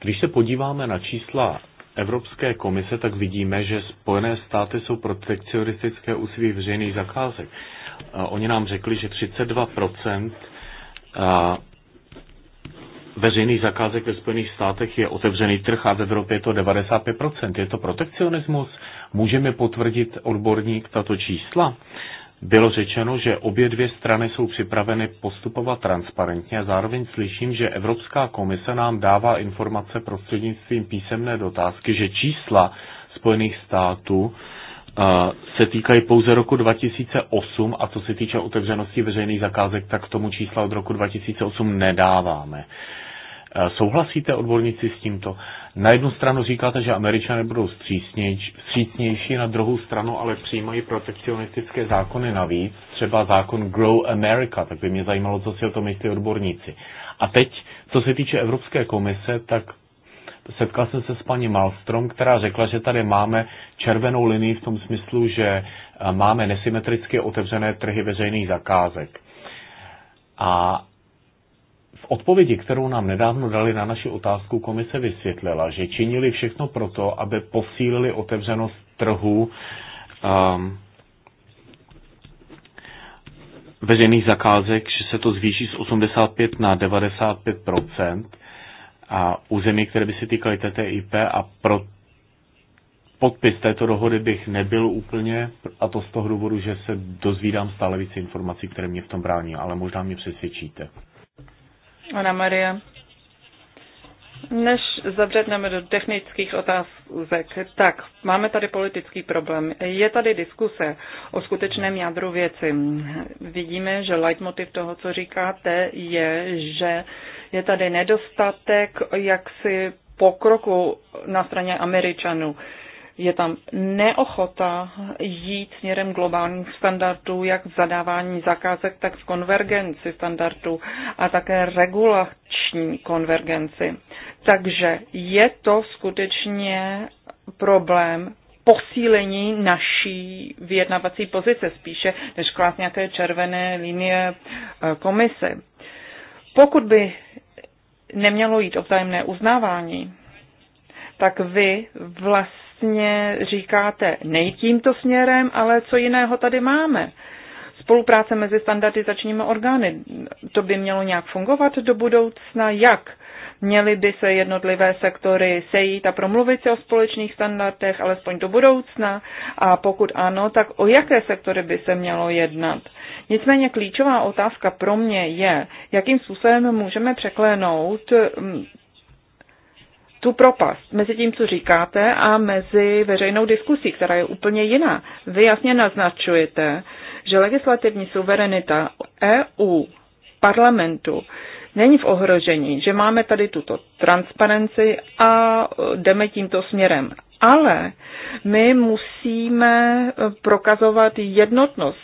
když se podíváme na čísla Evropské komise, tak vidíme, že Spojené státy jsou protekcionistické u svých veřejných zakázek. Oni nám řekli, že 32% veřejných zakázek ve Spojených státech je otevřený trh a v Evropě je to 95%. Je to protekcionismus? Můžeme potvrdit odborník tato čísla? bylo řečeno, že obě dvě strany jsou připraveny postupovat transparentně a zároveň slyším, že Evropská komise nám dává informace prostřednictvím písemné dotázky, že čísla Spojených států uh, se týkají pouze roku 2008 a co se týče otevřenosti veřejných zakázek, tak tomu čísla od roku 2008 nedáváme. Eh, souhlasíte odborníci s tímto? Na jednu stranu říkáte, že američané budou střícnější, na druhou stranu ale přijímají protekcionistické zákony navíc, třeba zákon Grow America, tak by mě zajímalo, co si o tom myslí odborníci. A teď, co se týče Evropské komise, tak setkal jsem se s paní Malstrom, která řekla, že tady máme červenou linii v tom smyslu, že eh, máme nesymetricky otevřené trhy veřejných zakázek. A odpovědi, kterou nám nedávno dali na naši otázku, komise vysvětlila, že činili všechno proto, aby posílili otevřenost trhu um, veřejných zakázek, že se to zvýší z 85 na 95 a u zemí, které by se týkaly TTIP a pro podpis této dohody bych nebyl úplně, a to z toho důvodu, že se dozvídám stále více informací, které mě v tom brání, ale možná mě přesvědčíte. Ana Maria. Než zavřetneme do technických otázek, tak máme tady politický problém. Je tady diskuse o skutečném jádru věci. Vidíme, že leitmotiv toho, co říkáte, je, že je tady nedostatek jaksi pokroku na straně Američanů je tam neochota jít směrem globálních standardů, jak v zadávání zakázek, tak v konvergenci standardů a také regulační konvergenci. Takže je to skutečně problém posílení naší vyjednavací pozice spíše, než klást nějaké červené linie eh, komise. Pokud by nemělo jít o vzájemné uznávání, tak vy vlastně vlastně říkáte nej tímto směrem, ale co jiného tady máme? Spolupráce mezi standardizačními orgány, to by mělo nějak fungovat do budoucna, jak? Měly by se jednotlivé sektory sejít a promluvit si o společných standardech, alespoň do budoucna? A pokud ano, tak o jaké sektory by se mělo jednat? Nicméně klíčová otázka pro mě je, jakým způsobem můžeme překlenout mm, tu propast mezi tím, co říkáte a mezi veřejnou diskusí, která je úplně jiná. Vy jasně naznačujete, že legislativní suverenita EU parlamentu není v ohrožení, že máme tady tuto transparenci a jdeme tímto směrem. Ale my musíme prokazovat jednotnost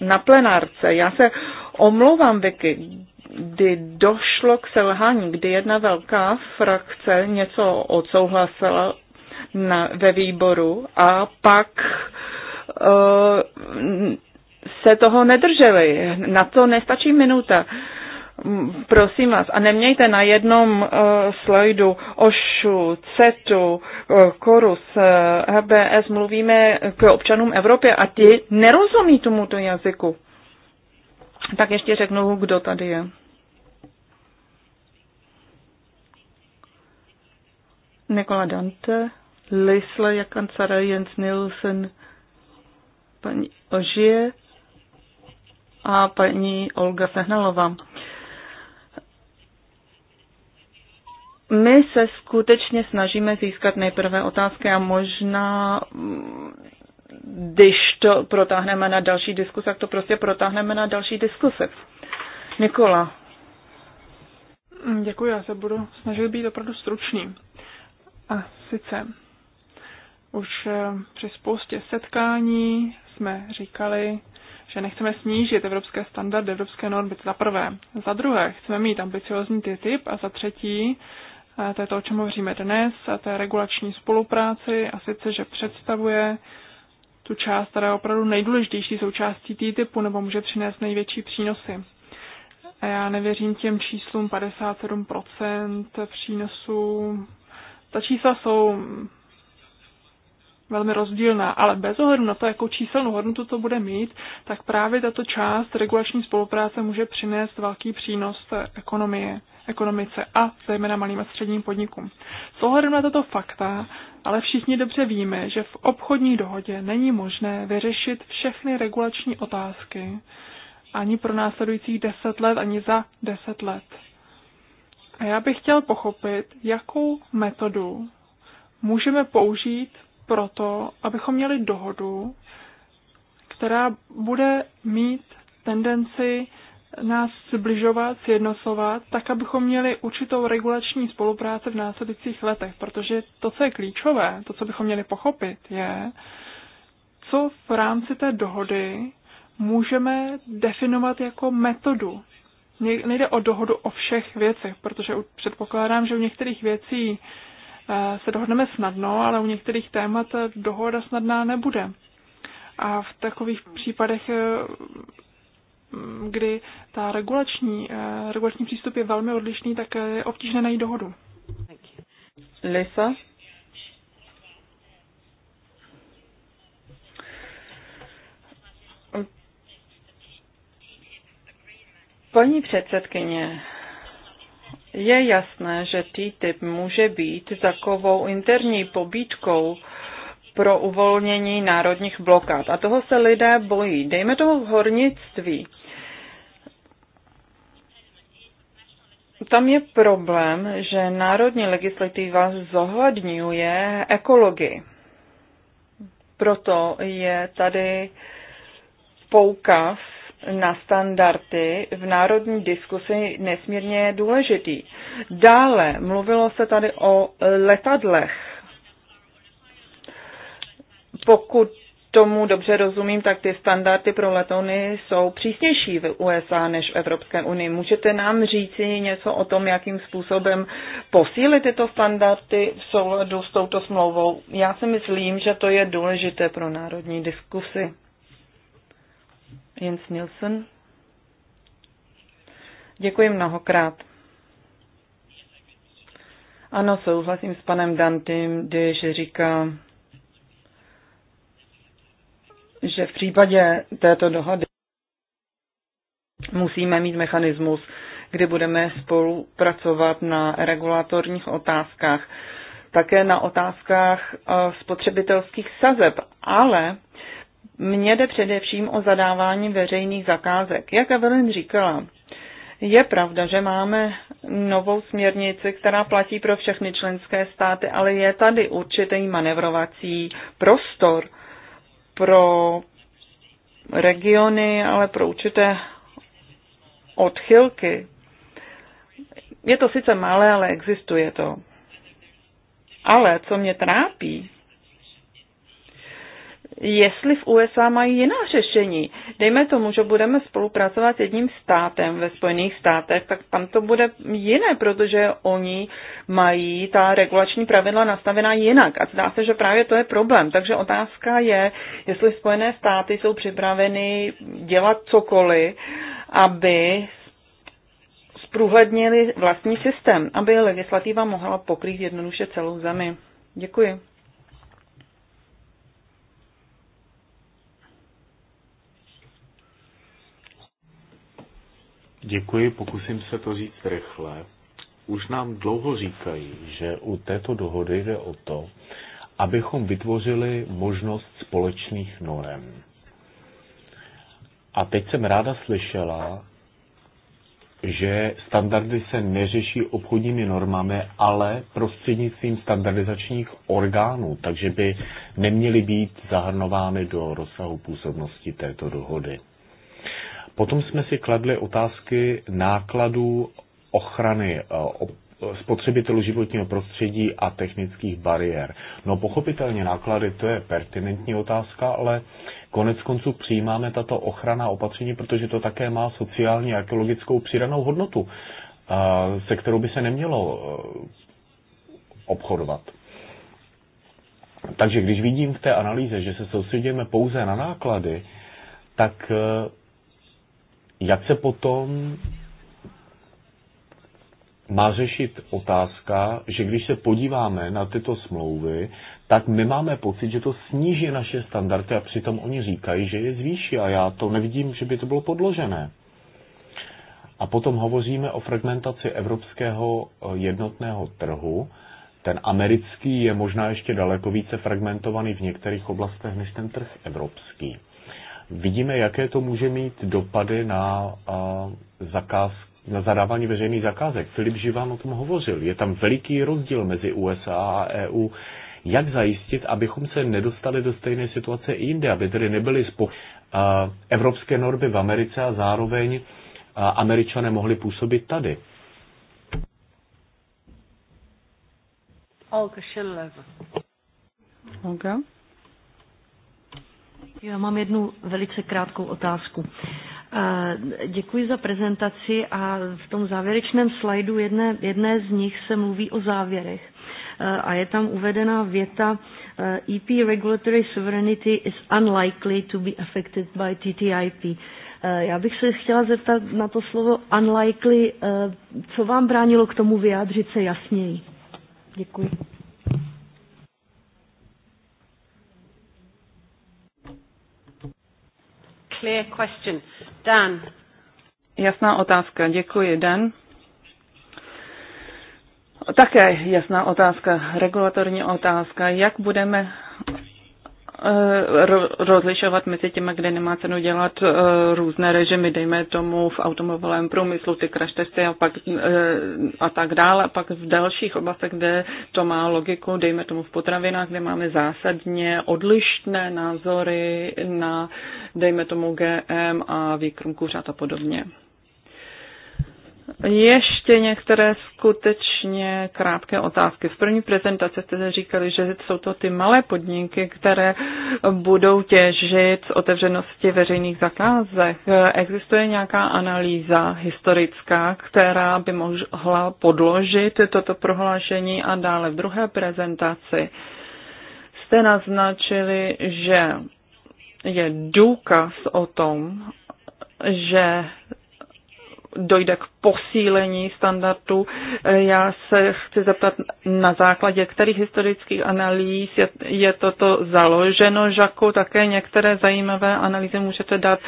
na plenárce. Já se omlouvám, Vicky, kdy došlo k selhání, kdy jedna velká frakce něco odsouhlasila na, ve výboru a pak uh, se toho nedrželi. Na to nestačí minuta. Prosím vás, a nemějte na jednom uh, slajdu OŠU, CETu, uh, KORUS, uh, HBS, mluvíme k občanům Evropy a ti nerozumí tomuto jazyku. Tak ještě řeknu, kdo tady je. Nikola Dante, Lisle Jakansara, Jens Nielsen, paní Ožije a paní Olga Fehnalová. My se skutečně snažíme získat nejprve otázky a možná, když to protáhneme na další diskus, tak to prostě protáhneme na další diskuse. Nikola. Děkuji, já se budu snažit být opravdu stručný. A sice už eh, při spoustě setkání jsme říkali, že nechceme snížit evropské standardy, evropské normy za prvé. Za druhé, chceme mít ambiciozní typ a za třetí, a eh, to je to, o čem hovoříme dnes, a to je regulační spolupráci a sice, že představuje tu část, která je opravdu nejdůležitější součástí typu, nebo může přinést největší přínosy. A já nevěřím těm číslům 57% přínosů ta čísla jsou velmi rozdílná, ale bez ohledu na to, jakou číselnou hodnotu to bude mít, tak právě tato část regulační spolupráce může přinést velký přínos ekonomie, ekonomice a zejména malým a středním podnikům. S ohledem na tato fakta, ale všichni dobře víme, že v obchodní dohodě není možné vyřešit všechny regulační otázky ani pro následujících deset let, ani za deset let. A já bych chtěl pochopit, jakou metodu můžeme použít pro to, abychom měli dohodu, která bude mít tendenci nás zbližovat, sjednocovat, tak abychom měli určitou regulační spolupráci v následujících letech, protože to, co je klíčové, to, co bychom měli pochopit, je, co v rámci té dohody můžeme definovat jako metodu nejde o dohodu o všech věcech, protože předpokládám, že u některých věcí eh, se dohodneme snadno, ale u některých témat eh, dohoda snadná nebude. A v takových případech, eh, kdy ta regulační, regulační přístup je velmi odlišný, tak je obtížné najít dohodu. Lisa? Paní předsedkyně, je jasné, že TTIP může být takovou interní pobídkou pro uvolnění národních blokád. A toho se lidé bojí. Dejme tomu v hornictví. Tam je problém, že národní legislativa zohledňuje ekologii. Proto je tady poukaz na standardy v národní diskusi nesmírně důležitý. Dále mluvilo se tady o letadlech. Pokud tomu dobře rozumím, tak ty standardy pro letouny jsou přísnější v USA než v Evropské unii. Můžete nám říci něco o tom, jakým způsobem posílit tyto standardy v souladu s touto smlouvou? Já si myslím, že to je důležité pro národní diskusy. Jens Nilsson. Děkuji mnohokrát. Ano, souhlasím s panem Dantym, když říká, že v případě této dohody musíme mít mechanismus, kdy budeme spolupracovat na regulatorních otázkách, také na otázkách eh, spotřebitelských sazeb, ale mně jde především o zadávání veřejných zakázek. Jak Evelyn říkala, je pravda, že máme novou směrnici, která platí pro všechny členské státy, ale je tady určitý manevrovací prostor pro regiony, ale pro určité odchylky. Je to sice malé, ale existuje to. Ale co mě trápí, jestli v USA mají jiná řešení. Dejme tomu, že budeme spolupracovat s jedním státem ve Spojených státech, tak tam to bude jiné, protože oni mají ta regulační pravidla nastavená jinak. A zdá se, že právě to je problém. Takže otázka je, jestli Spojené státy jsou připraveny dělat cokoliv, aby zprůhlednili vlastní systém, aby legislativa mohla pokrýt jednoduše celou zemi. Děkuji. Děkuji, pokusím se to říct rychle. Už nám dlouho říkají, že u této dohody jde o to, abychom vytvořili možnost společných norem. A teď jsem ráda slyšela, že standardy se neřeší obchodními normami, ale prostřednictvím standardizačních orgánů, takže by neměly být zahrnovány do rozsahu působnosti této dohody. Potom jsme si kladli otázky nákladů ochrany eh, spotřebitelů životního prostředí a technických bariér. No pochopitelně náklady, to je pertinentní otázka, ale konec konců přijímáme tato ochrana opatření, protože to také má sociální a ekologickou přidanou hodnotu, eh, se kterou by se nemělo eh, obchodovat. Takže když vidím v té analýze, že se soustředíme pouze na náklady, tak jak se potom má řešit otázka, že když se podíváme na tyto smlouvy, tak my máme pocit, že to sníží naše standardy a přitom oni říkají, že je zvýší a já to nevidím, že by to bylo podložené. A potom hovoříme o fragmentaci evropského eh, jednotného trhu. Ten americký je možná ještě daleko více fragmentovaný v některých oblastech než ten trh evropský vidíme, jaké to může mít dopady na, zakaz, na zadávání veřejných zakázek. Filip Živán o tom hovořil. Je tam veliký rozdíl mezi USA a EU. Jak zajistit, abychom se nedostali do stejné situace i jinde, aby tedy nebyly spo... evropské normy v Americe a zároveň američané mohli působit tady? Olga Schillever. Olga? Okay. Já mám jednu velice krátkou otázku. Eh, děkuji za prezentaci a v tom závěrečném slajdu jedné, jedné z nich se mluví o závěrech eh, a je tam uvedena věta EP eh, e regulatory sovereignty is unlikely to be affected by TTIP. Já bych se chtěla zeptat na to slovo unlikely, co vám bránilo k tomu vyjádřit se jasněji. Děkuji. clear question. Dan. Jasná otázka. Děkuji, Dan. Také jasná otázka, regulatorní otázka, jak budeme Eh, rozlišovat mezi těma, kde nemá cenu dělat eh, různé režimy, dejme tomu v automobilovém průmyslu, ty crash testy a, pak, eh, a tak dále, a pak v dalších oblastech, kde to má logiku, dejme tomu v potravinách, kde máme zásadně odlišné názory na, dejme tomu GM a výkrm kuřat a podobně. Ještě některé skutečně krátké otázky. V první prezentaci jste říkali, že jsou to ty malé podniky, které budou těžit z otevřenosti veřejných zakázek. Existuje nějaká analýza historická, která by mohla podložit toto prohlášení a dále v druhé prezentaci jste naznačili, že je důkaz o tom, že dojde k posílení standardu. E, já se chci zeptat, na základě kterých historických analýz je, je toto založeno, Žaku, také některé zajímavé analýzy můžete dát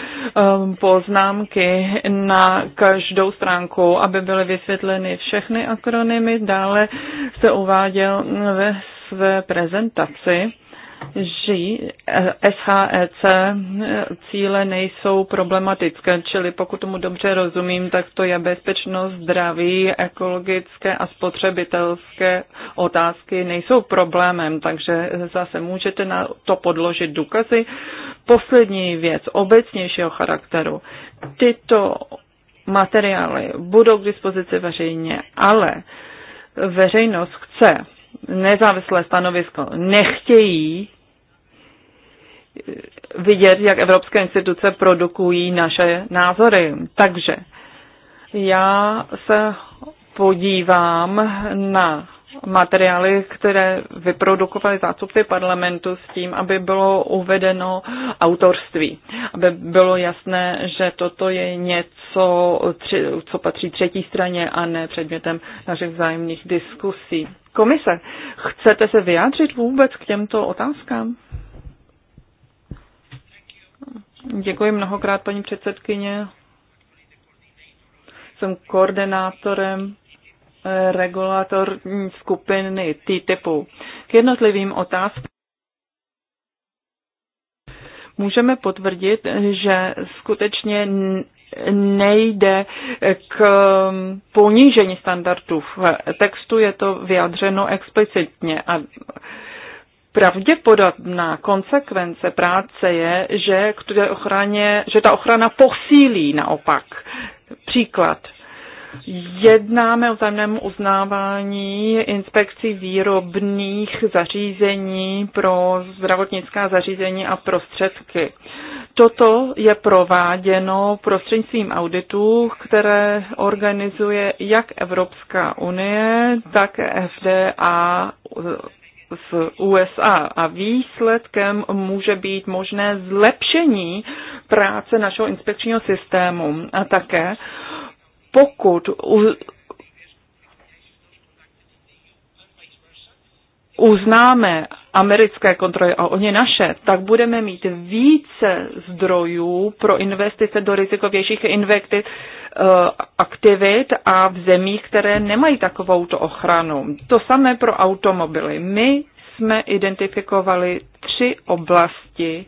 um, poznámky na každou stránku, aby byly vysvětleny všechny akronymy. Dále se uváděl ve své prezentaci že eh, SHEC cíle nejsou problematické, čili pokud tomu dobře rozumím, tak to je bezpečnost, zdraví, ekologické a spotřebitelské otázky nejsou problémem, takže zase můžete na to podložit důkazy. Poslední věc, obecnějšího charakteru. Tyto materiály budou k dispozici veřejně, ale veřejnost chce nezávislé stanovisko, nechtějí vidět, jak evropské instituce produkují naše názory. Takže já se podívám na materiály, které vyprodukovali zástupci parlamentu s tím, aby bylo uvedeno autorství. Aby bylo jasné, že toto je něco, co patří třetí straně a ne předmětem našich vzájemných diskusí. Komise, chcete se vyjádřit vůbec k těmto otázkám? Děkuji mnohokrát, paní předsedkyně. Jsem koordinátorem regulatorní skupiny T-typu. K jednotlivým otázkám můžeme potvrdit, že skutečně nejde k ponížení standardů. V textu je to vyjadřeno explicitně a pravděpodobná konsekvence práce je, že, k ochraně, že ta ochrana posílí naopak. Příklad. Jednáme o vzájemném uznávání inspekcí výrobných zařízení pro zdravotnická zařízení a prostředky. Toto je prováděno prostřednictvím auditů, které organizuje jak Evropská unie, tak FDA z USA a výsledkem může být možné zlepšení práce našeho inspekčního systému a také pokud uznáme americké kontroly a oni naše, tak budeme mít více zdrojů pro investice do rizikovějších invektiv, eh, aktivit a v zemích, které nemají takovou ochranu. To samé pro automobily. My jsme identifikovali tři oblasti,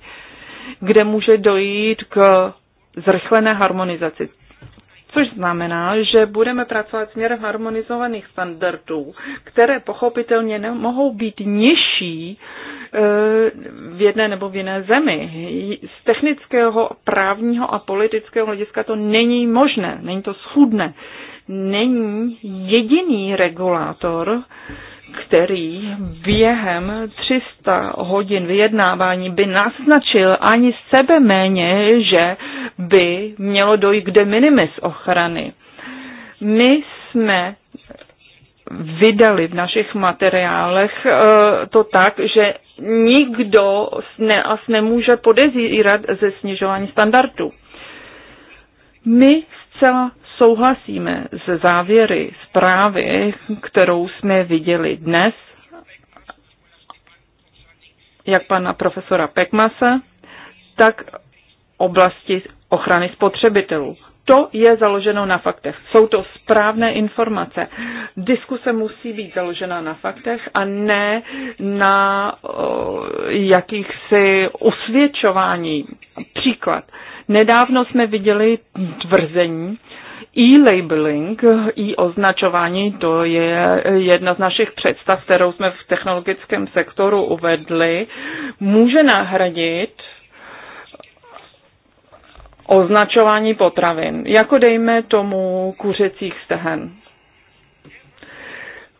kde může dojít k zrychlené harmonizaci což znamená, že budeme pracovat směrem harmonizovaných standardů, které pochopitelně nemohou být nižší eh, v jedné nebo v jiné zemi. Z technického, právního a politického hlediska to není možné, není to schudné. Není jediný regulátor, který během 300 hodin vyjednávání by naznačil ani sebe méně, že by mělo dojít k de minimis ochrany. My jsme vydali v našich materiálech eh, to tak, že nikdo as nemůže podezírat ze snižování standardů. My zcela souhlasíme se závěry zprávy, kterou jsme viděli dnes, jak pana profesora Pekmasa, tak oblasti ochrany spotřebitelů. To je založeno na faktech. Jsou to správné informace. Diskuse musí být založena na faktech a ne na o, eh, jakýchsi usvědčování. Příklad. Nedávno jsme viděli tvrzení, E-labeling, e-označování, to je jedna z našich představ, kterou jsme v technologickém sektoru uvedli, může nahradit označování potravin, jako dejme tomu kuřecích stehen.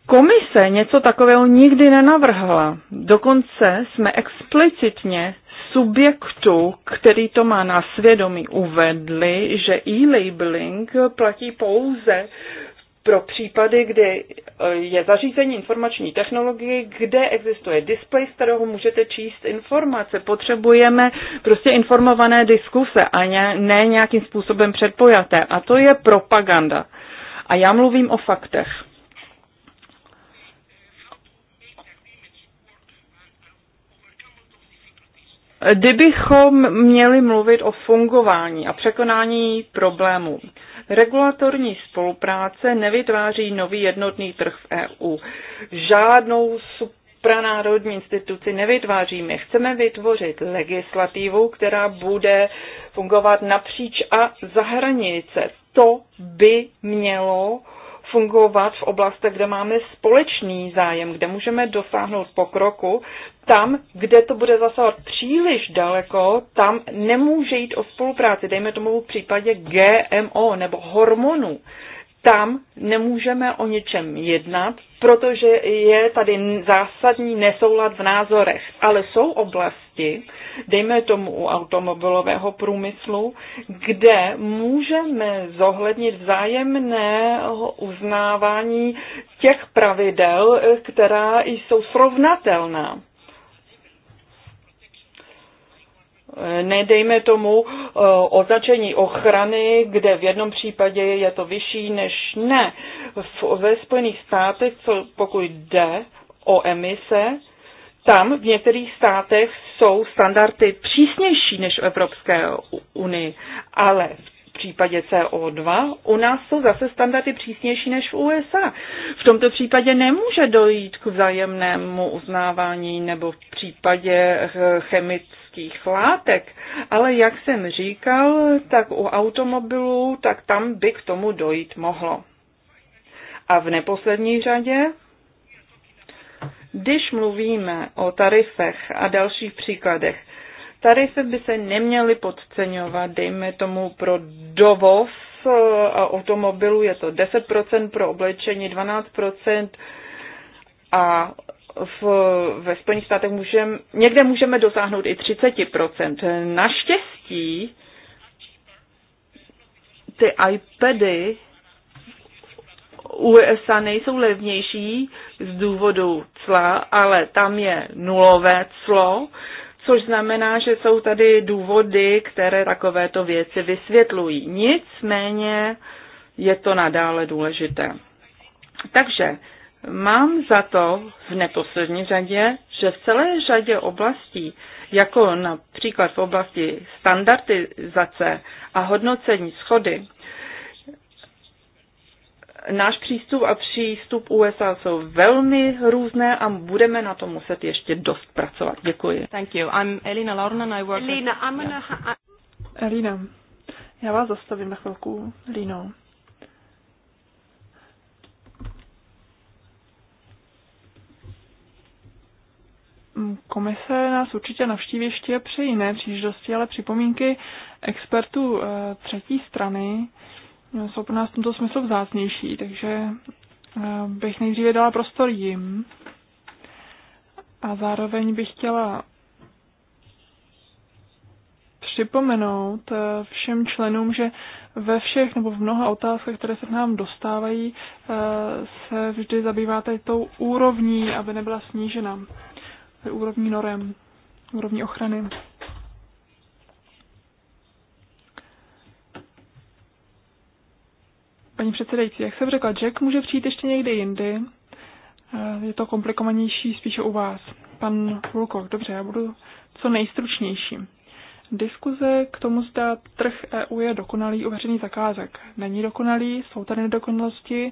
Komise něco takového nikdy nenavrhla. Dokonce jsme explicitně subjektů, který to má na svědomí, uvedli, že e-labeling platí pouze pro případy, kdy eh, je zařízení informační technologie, kde existuje display, z kterého můžete číst informace. Potřebujeme prostě informované diskuse a ne nějakým způsobem předpojaté. A to je propaganda. A já mluvím o faktech. Kdybychom měli mluvit o fungování a překonání problémů, regulatorní spolupráce nevytváří nový jednotný trh v EU. Žádnou supranárodní instituci nevytváříme. Chceme vytvořit legislativu, která bude fungovat napříč a za hranice. To by mělo fungovat v oblastech, kde máme společný zájem, kde můžeme dosáhnout pokroku. Tam, kde to bude zasahovat příliš daleko, tam nemůže jít o spolupráci, dejme tomu v případě GMO nebo hormonů tam nemůžeme o něčem jednat, protože je tady zásadní nesoulad v názorech. Ale jsou oblasti, dejme tomu u automobilového průmyslu, kde můžeme zohlednit vzájemné uznávání těch pravidel, která jsou srovnatelná. nedejme tomu eh, označení ochrany, kde v jednom případě je to vyšší než ne. V, ve Spojených státech, co pokud jde o emise, tam v některých státech jsou standardy přísnější než v Evropské unii, ale v případě CO2 u nás jsou zase standardy přísnější než v USA. V tomto případě nemůže dojít k vzájemnému uznávání nebo v případě eh, chemických chemických látek, ale jak jsem říkal, tak u automobilů, tak tam by k tomu dojít mohlo. A v neposlední řadě, když mluvíme o tarifech a dalších příkladech, tarify by se neměly podceňovat, dejme tomu pro dovoz eh, automobilu je to 10% pro oblečení, 12% a v, ve Spojených státech můžeme, někde můžeme dosáhnout i 30%. Naštěstí ty iPady USA nejsou levnější z důvodu cla, ale tam je nulové clo, což znamená, že jsou tady důvody, které takovéto věci vysvětlují. Nicméně je to nadále důležité. Takže Mám za to v neposlední řadě, že v celé řadě oblastí, jako například v oblasti standardizace a hodnocení schody, náš přístup a přístup USA jsou velmi různé a budeme na to muset ještě dost pracovat. Děkuji. Thank you. I'm Elina Lornan, I work Elina, I'm yeah. Elina, já vás zastavím na chvilku, Lino. Komise nás určitě navštíví ještě při jiné příležitosti, ale připomínky expertů eh, třetí strany eh, jsou pro nás v tomto smyslu vzácnější, takže eh, bych nejdříve dala prostor jim. A zároveň bych chtěla připomenout všem členům, že ve všech nebo v mnoha otázkách, které se k nám dostávají, se vždy zabýváte tou úrovní, aby nebyla snížena úrovní norem, úrovní ochrany. Paní předsedající, jak jsem řekla, Jack může přijít ještě někdy jindy. Eh, je to komplikovanější spíše u vás. Pan Vulkov, dobře, já budu co nejstručnější. Diskuze k tomu, zda trh EU je dokonalý u veřejných zakázek. Není dokonalý, jsou tady nedokonalosti,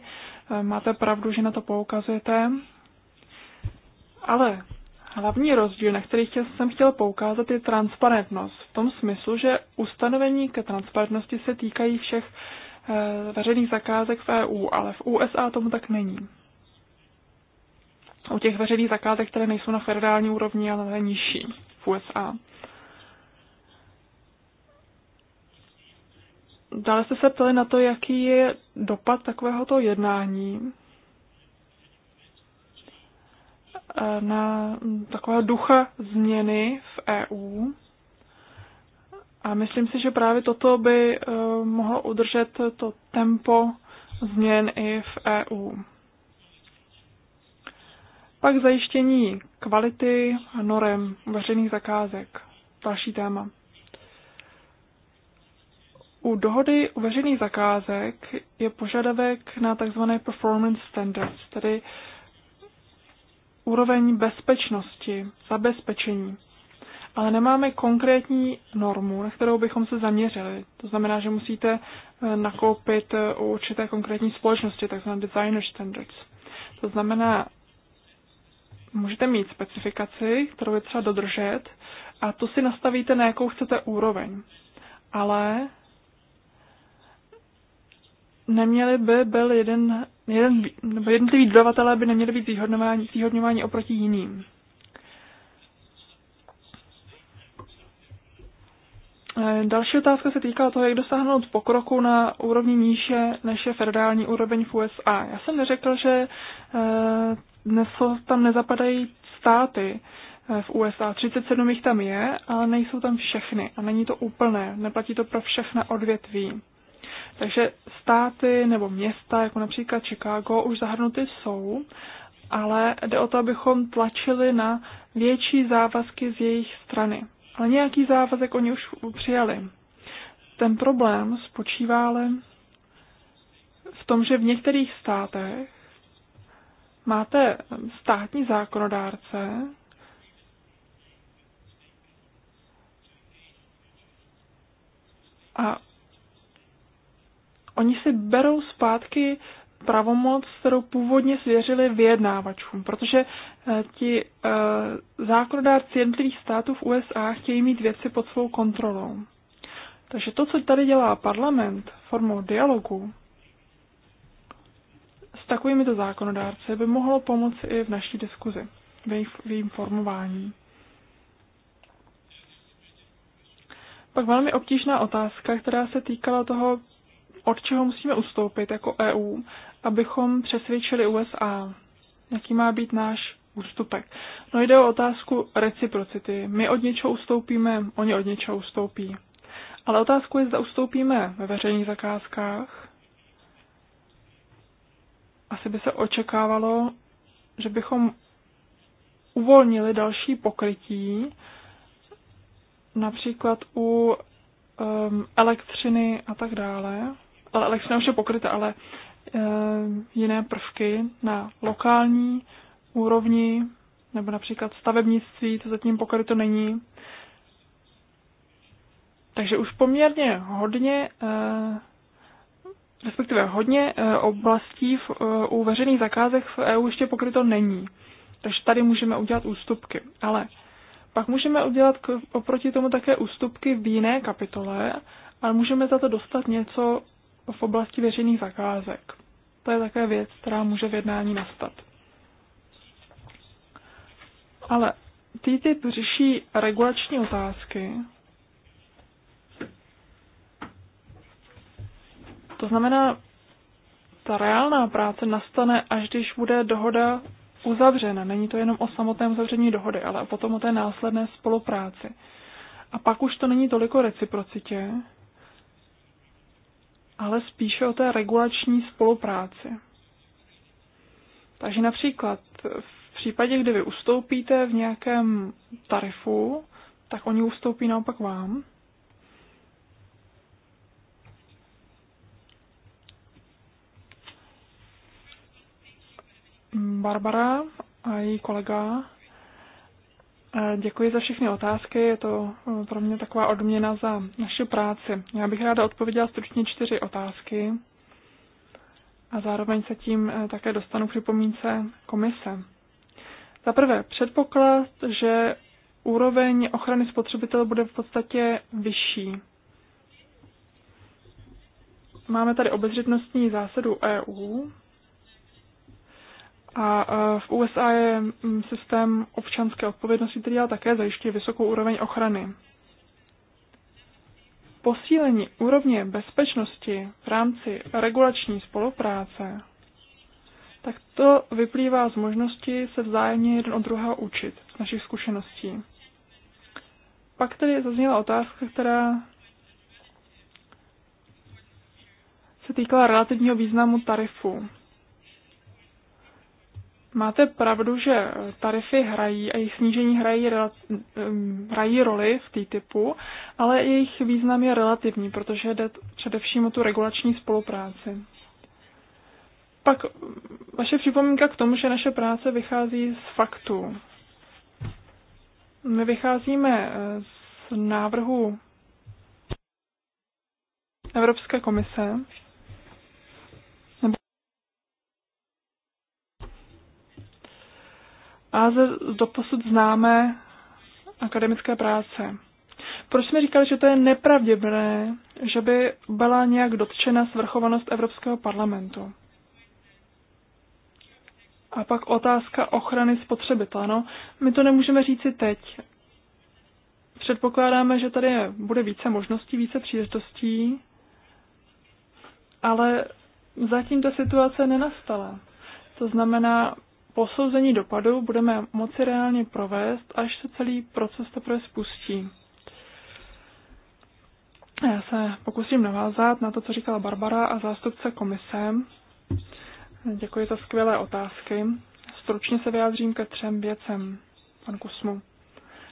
eh, máte pravdu, že na to poukazujete, ale Hlavní rozdíl, na který jsem chtěl poukázat, je transparentnost. V tom smyslu, že ustanovení ke transparentnosti se týkají všech eh, veřejných zakázek v EU, ale v USA tomu tak není. U těch veřejných zakázek, které nejsou na federální úrovni, ale na nižší v USA. Dále jste se ptali na to, jaký je dopad takovéhoto jednání Eh, na takového ducha změny v EU. A myslím si, že právě toto by eh, mohlo udržet to tempo změn i v EU. Pak zajištění kvality a norem veřejných zakázek. Další téma. U dohody u veřejných zakázek je požadavek na tzv. performance standards, tedy uh, úroveň bezpečnosti, zabezpečení. Ale nemáme konkrétní normu, na kterou bychom se zaměřili. To znamená, že musíte eh, nakoupit eh, u určité konkrétní společnosti, takzvané designer standards. To znamená, můžete mít specifikaci, kterou je třeba dodržet, a to si nastavíte, na jakou chcete úroveň. Ale neměli by byl jeden, jeden nebo jednotliví dodavatelé by neměli být zvýhodňováni oproti jiným. Eh, další otázka se týkala toho, jak dosáhnout pokroku na úrovni níže než je federální úroveň v USA. Já jsem neřekl, že dnes eh, tam nezapadají státy eh, v USA. 37 jich tam je, ale nejsou tam všechny a není to úplné. Neplatí to pro všechna odvětví. Takže státy nebo města, jako například Chicago, už zahrnuty jsou, ale jde o to, abychom tlačili na větší závazky z jejich strany. Ale nějaký závazek oni už přijali. Ten problém spočívá ale v tom, že v některých státech máte státní zákonodárce, a oni si berou zpátky pravomoc, kterou původně svěřili vyjednávačům, protože eh, ti eh, zákonodárci jednotlivých států v USA chtějí mít věci pod svou kontrolou. Takže to, co tady dělá parlament formou dialogu s takovými to zákonodárci, by mohlo pomoci i v naší diskuzi, v jejím formování. Pak velmi obtížná otázka, která se týkala toho od čeho musíme ustoupit jako EU, abychom přesvědčili USA, jaký má být náš ústupek. No jde o otázku reciprocity. My od něčeho ustoupíme, oni od něčeho ustoupí. Ale otázku je, zda ustoupíme ve veřejných zakázkách. Asi by se očekávalo, že bychom uvolnili další pokrytí, například u um, elektřiny a tak dále. Ale, elektřina už je pokryta, ale e, jiné prvky na lokální úrovni, nebo například stavebnictví, to zatím pokryto není. Takže už poměrně hodně, e, respektive hodně e, oblastí v, e, u veřejných zakázek v EU ještě pokryto není. Takže tady můžeme udělat ústupky. Ale pak můžeme udělat k, oproti tomu také ústupky v jiné kapitole, ale můžeme za to dostat něco v oblasti veřejných zakázek. To je také věc, která může v jednání nastat. Ale TTIP řeší regulační otázky. To znamená, ta reálná práce nastane, až když bude dohoda uzavřena. Není to jenom o samotném uzavření dohody, ale potom o té následné spolupráci. A pak už to není toliko reciprocitě, ale spíše o té regulační spolupráci. Takže například v případě, kdy vy ustoupíte v nějakém tarifu, tak oni ustoupí naopak vám. Barbara a její kolega Děkuji za všechny otázky, je to eh, pro mě taková odměna za naši práci. Já bych ráda odpověděla stručně čtyři otázky a zároveň se tím eh, také dostanu k připomínce komise. Za prvé, předpoklad, že úroveň ochrany spotřebitele bude v podstatě vyšší. Máme tady obezřetnostní zásadu EU, a e, v USA je mm, systém občanské odpovědnosti, který ale také zajišťuje vysokou úroveň ochrany. Posílení úrovně bezpečnosti v rámci regulační spolupráce, tak to vyplývá z možnosti se vzájemně jeden od druhého učit z našich zkušeností. Pak tedy zazněla otázka, která se týkala relativního významu tarifu. Máte pravdu, že tarify hrají a jejich snížení hrají, hrají roli v té typu, ale jejich význam je relativní, protože jde především o tu regulační spolupráci. Pak vaše připomínka k tomu, že naše práce vychází z faktů. My vycházíme eh, z návrhu Evropské komise, a z doposud známé akademické práce. Proč mi říkali, že to je nepravděpodobné, že by byla nějak dotčena svrchovanost Evropského parlamentu? A pak otázka ochrany spotřebitele. No, my to nemůžeme říci teď. Předpokládáme, že tady bude více možností, více příležitostí, ale zatím ta situace nenastala. To znamená, posouzení dopadů budeme moci reálně provést, až se celý proces teprve spustí. Já se pokusím navázat na to, co říkala Barbara a zástupce komise. Děkuji za skvělé otázky. Stručně se vyjádřím ke třem věcem, pan Kusmu.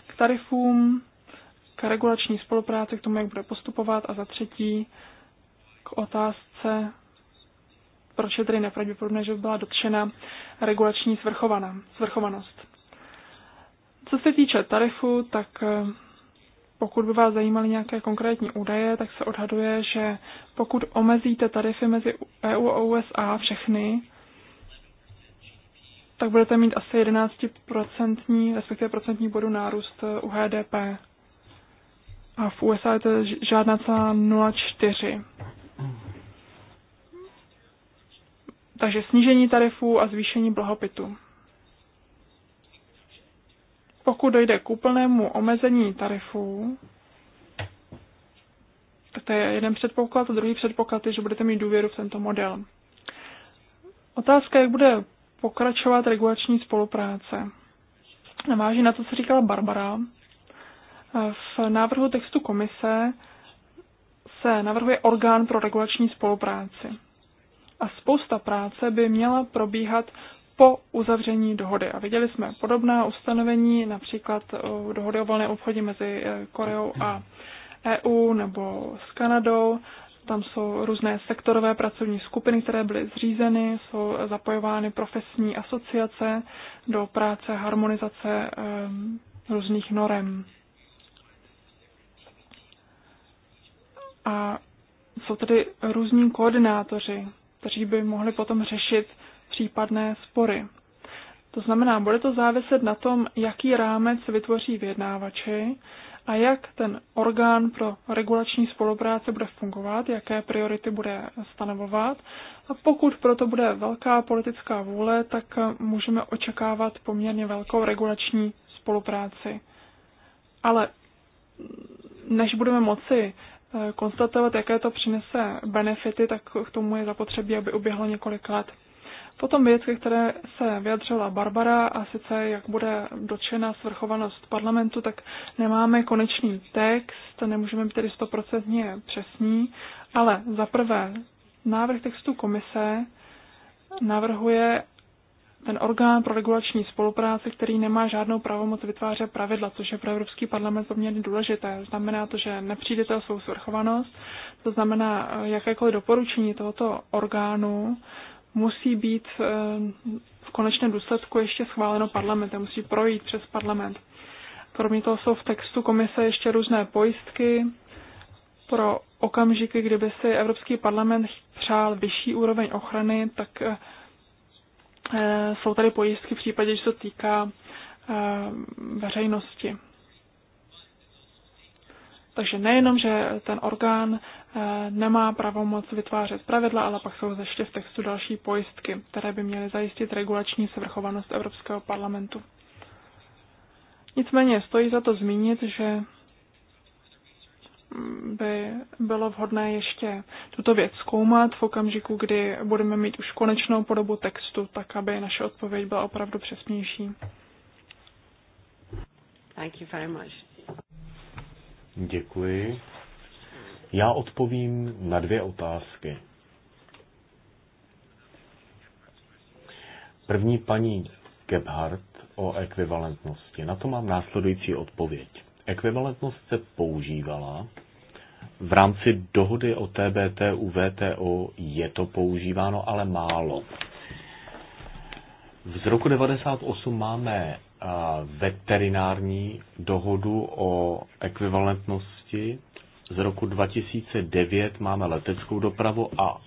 K tarifům, k regulační spolupráci, k tomu, jak bude postupovat a za třetí k otázce proč je tedy nepravděpodobné, že by byla dotčena regulační svrchovanost. Co se týče tarifu, tak eh, pokud by vás zajímaly nějaké konkrétní údaje, tak se odhaduje, že pokud omezíte tarify mezi EU a USA všechny, tak budete mít asi 11% respektive procentní bodu nárůst eh, u HDP. A v USA je to žádná celá 0,4. Takže snížení tarifů a zvýšení blahopitu. Pokud dojde k úplnému omezení tarifů, tak to je jeden předpoklad a druhý předpoklad je, že budete mít důvěru v tento model. Otázka, jak bude pokračovat regulační spolupráce. Naváží na to, co říkala Barbara. V návrhu textu komise se navrhuje orgán pro regulační spolupráci a spousta práce by měla probíhat po uzavření dohody. A viděli jsme podobná ustanovení, například eh, dohody o volné obchodě mezi eh, Koreou a EU nebo s Kanadou. Tam jsou různé sektorové pracovní skupiny, které byly zřízeny, jsou zapojovány profesní asociace do práce harmonizace eh, různých norem. A jsou tedy různí koordinátoři kteří by mohli potom řešit případné spory. To znamená, bude to záviset na tom, jaký rámec vytvoří vyjednávači a jak ten orgán pro regulační spolupráci bude fungovat, jaké priority bude stanovovat. A pokud proto bude velká politická vůle, tak můžeme očekávat poměrně velkou regulační spolupráci. Ale než budeme moci konstatovat, jaké to přinese benefity, tak k tomu je zapotřebí, aby uběhlo několik let. Potom věc, které se vyjadřila Barbara, a sice jak bude dotčena svrchovanost parlamentu, tak nemáme konečný text, nemůžeme být tedy stoprocentně přesní, ale za prvé návrh textu komise navrhuje, ten orgán pro regulační spolupráci, který nemá žádnou pravomoc vytvářet pravidla, což je pro Evropský parlament poměrně důležité. Znamená to, že nepřijdete o svou svrchovanost, to znamená, eh, jakékoliv doporučení tohoto orgánu musí být eh, v konečném důsledku ještě schváleno parlamentem, musí projít přes parlament. Kromě toho jsou v textu komise ještě různé pojistky pro okamžiky, kdyby si Evropský parlament přál vyšší úroveň ochrany, tak eh, Eh, jsou tady pojistky v případě, že se týká eh, veřejnosti. Takže nejenom, že ten orgán eh, nemá pravomoc vytvářet pravidla, ale pak jsou ještě v textu další pojistky, které by měly zajistit regulační svrchovanost Evropského parlamentu. Nicméně stojí za to zmínit, že by bylo vhodné ještě tuto věc zkoumat v okamžiku, kdy budeme mít už konečnou podobu textu, tak aby naše odpověď byla opravdu přesnější. Thank you very much. Děkuji. Já odpovím na dvě otázky. První paní Gebhardt o ekvivalentnosti. Na to mám následující odpověď. Ekvivalentnost se používala. V rámci dohody o TBT u VTO je to používáno, ale málo. Z roku 1998 máme veterinární dohodu o ekvivalentnosti. Z roku 2009 máme leteckou dopravu a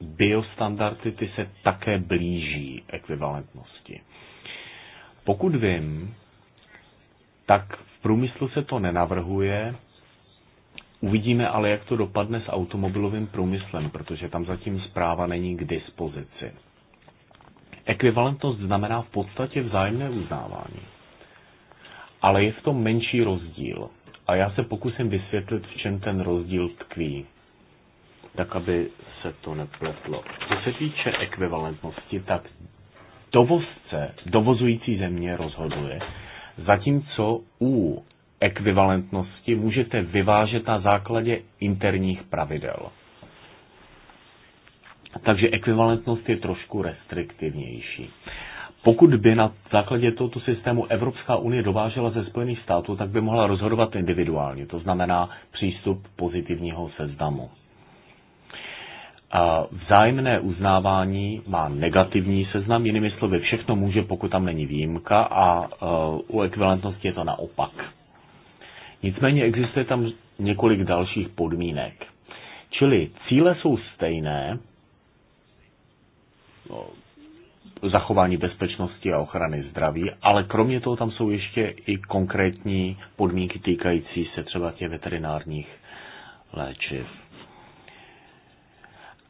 biostandardy ty se také blíží ekvivalentnosti. Pokud vím, tak průmyslu se to nenavrhuje, uvidíme ale, jak to dopadne s automobilovým průmyslem, protože tam zatím zpráva není k dispozici. Ekvivalentnost znamená v podstatě vzájemné uznávání. Ale je v tom menší rozdíl. A já se pokusím vysvětlit, v čem ten rozdíl tkví, tak aby se to nepletlo. Co se týče ekvivalentnosti, tak dovozce, dovozující země rozhoduje, Zatímco u ekvivalentnosti můžete vyvážet na základě interních pravidel. Takže ekvivalentnost je trošku restriktivnější. Pokud by na základě tohoto systému Evropská unie dovážela ze Spojených států, tak by mohla rozhodovat individuálně, to znamená přístup pozitivního seznamu. Vzájemné uznávání má negativní seznam, jinými slovy všechno může, pokud tam není výjimka a eh, u ekvivalentnosti je to naopak. Nicméně existuje tam několik dalších podmínek. Čili cíle jsou stejné, no, zachování bezpečnosti a ochrany zdraví, ale kromě toho tam jsou ještě i konkrétní podmínky týkající se třeba těch veterinárních léčiv.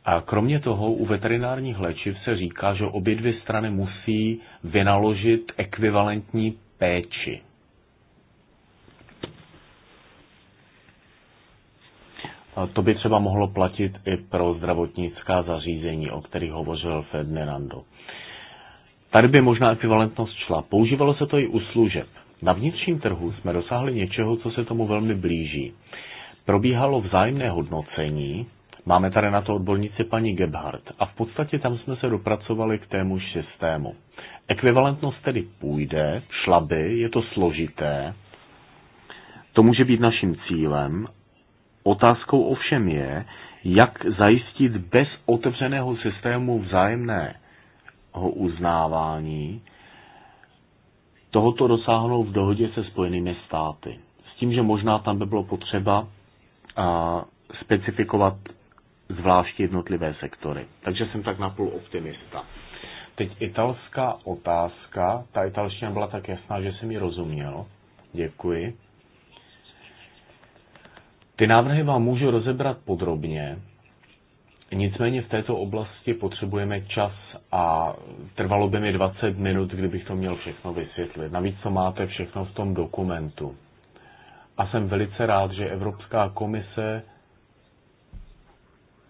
A kromě toho u veterinárních léčiv se říká, že obě dvě strany musí vynaložit ekvivalentní péči. A to by třeba mohlo platit i pro zdravotnická zařízení, o kterých hovořil Ferdinando. Tady by možná ekvivalentnost šla. Používalo se to i u služeb. Na vnitřním trhu jsme dosáhli něčeho, co se tomu velmi blíží. Probíhalo vzájemné hodnocení Máme tady na to odbornici paní Gebhardt a v podstatě tam jsme se dopracovali k tému systému. Ekvivalentnost tedy půjde, šla by, je to složité, to může být naším cílem. Otázkou ovšem je, jak zajistit bez otevřeného systému vzájemného uznávání tohoto dosáhnout v dohodě se Spojenými státy. S tím, že možná tam by bylo potřeba specifikovat zvlášť jednotlivé sektory. Takže jsem tak napůl optimista. Teď italská otázka, ta italština byla tak jasná, že jsem ji rozuměl. Děkuji. Ty návrhy vám můžu rozebrat podrobně, nicméně v této oblasti potřebujeme čas a trvalo by mi 20 minut, kdybych to měl všechno vysvětlit. Navíc to máte všechno v tom dokumentu. A jsem velice rád, že Evropská komise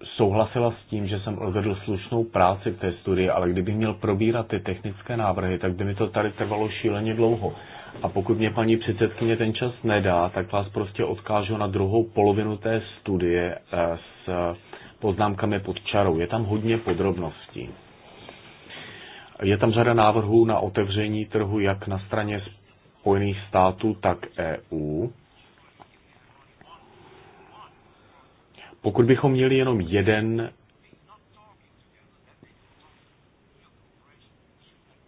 souhlasila s tím, že jsem odvedl slušnou práci v té studii, ale kdyby měl probírat ty technické návrhy, tak by mi to tady trvalo šíleně dlouho. A pokud mě paní předsedkyně ten čas nedá, tak vás prostě odkážu na druhou polovinu té studie eh, s eh, poznámkami pod čarou. Je tam hodně podrobností. Je tam řada návrhů na otevření trhu jak na straně Spojených států, tak EU. Pokud bychom měli jenom jeden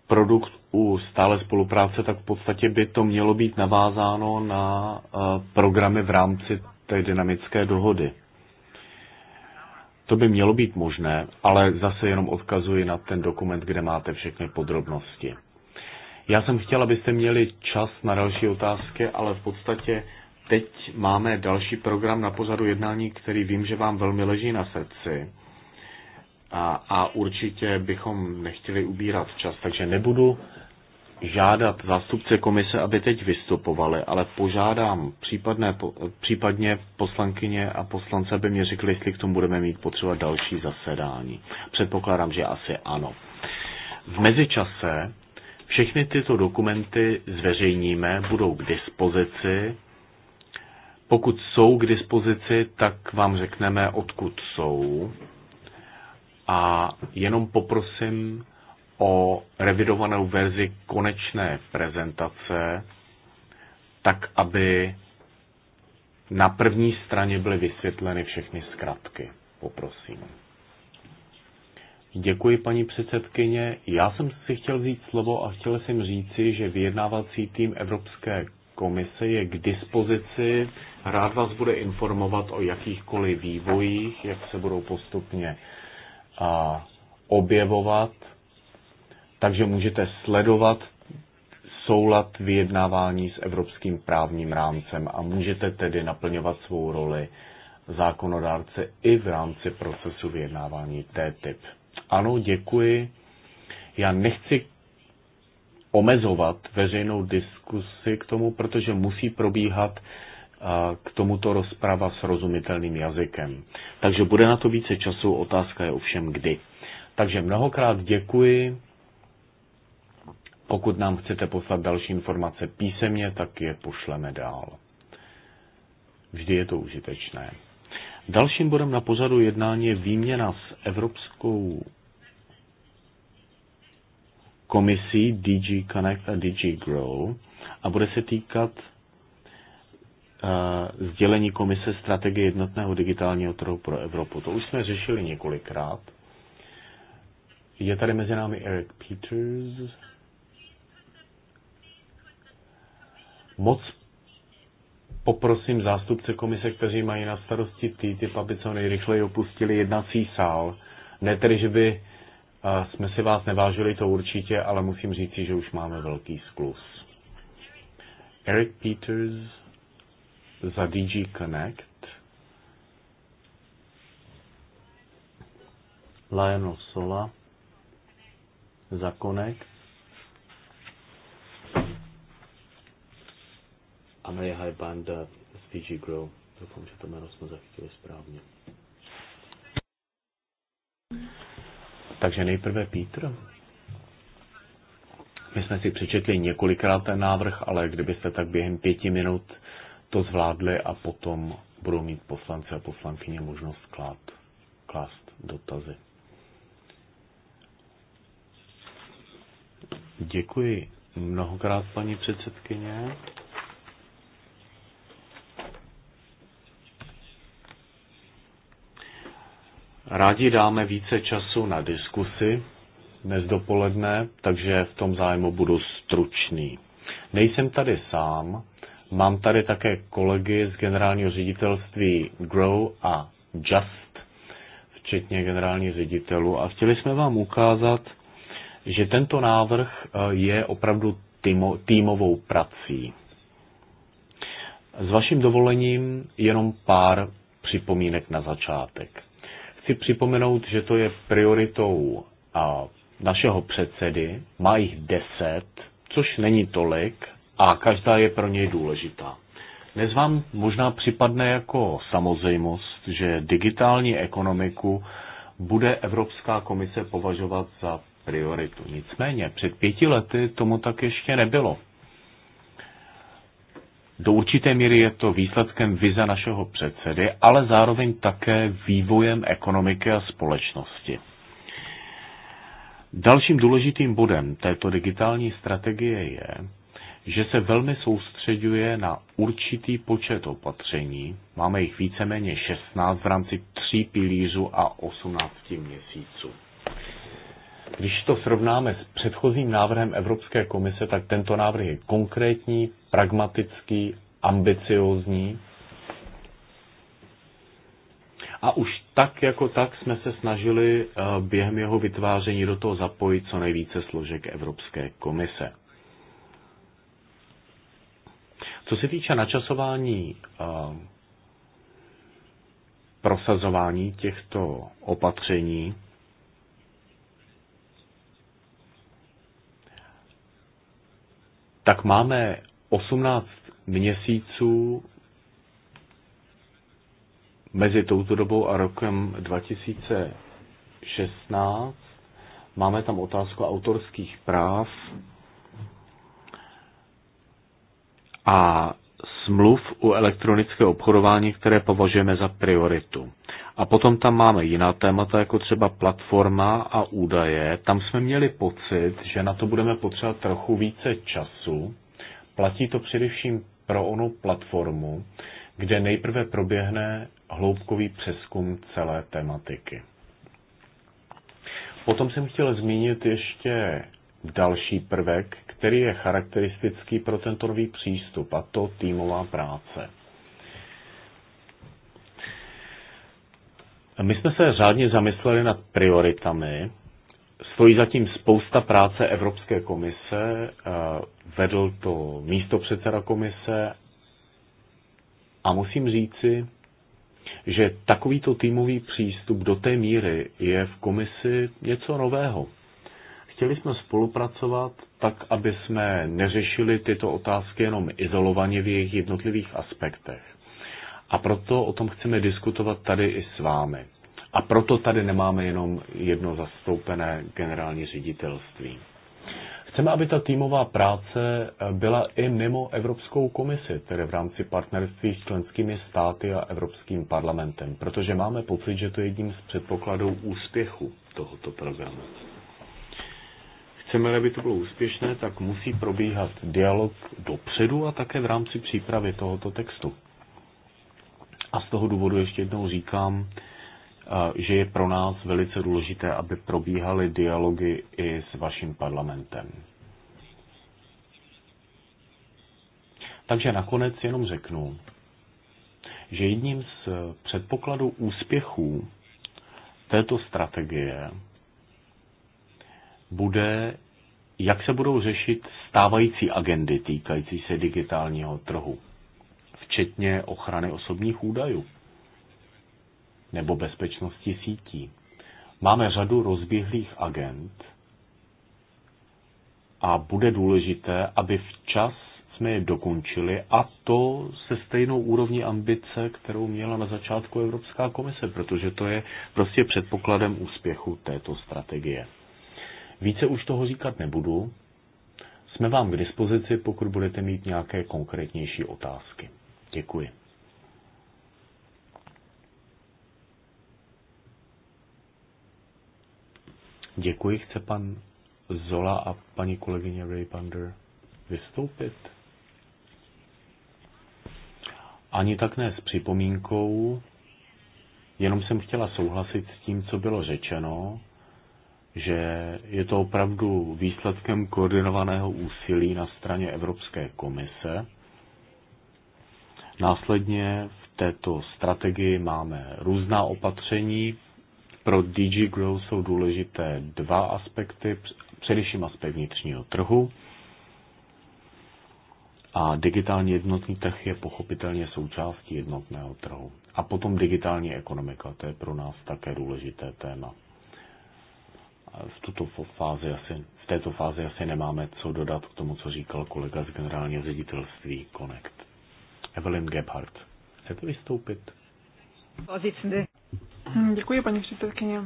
produkt u stále spolupráce, tak v podstatě by to mělo být navázáno na eh, programy v rámci té dynamické dohody. To by mělo být možné, ale zase jenom odkazuji na ten dokument, kde máte všechny podrobnosti. Já jsem chtěl, abyste měli čas na další otázky, ale v podstatě teď máme další program na pozadu jednání, který vím, že vám velmi leží na srdci. A, a určitě bychom nechtěli ubírat čas, takže nebudu žádat zástupce komise, aby teď vystupovali, ale požádám případné, případně poslankyně a poslance, aby mě řekli, jestli k tomu budeme mít potřeba další zasedání. Předpokládám, že asi ano. V mezičase všechny tyto dokumenty zveřejníme, budou k dispozici pokud jsou k dispozici, tak vám řekneme, odkud jsou. A jenom poprosím o revidovanou verzi konečné prezentace, tak aby na první straně byly vysvětleny všechny zkratky. Poprosím. Děkuji, paní předsedkyně. Já jsem si chtěl vzít slovo a chtěl jsem říci, že vyjednávací tým Evropské komise je k dispozici Rád vás bude informovat o jakýchkoliv vývojích, jak se budou postupně a, objevovat, takže můžete sledovat soulad vyjednávání s evropským právním rámcem a můžete tedy naplňovat svou roli zákonodárce i v rámci procesu vyjednávání TTIP. Ano, děkuji. Já nechci omezovat veřejnou diskusi k tomu, protože musí probíhat k tomuto rozprava rozumitelným jazykem. Takže bude na to více času, otázka je ovšem kdy. Takže mnohokrát děkuji. Pokud nám chcete poslat další informace písemně, tak je pošleme dál. Vždy je to užitečné. Dalším bodem na pořadu jednání je výměna s Evropskou komisí DG Connect a DG Grow a bude se týkat sdělení Komise strategie jednotného digitálního trhu pro Evropu. To už jsme řešili několikrát. Je tady mezi námi Eric Peters. Moc poprosím zástupce komise, kteří mají na starosti TTIP, aby co nejrychleji opustili jednací sál. Ne tedy, že by jsme si vás nevážili, to určitě, ale musím říci, že už máme velký sklus. Eric Peters za DG Connect. Lionel Sola za Connect. A Maria Banda z DG Grow. Doufám, že to jméno jsme zachytili správně. Takže nejprve Pítr. My jsme si přečetli několikrát ten návrh, ale kdybyste tak během pěti minut to zvládli a potom budou mít poslanci a poslankyně možnost klát, klást dotazy. Děkuji mnohokrát, paní předsedkyně. Rádi dáme více času na diskusy dnes dopoledne, takže v tom zájmu budu stručný. Nejsem tady sám, Mám tady také kolegy z generálního ředitelství Grow a Just, včetně generálního ředitelů. A chtěli jsme vám ukázat, že tento návrh eh, je opravdu týmo, týmovou prací. S vaším dovolením jenom pár připomínek na začátek. Chci připomenout, že to je prioritou a eh, našeho předsedy, má jich deset, což není tolik, a každá je pro něj důležitá. Dnes vám možná připadne jako samozřejmost, že digitální ekonomiku bude Evropská komise považovat za prioritu. Nicméně před pěti lety tomu tak ještě nebylo. Do určité míry je to výsledkem vize našeho předsedy, ale zároveň také vývojem ekonomiky a společnosti. Dalším důležitým bodem této digitální strategie je, že se velmi soustředuje na určitý počet opatření. Máme jich víceméně 16 v rámci tří pilířů a 18 měsíců. Když to srovnáme s předchozím návrhem Evropské komise, tak tento návrh je konkrétní, pragmatický, ambiciózní. A už tak jako tak jsme se snažili eh, během jeho vytváření do toho zapojit co nejvíce složek Evropské komise. Co se týče načasování eh, prosazování těchto opatření, tak máme 18 měsíců mezi touto dobou a rokem 2016. Máme tam otázku autorských práv, a smluv u elektronického obchodování, které považujeme za prioritu. A potom tam máme jiná témata, jako třeba platforma a údaje. Tam jsme měli pocit, že na to budeme potřebovat trochu více času. Platí to především pro onu platformu, kde nejprve proběhne hloubkový přeskum celé tematiky. Potom jsem chtěl zmínit ještě další prvek, který je charakteristický pro tento nový přístup, a to týmová práce. My jsme se řádně zamysleli nad prioritami. Stojí zatím spousta práce Evropské komise, eh, vedl to místo předseda komise a musím říci, že takovýto týmový přístup do té míry je v komisi něco nového. Chtěli jsme spolupracovat tak, aby jsme neřešili tyto otázky jenom izolovaně v jejich jednotlivých aspektech. A proto o tom chceme diskutovat tady i s vámi. A proto tady nemáme jenom jedno zastoupené generální ředitelství. Chceme, aby ta týmová práce byla i mimo Evropskou komisi, tedy v rámci partnerství s členskými státy a Evropským parlamentem, protože máme pocit, že to je jedním z předpokladů úspěchu tohoto programu chceme aby to bylo úspěšné, tak musí probíhat dialog dopředu a také v rámci přípravy tohoto textu. A z toho důvodu ještě jednou říkám, eh, že je pro nás velice důležité, aby probíhaly dialogy i s vaším parlamentem. Takže nakonec jenom řeknu, že jedním z předpokladů úspěchů této strategie bude, jak se budou řešit stávající agendy týkající se digitálního trhu, včetně ochrany osobních údajů nebo bezpečnosti sítí. Máme řadu rozběhlých agent a bude důležité, aby včas jsme je dokončili a to se stejnou úrovní ambice, kterou měla na začátku Evropská komise, protože to je prostě předpokladem úspěchu této strategie. Více už toho říkat nebudu. Jsme vám k dispozici, pokud budete mít nějaké konkrétnější otázky. Děkuji. Děkuji. Chce pan Zola a paní kolegyně Ray Bander vystoupit? Ani tak ne s připomínkou, jenom jsem chtěla souhlasit s tím, co bylo řečeno že je to opravdu výsledkem koordinovaného úsilí na straně Evropské komise. Následně v této strategii máme různá opatření. Pro DG Grow jsou důležité dva aspekty, především aspekt vnitřního trhu. A digitální jednotný trh je pochopitelně součástí jednotného trhu. A potom digitální ekonomika, to je pro nás také důležité téma v, tuto fázi asi, v této fázi asi nemáme co dodat k tomu, co říkal kolega z generálního ředitelství Connect. Evelyn Gebhardt, chcete vystoupit? Děkuji, paní předsedkyně.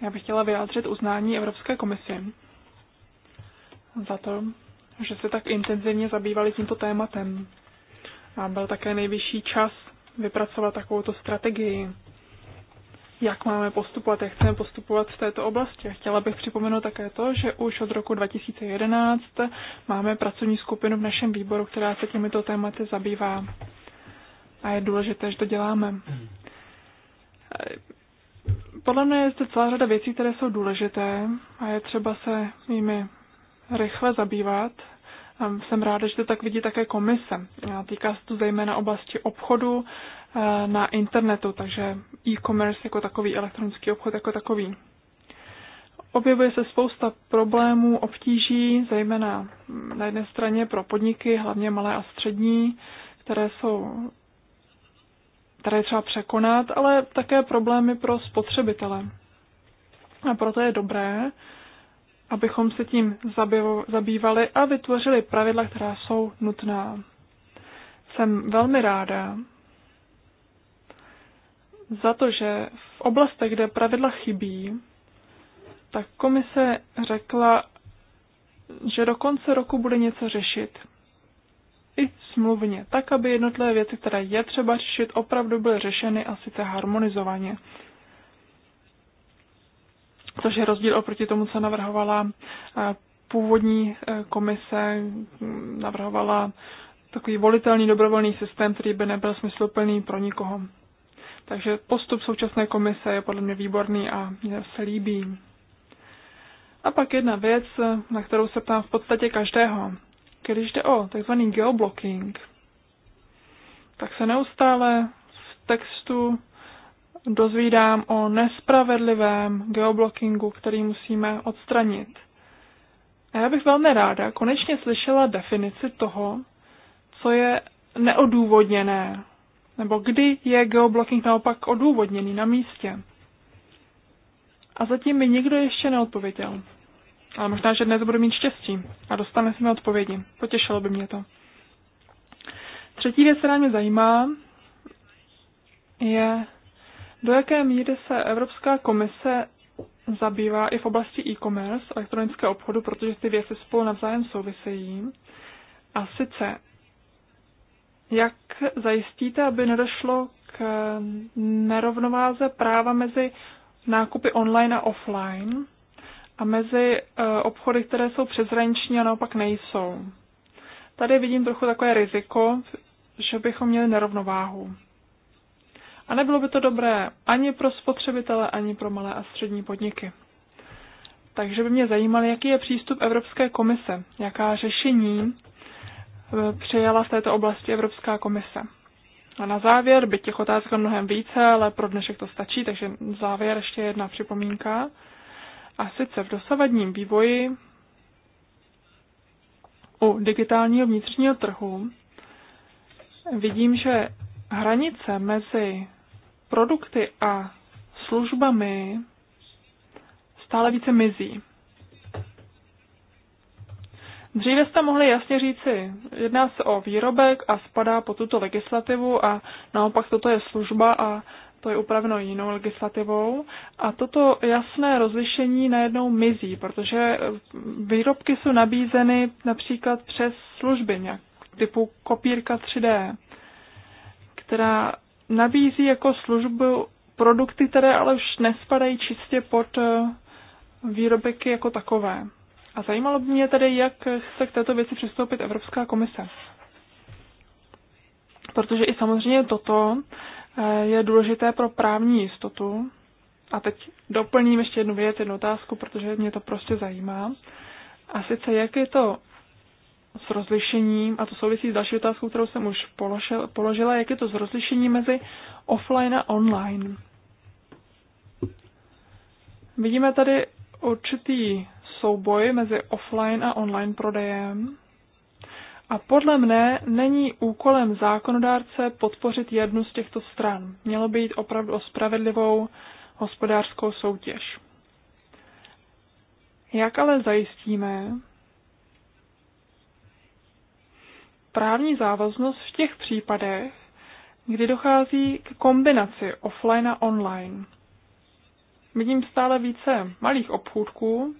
Já bych chtěla vyjádřit uznání Evropské komisi za to, že se tak intenzivně zabývali tímto tématem. A byl také nejvyšší čas vypracovat takovouto strategii jak máme postupovat, jak chceme postupovat v této oblasti. Chtěla bych připomenout také to, že už od roku 2011 máme pracovní skupinu v našem výboru, která se těmito tématy zabývá. A je důležité, že to děláme. Podle mě je zde celá řada věcí, které jsou důležité a je třeba se jimi rychle zabývat. Jsem ráda, že to tak vidí také komise. Týká se to zejména oblasti obchodu, Eh, na internetu, takže e-commerce jako takový, elektronický obchod jako takový. Objevuje se spousta problémů, obtíží, zejména na jedné straně pro podniky, hlavně malé a střední, které jsou které třeba překonat, ale také problémy pro spotřebitele. A proto je dobré, abychom se tím zabývali a vytvořili pravidla, která jsou nutná. Jsem velmi ráda, za to, že v oblastech, kde pravidla chybí, tak komise řekla, že do konce roku bude něco řešit. I smluvně, tak, aby jednotlivé věci, které je třeba řešit, opravdu byly řešeny a sice harmonizovaně. Což je rozdíl oproti tomu, co navrhovala eh, původní eh, komise, navrhovala takový volitelný dobrovolný systém, který by nebyl smysluplný pro nikoho. Takže postup současné komise je podle mě výborný a mě se líbí. A pak jedna věc, na kterou se ptám v podstatě každého. Když jde o tzv. geoblocking, tak se neustále v textu dozvídám o nespravedlivém geoblockingu, který musíme odstranit. A já bych velmi ráda konečně slyšela definici toho, co je neodůvodněné nebo kdy je geoblocking naopak odůvodněný na místě. A zatím mi nikdo ještě neodpověděl. Ale možná, že dnes budu mít štěstí a dostane si mi odpovědi. Potěšilo by mě to. Třetí věc, která mě zajímá, je, do jaké míry se Evropská komise zabývá i v oblasti e-commerce, elektronického obchodu, protože ty věci spolu navzájem souvisejí. A sice, jak zajistíte, aby nedošlo k nerovnováze práva mezi nákupy online a offline a mezi e, obchody, které jsou přeshraniční a naopak nejsou? Tady vidím trochu takové riziko, že bychom měli nerovnováhu. A nebylo by to dobré ani pro spotřebitele, ani pro malé a střední podniky. Takže by mě zajímalo, jaký je přístup Evropské komise, jaká řešení Eh, přijala z této oblasti Evropská komise. A na závěr, byť těch otázek mnohem více, ale pro dnešek to stačí, takže závěr ještě jedna připomínka. A sice v dosavadním vývoji u digitálního vnitřního trhu vidím, že hranice mezi produkty a službami stále více mizí. Dříve jste mohli jasně říci, jedná se o výrobek a spadá po tuto legislativu a naopak toto je služba a to je upraveno jinou legislativou. A toto jasné rozlišení najednou mizí, protože výrobky jsou nabízeny například přes služby nějak, typu kopírka 3D, která nabízí jako službu produkty, které ale už nespadají čistě pod eh, výrobky jako takové. A zajímalo by mě tedy, jak se k této věci přistoupit Evropská komise. Protože i samozřejmě toto eh, je důležité pro právní jistotu. A teď doplním ještě jednu věc, jednu otázku, protože mě to prostě zajímá. A sice, jak je to s rozlišením, a to souvisí s další otázkou, kterou jsem už položila položila, jak je to s rozlišením mezi offline a online. Vidíme tady určitý souboj mezi offline a online prodejem. A podle mne není úkolem zákonodárce podpořit jednu z těchto stran. Mělo by jít opravdu o spravedlivou hospodářskou soutěž. Jak ale zajistíme právní závaznost v těch případech, kdy dochází k kombinaci offline a online? Vidím stále více malých obchůdků,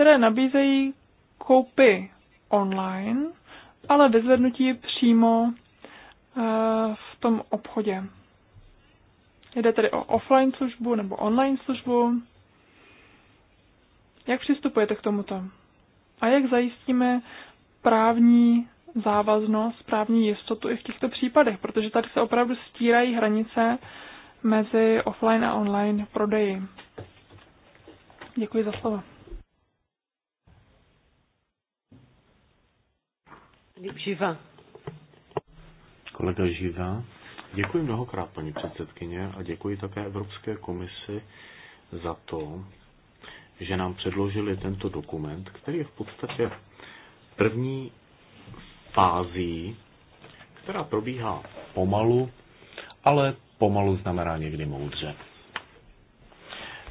které nabízejí koupy online, ale vyzvednutí přímo eh, v tom obchodě. Jde tedy o offline službu nebo online službu. Jak přistupujete k tomuto? A jak zajistíme právní závaznost, právní jistotu i v těchto případech? Protože tady se opravdu stírají hranice mezi offline a online prodeji. Děkuji za slovo. Živa. Kolega Živa. Děkuji mnohokrát, paní předsedkyně, a děkuji také Evropské komisi za to, že nám předložili tento dokument, který je v podstatě první fází, která probíhá pomalu, ale pomalu znamená někdy moudře.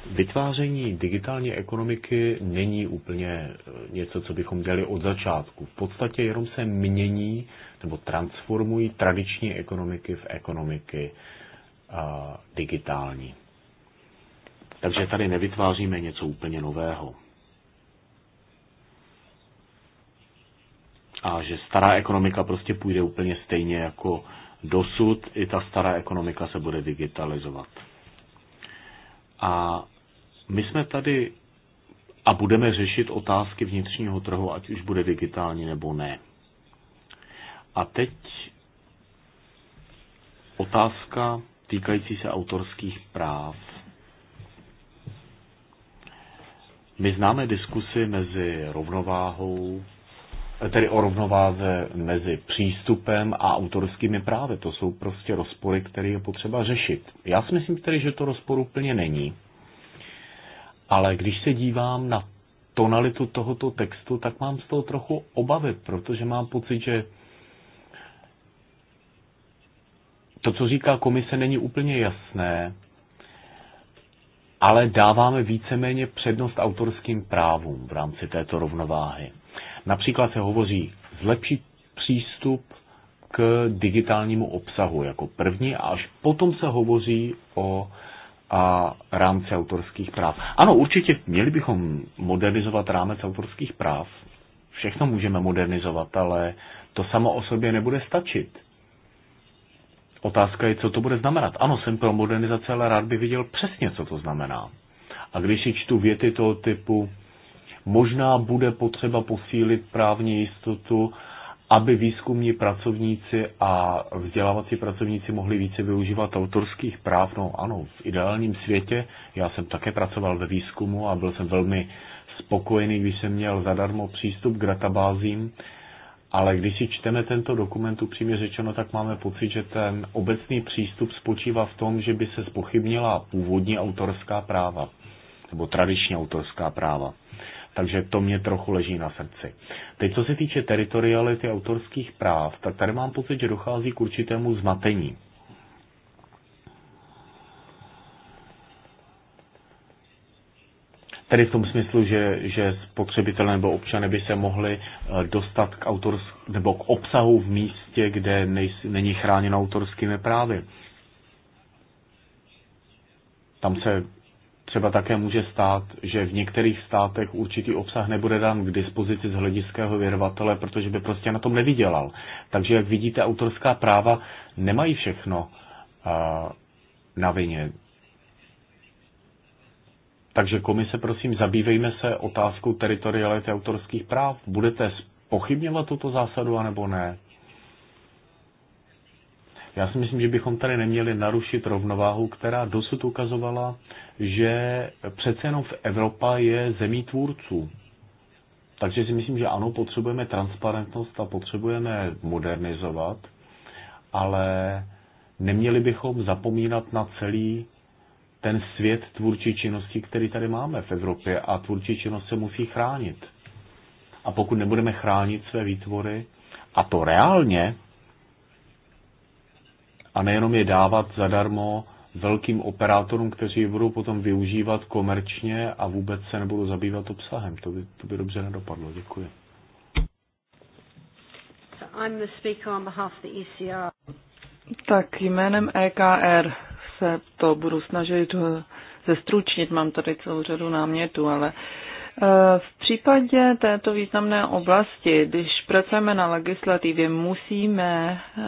Vytváření digitální ekonomiky není úplně eh, něco, co bychom dělali od začátku. V podstatě jenom se mění nebo transformují tradiční ekonomiky v ekonomiky a, eh, digitální. Takže tady nevytváříme něco úplně nového. A že stará ekonomika prostě půjde úplně stejně jako dosud, i ta stará ekonomika se bude digitalizovat. A my jsme tady a budeme řešit otázky vnitřního trhu, ať už bude digitální nebo ne. A teď otázka týkající se autorských práv. My známe diskusy mezi rovnováhou, tedy o rovnováze mezi přístupem a autorskými právy. To jsou prostě rozpory, které je potřeba řešit. Já si myslím tedy, že to rozpor úplně není. Ale když se dívám na tonalitu tohoto textu, tak mám z toho trochu obavy, protože mám pocit, že to, co říká komise, není úplně jasné, ale dáváme víceméně přednost autorským právům v rámci této rovnováhy. Například se hovoří zlepšit přístup k digitálnímu obsahu jako první a až potom se hovoří o a rámce autorských práv. Ano, určitě měli bychom modernizovat rámec autorských práv. Všechno můžeme modernizovat, ale to samo o sobě nebude stačit. Otázka je, co to bude znamenat. Ano, jsem pro modernizaci, ale rád bych viděl přesně, co to znamená. A když si čtu věty toho typu, možná bude potřeba posílit právní jistotu, aby výzkumní pracovníci a vzdělávací pracovníci mohli více využívat autorských práv. No ano, v ideálním světě, já jsem také pracoval ve výzkumu a byl jsem velmi spokojený, když jsem měl zadarmo přístup k databázím, ale když si čteme tento dokument, upřímně řečeno, tak máme pocit, že ten obecný přístup spočívá v tom, že by se spochybnila původní autorská práva, nebo tradiční autorská práva takže to mě trochu leží na srdci. Teď, co se týče teritoriality autorských práv, tak tady mám pocit, že dochází k určitému zmatení. Tedy v tom smyslu, že, že spotřebitelé nebo občany by se mohli eh, dostat k autorsk, nebo k obsahu v místě, kde nej, není chráněno autorskými právy. Tam se třeba také může stát, že v některých státech určitý obsah nebude dán k dispozici z hlediského věrovatele, protože by prostě na tom nevydělal. Takže, jak vidíte, autorská práva nemají všechno uh, na vině. Takže komise, prosím, zabývejme se otázkou teritoriality autorských práv. Budete pochybňovat tuto zásadu, anebo ne? Já si myslím, že bychom tady neměli narušit rovnováhu, která dosud ukazovala, že přece jenom v Evropa je zemí tvůrců. Takže si myslím, že ano, potřebujeme transparentnost a potřebujeme modernizovat, ale neměli bychom zapomínat na celý ten svět tvůrčí činnosti, který tady máme v Evropě a tvůrčí činnost se musí chránit. A pokud nebudeme chránit své výtvory, a to reálně, a nejenom je dávat zadarmo velkým operátorům, kteří je budou potom využívat komerčně a vůbec se nebudou zabývat obsahem. To by, to by dobře nedopadlo. Děkuji. E tak jménem EKR se to budu snažit eh, zestručnit. Mám tady celou řadu námětů, ale uh, Eh, v případě této významné oblasti, když pracujeme na legislativě, musíme eh,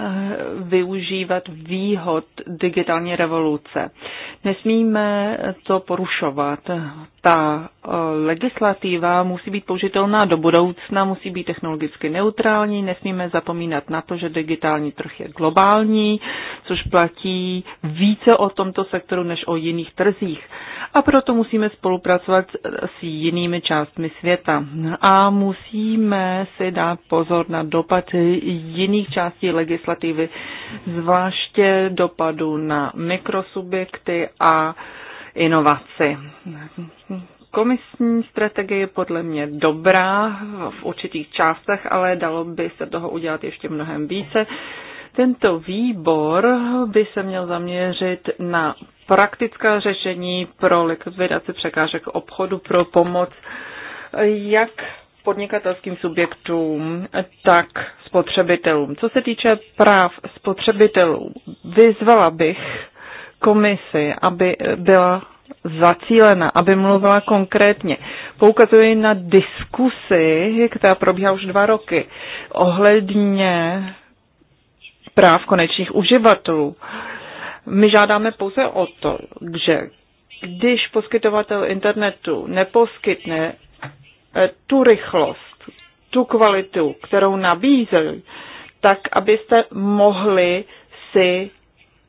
využívat výhod digitální revoluce. Nesmíme to porušovat. Ta eh, legislativa musí být použitelná do budoucna, musí být technologicky neutrální, nesmíme zapomínat na to, že digitální trh je globální, což platí více o tomto sektoru než o jiných trzích. A proto musíme spolupracovat s jinými částmi světa. A musíme si dát pozor na dopad jiných částí legislativy, zvláště dopadu na mikrosubjekty a inovaci. Komisní strategie je podle mě dobrá v určitých částech, ale dalo by se toho udělat ještě mnohem více. Tento výbor by se měl zaměřit na praktická řešení pro likvidaci překážek obchodu, pro pomoc jak podnikatelským subjektům, tak spotřebitelům. Co se týče práv spotřebitelů, vyzvala bych komisi, aby byla zacílena, aby mluvila konkrétně. Poukazuji na diskusi, která probíhá už dva roky, ohledně práv konečných uživatelů. Uh, my žádáme pouze o to, že když poskytovatel internetu neposkytne eh, tu rychlost, tu kvalitu, kterou nabízejí, tak abyste mohli si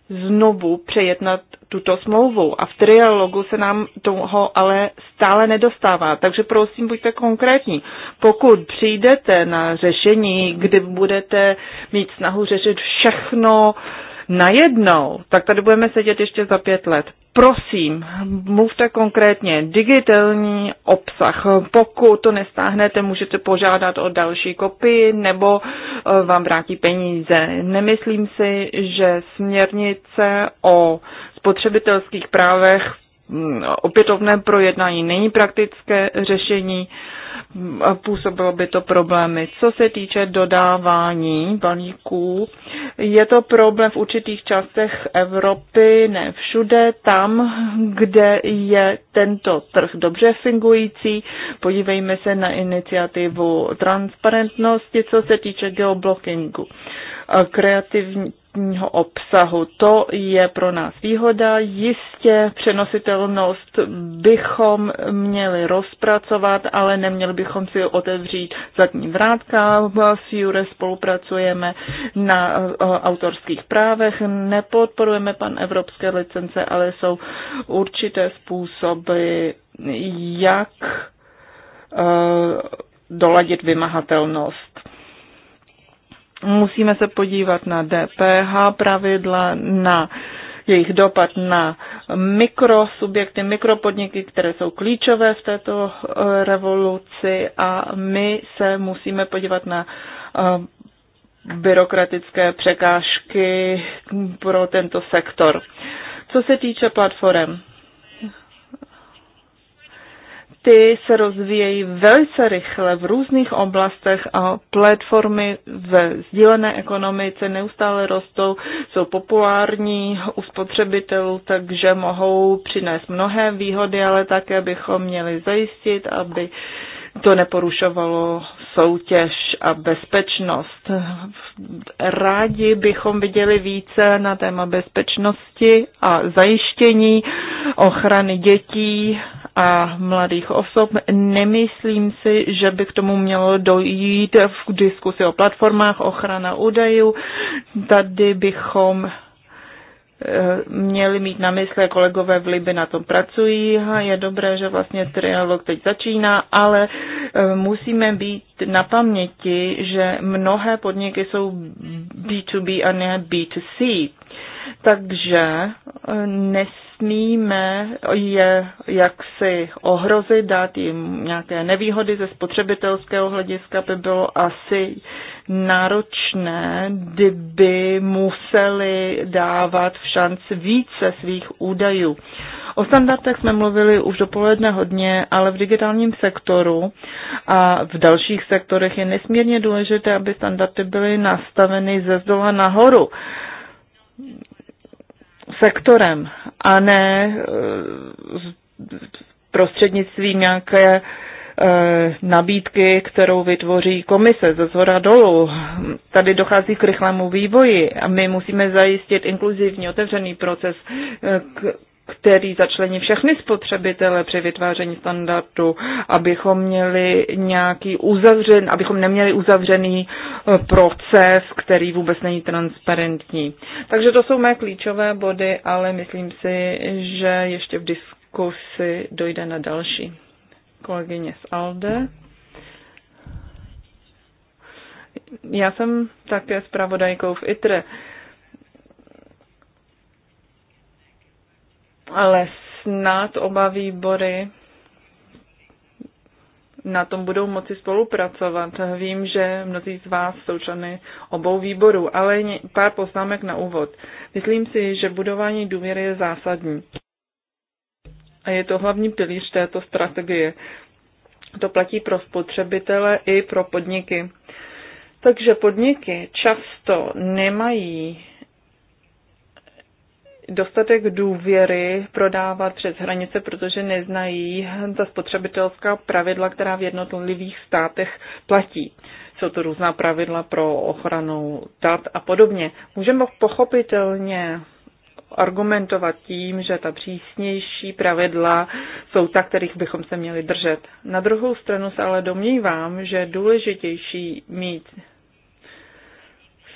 znovu přejetnat tuto smlouvu. A v trialogu se nám toho ale stále nedostává. Takže prosím, buďte konkrétní. Pokud přijdete na řešení, kdy budete mít snahu řešit všechno, uh, najednou, tak tady budeme sedět ještě za pět let. Prosím, mluvte konkrétně digitální obsah. Pokud to nestáhnete, můžete požádat o další kopii nebo eh, vám vrátí peníze. Nemyslím si, že směrnice o spotřebitelských právech Mm, opětovné projednání není praktické řešení, působilo by to problémy. Co se týče dodávání balíků, je to problém v určitých částech Evropy, ne všude, tam, kde je tento trh dobře fungující. Podívejme se na iniciativu transparentnosti, co se týče geoblockingu. Kreativní kvalitního obsahu. To je pro nás výhoda. Jistě přenositelnost bychom měli rozpracovat, ale neměli bychom si otevřít zadní vrátka. S Jure spolupracujeme na eh, autorských právech, nepodporujeme pan evropské licence, ale jsou určité způsoby, jak eh, doladit vymahatelnost. Musíme se podívat na DPH pravidla, na jejich dopad na mikrosubjekty, mikropodniky, které jsou klíčové v této eh, revoluci a my se musíme podívat na eh, byrokratické překážky pro tento sektor. Co se týče platform, ty se rozvíjejí velice rychle v různých oblastech a platformy ve sdílené ekonomice neustále rostou, jsou populární u spotřebitelů, takže mohou přinést mnohé výhody, ale také bychom měli zajistit, aby to neporušovalo soutěž a bezpečnost. Rádi bychom viděli více na téma bezpečnosti a zajištění ochrany dětí a mladých osob. Nemyslím si, že by k tomu mělo dojít v diskusi o platformách ochrana údajů. Tady bychom eh, měli mít na mysli, kolegové v Liby na tom pracují a je dobré, že vlastně trialog teď začíná, ale eh, musíme být na paměti, že mnohé podniky jsou B2B a ne B2C. Takže eh, nes nesmíme je jaksi ohrozit, dát jim nějaké nevýhody ze spotřebitelského hlediska, by bylo asi náročné, kdyby museli dávat v šanc více svých údajů. O standardech jsme mluvili už dopoledne hodně, ale v digitálním sektoru a v dalších sektorech je nesmírně důležité, aby standardy byly nastaveny ze zdola nahoru sektorem a ne eh, prostřednictvím nějaké eh, nabídky, kterou vytvoří komise ze zhora dolů. Tady dochází k rychlému vývoji a my musíme zajistit inkluzivní, otevřený proces, eh, který začlení všechny spotřebitele při vytváření standardu, abychom měli nějaký uzavřen, abychom neměli uzavřený eh, proces, který vůbec není transparentní. Takže to jsou mé klíčové body, ale myslím si, že ještě v diskusi dojde na další. Kolegyně z Alde. Já jsem také zpravodajkou v ITRE. ale snad oba výbory na tom budou moci spolupracovat. Vím, že mnozí z vás jsou členy obou výborů, ale pár poznámek na úvod. Myslím si, že budování důvěry je zásadní. A je to hlavní pilíř této strategie. To platí pro spotřebitele i pro podniky. Takže podniky často nemají dostatek důvěry prodávat přes hranice, protože neznají ta spotřebitelská pravidla, která v jednotlivých státech platí. Jsou to různá pravidla pro ochranu dat a podobně. Můžeme pochopitelně argumentovat tím, že ta přísnější pravidla jsou ta, kterých bychom se měli držet. Na druhou stranu se ale domnívám, že je důležitější mít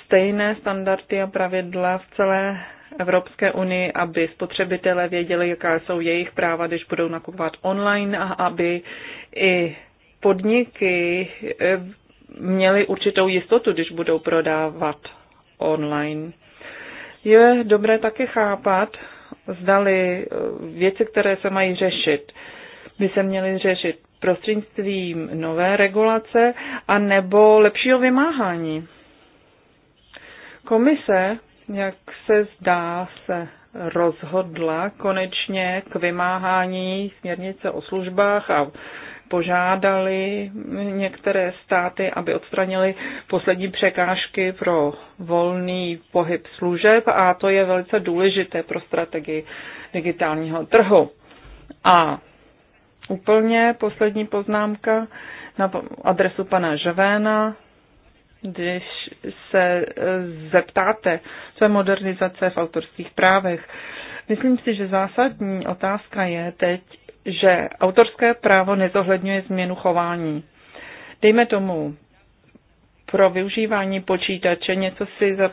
stejné standardy a pravidla v celé Evropské unii, aby spotřebitelé věděli, jaká jsou jejich práva, když budou nakupovat online a aby i podniky eh, měly určitou jistotu, když budou prodávat online. Je dobré také chápat, zdali eh, věci, které se mají řešit, by se měly řešit prostřednictvím nové regulace a nebo lepšího vymáhání. Komise jak se zdá, se rozhodla konečně k vymáhání směrnice o službách a požádali některé státy, aby odstranili poslední překážky pro volný pohyb služeb a to je velice důležité pro strategii digitálního trhu. A úplně poslední poznámka na adresu pana Ževéna když se eh, zeptáte je modernizace v autorských právech. Myslím si, že zásadní otázka je teď, že autorské právo nezohledňuje změnu chování. Dejme tomu, pro využívání počítače něco si za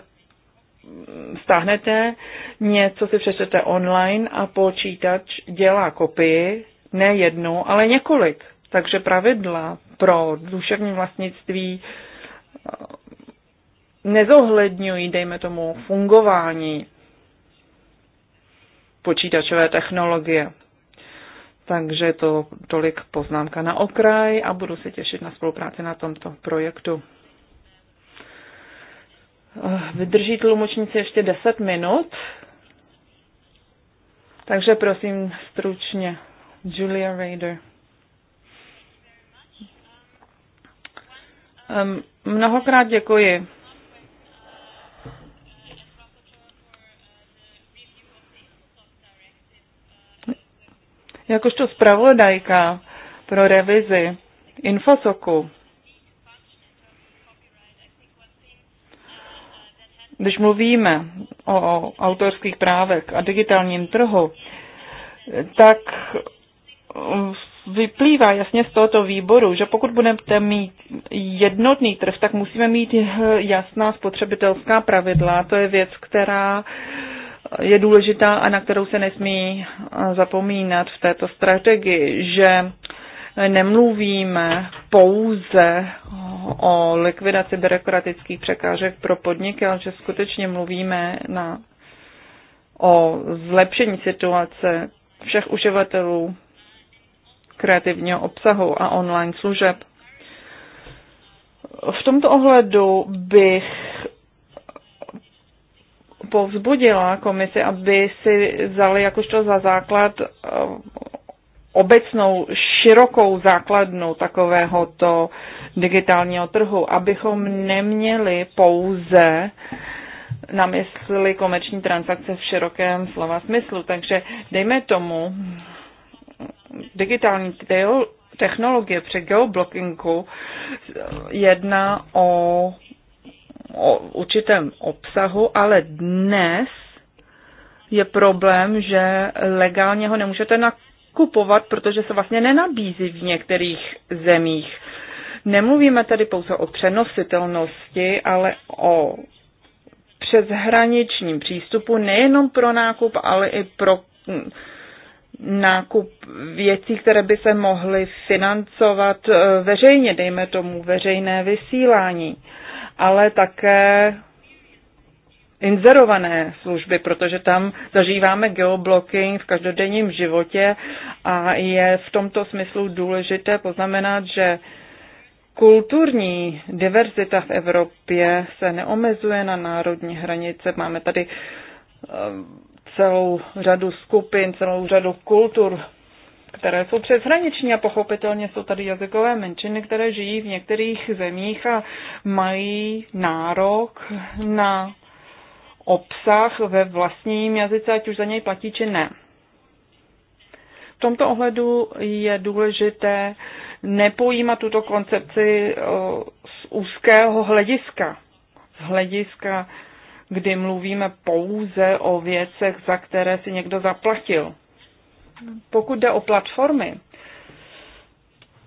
stáhnete, něco si přečtete online a počítač dělá kopii, ne jednu, ale několik. Takže pravidla pro duševní vlastnictví nezohledňují, dejme tomu, fungování počítačové technologie. Takže to tolik poznámka na okraj a budu se těšit na spolupráci na tomto projektu. Eh, vydrží tlumočníci ještě 10 minut, takže prosím stručně. Julia Rader. Um, Mnohokrát děkuji. Jakožto zpravodajka pro revizi Infosoku, když mluvíme o autorských právech a digitálním trhu, tak vyplývá jasně z tohoto výboru, že pokud budeme mít jednotný trh, tak musíme mít jasná spotřebitelská pravidla. To je věc, která je důležitá a na kterou se nesmí zapomínat v této strategii, že nemluvíme pouze o likvidaci byrokratických překážek pro podniky, ale že skutečně mluvíme na, o zlepšení situace všech uživatelů kreativního obsahu a online služeb. V tomto ohledu bych povzbudila komisi, aby si vzali jakožto za základ eh, obecnou širokou základnu takovéhoto digitálního trhu, abychom neměli pouze na mysli komerční transakce v širokém slova smyslu. Takže dejme tomu, digitální technologie při geoblockingu jedná o, o určitém obsahu, ale dnes je problém, že legálně ho nemůžete nakupovat, protože se vlastně nenabízí v některých zemích. Nemluvíme tady pouze o přenositelnosti, ale o přeshraničním přístupu nejenom pro nákup, ale i pro hm, nákup věcí, které by se mohly financovat eh, veřejně, dejme tomu veřejné vysílání, ale také inzerované služby, protože tam zažíváme geoblocking v každodenním životě a je v tomto smyslu důležité poznamenat, že kulturní diverzita v Evropě se neomezuje na národní hranice. Máme tady eh, celou řadu skupin, celou řadu kultur, které jsou přeshraniční a pochopitelně jsou tady jazykové menšiny, které žijí v některých zemích a mají nárok na obsah ve vlastním jazyce, ať už za něj platí či ne. V tomto ohledu je důležité nepojímat tuto koncepci eh, z úzkého hlediska, z hlediska kdy mluvíme pouze o věcech, za které si někdo zaplatil. Pokud jde o platformy,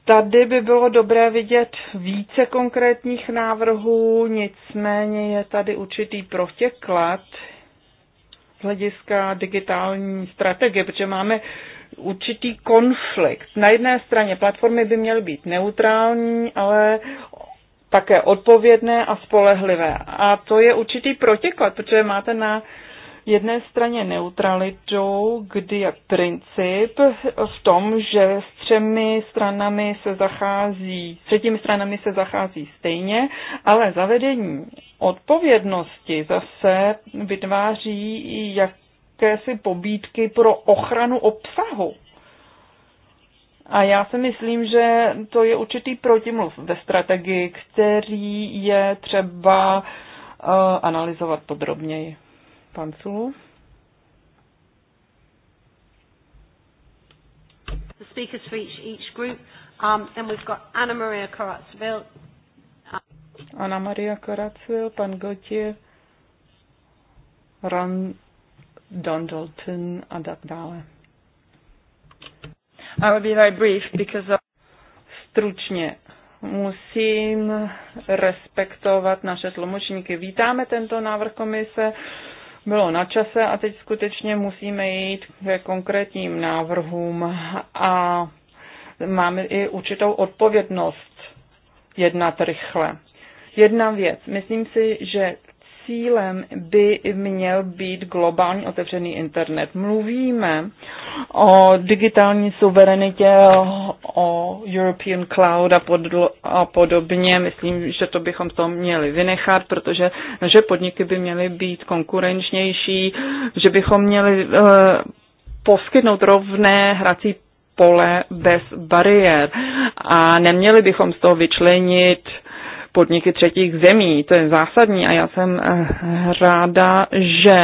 Tady by bylo dobré vidět více konkrétních návrhů, nicméně je tady určitý protěklad z hlediska digitální strategie, protože máme určitý konflikt. Na jedné straně platformy by měly být neutrální, ale také odpovědné a spolehlivé. A to je určitý protiklad, protože máte na jedné straně neutralitu, kdy je princip v tom, že s třemi stranami se zachází, s třetími stranami se zachází stejně, ale zavedení odpovědnosti zase vytváří jakési pobídky pro ochranu obsahu. A já si myslím, že to je určitý protimluv ve strategii, který je třeba eh, analyzovat podrobněji. Pan Sulu? The speakers for each, each group. Um, we've got Anna Maria Corazzville. Anna Maria pan Gautier, Ron Dondalton a tak dále. I will be very brief because of... Uh, stručně musím respektovat naše tlumočníky. Vítáme tento návrh komise, bylo na čase a teď skutečně musíme jít ke konkrétním návrhům a máme i určitou odpovědnost jednat rychle. Jedna věc. Myslím si, že cílem by měl být globální otevřený internet. Mluvíme o digitální suverenitě, o European Cloud a, podlo, a podobně. Myslím, že to bychom to měli vynechat, protože že podniky by měly být konkurenčnější, že bychom měli uh, poskytnout rovné hrací pole bez bariér. A neměli bychom z toho vyčlenit podniky třetích zemí. To je zásadní a já jsem eh, ráda, že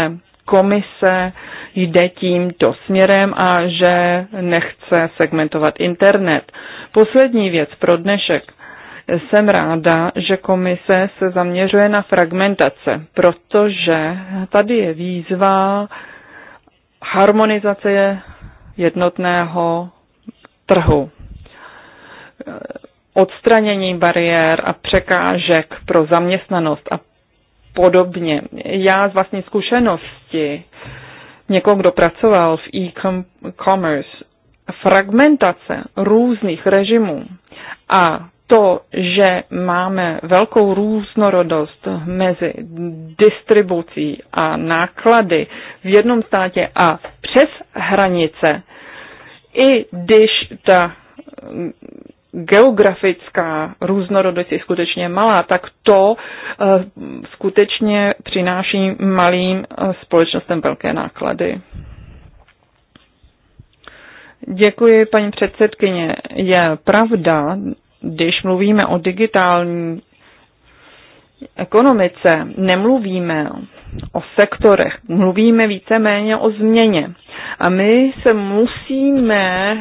komise jde tímto směrem a že nechce segmentovat internet. Poslední věc pro dnešek. Jsem ráda, že komise se zaměřuje na fragmentace, protože tady je výzva harmonizace jednotného trhu odstranění bariér a překážek pro zaměstnanost a podobně. Já z vlastní zkušenosti, někoho, kdo pracoval v e-commerce, fragmentace různých režimů a to, že máme velkou různorodost mezi distribucí a náklady v jednom státě a přes hranice, i když ta geografická různorodost je skutečně malá, tak to eh, skutečně přináší malým eh, společnostem velké náklady. Děkuji, paní předsedkyně. Je pravda, když mluvíme o digitální ekonomice, nemluvíme o sektorech, mluvíme víceméně o změně. A my se musíme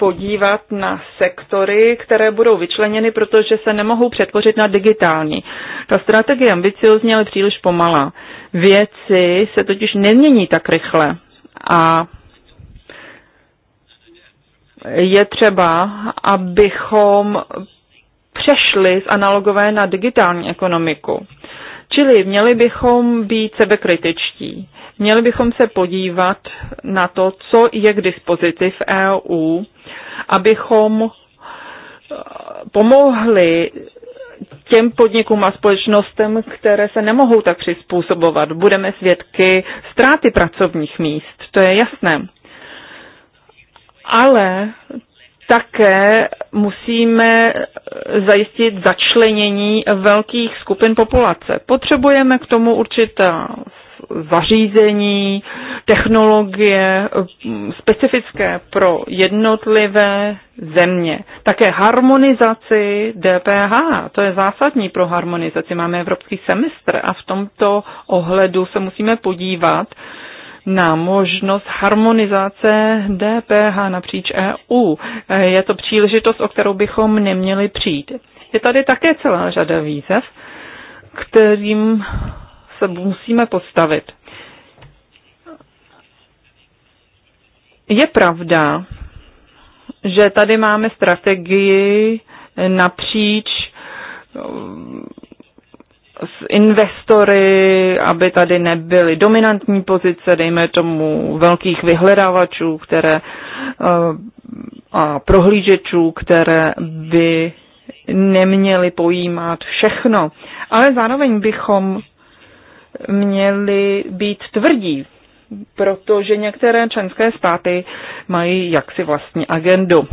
podívat na sektory, které budou vyčleněny, protože se nemohou přetvořit na digitální. Ta strategie je ambiciozní, ale příliš pomalá. Věci se totiž nemění tak rychle a je třeba, abychom přešli z analogové na digitální ekonomiku. Čili měli bychom být sebekritičtí. Měli bychom se podívat na to, co je k dispozici v EU abychom eh, pomohli těm podnikům a společnostem, které se nemohou tak přizpůsobovat. Budeme svědky ztráty pracovních míst, to je jasné. Ale také musíme zajistit začlenění velkých skupin populace. Potřebujeme k tomu určitá zařízení, technologie mm, specifické pro jednotlivé země. Také harmonizaci DPH, to je zásadní pro harmonizaci. Máme evropský semestr a v tomto ohledu se musíme podívat na možnost harmonizace DPH napříč EU. Eh, je to příležitost, o kterou bychom neměli přijít. Je tady také celá řada výzev, kterým se musíme postavit. Je pravda, že tady máme strategii napříč eh, s investory, aby tady nebyly dominantní pozice, dejme tomu velkých vyhledávačů, které eh, a prohlížečů, které by neměly pojímat všechno. Ale zároveň bychom měli být tvrdí, protože některé členské státy mají jaksi vlastní agendu.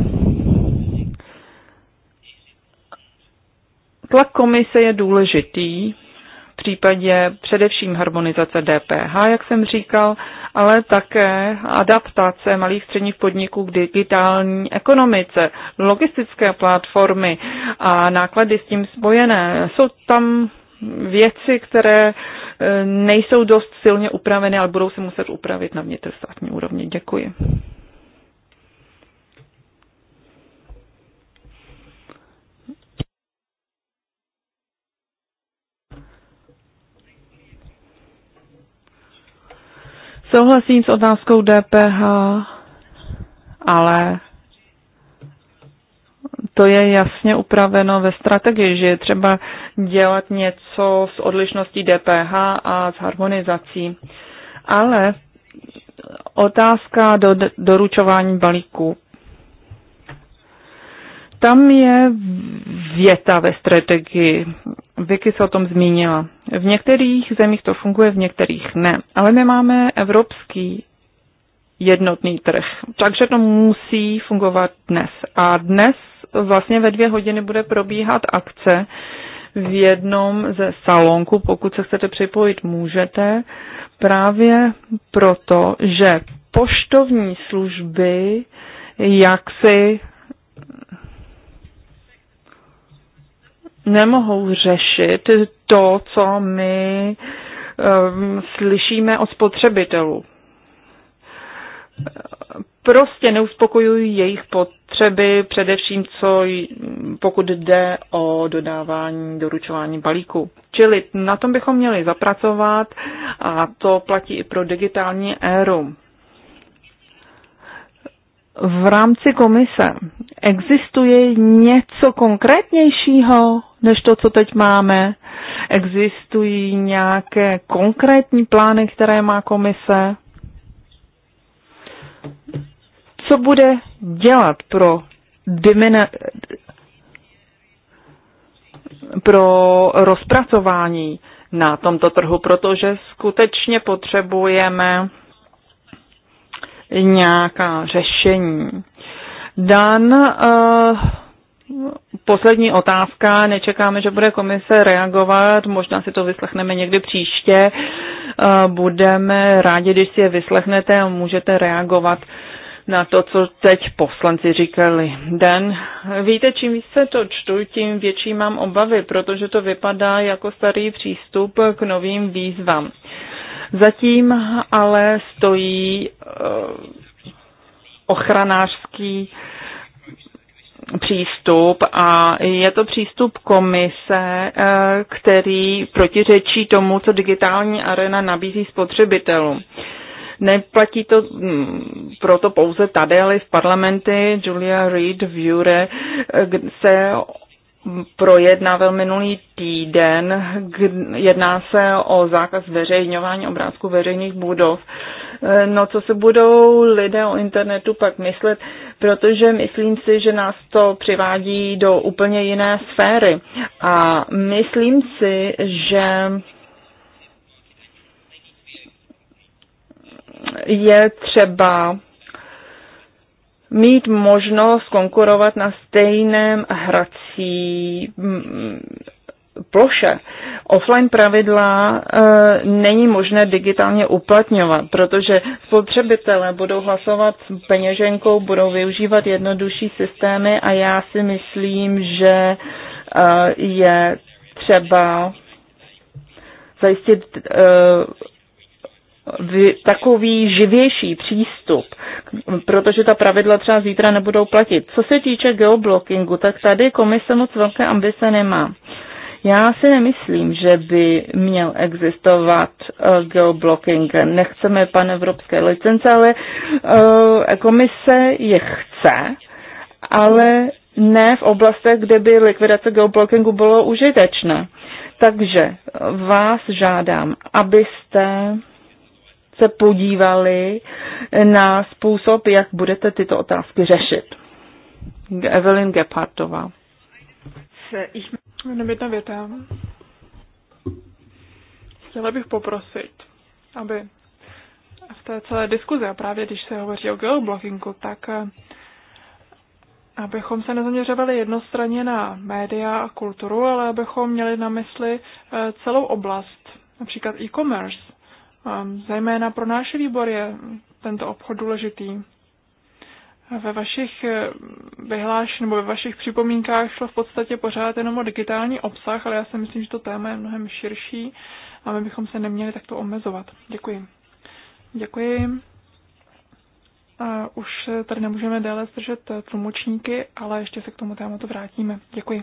Tlak komise je důležitý v případě především harmonizace DPH, jak jsem říkal, ale také adaptace malých středních podniků k digitální ekonomice, logistické platformy a náklady s tím spojené. Jsou tam věci, které nejsou dost silně upraveny, ale budou se muset upravit na vnitrostátní úrovni. Děkuji. Souhlasím s otázkou DPH, ale to je jasně upraveno ve strategii, že je třeba dělat něco s odlišností DPH a s harmonizací. Ale otázka do doručování balíků. Tam je věta ve strategii. Vicky se o tom zmínila. V některých zemích to funguje, v některých ne. Ale my máme evropský jednotný trh, takže to musí fungovat dnes. A dnes vlastně ve dvě hodiny bude probíhat akce v jednom ze salonků. pokud se chcete připojit, můžete, právě proto, že poštovní služby jaksi nemohou řešit to, co my um, slyšíme od spotřebitelů prostě neuspokojují jejich potřeby, především co pokud jde o dodávání, doručování balíku. Čili na tom bychom měli zapracovat a to platí i pro digitální éru. V rámci komise existuje něco konkrétnějšího než to, co teď máme? Existují nějaké konkrétní plány, které má komise? co bude dělat pro dimina, pro rozpracování na tomto trhu, protože skutečně potřebujeme nějaká řešení. Dan uh, Poslední otázka, nečekáme, že bude komise reagovat, možná si to vyslechneme někdy příště. Eh, budeme rádi, když si je vyslechnete a můžete reagovat na to, co teď poslanci říkali. Den, víte, čím se to čtu, tím větší mám obavy, protože to vypadá jako starý přístup k novým výzvám. Zatím ale stojí eh, ochranářský přístup a je to přístup komise, eh, který protiřečí tomu, co digitální arena nabízí spotřebitelům. Neplatí to mm, proto pouze tady, ale v parlamenty. Julia Reid v Jure eh, se projednával minulý týden. Jedná se o zákaz zveřejňování obrázku veřejných budov. Eh, no, co se budou lidé o internetu pak myslet, protože myslím si, že nás to přivádí do úplně jiné sféry. A myslím si, že je třeba mít možnost konkurovat na stejném hrací ploše. Offline pravidla e, není možné digitálně uplatňovat, protože spotřebitelé budou hlasovat peněženkou, budou využívat jednodušší systémy a já si myslím, že e, je třeba zajistit e, takový živější přístup, protože ta pravidla třeba zítra nebudou platit. Co se týče geoblockingu, tak tady komise moc velké ambice nemá. Já si nemyslím, že by měl existovat uh, geoblocking. Nechceme evropské licence, ale uh, komise je chce, ale ne v oblastech, kde by likvidace geoblockingu bylo užitečné. Takže vás žádám, abyste se podívali na způsob, jak budete tyto otázky řešit. Evelyn Gepardová. Jenom jedna věta. Chtěla bych poprosit, aby v té celé diskuzi, a právě když se hovoří o geoblockingu, tak eh, abychom se nezaměřovali jednostranně na média a kulturu, ale abychom měli na mysli eh, celou oblast, například e-commerce. Ehm, Zajména pro náš výbor je tento obchod důležitý ve vašich eh, vyhláš nebo ve vašich připomínkách šlo v podstatě pořád jenom o digitální obsah, ale já si myslím, že to téma je mnohem širší a my bychom se neměli takto omezovat. Děkuji. Děkuji. A už tady nemůžeme déle zdržet eh, tlumočníky, ale ještě se k tomu tématu vrátíme. Děkuji.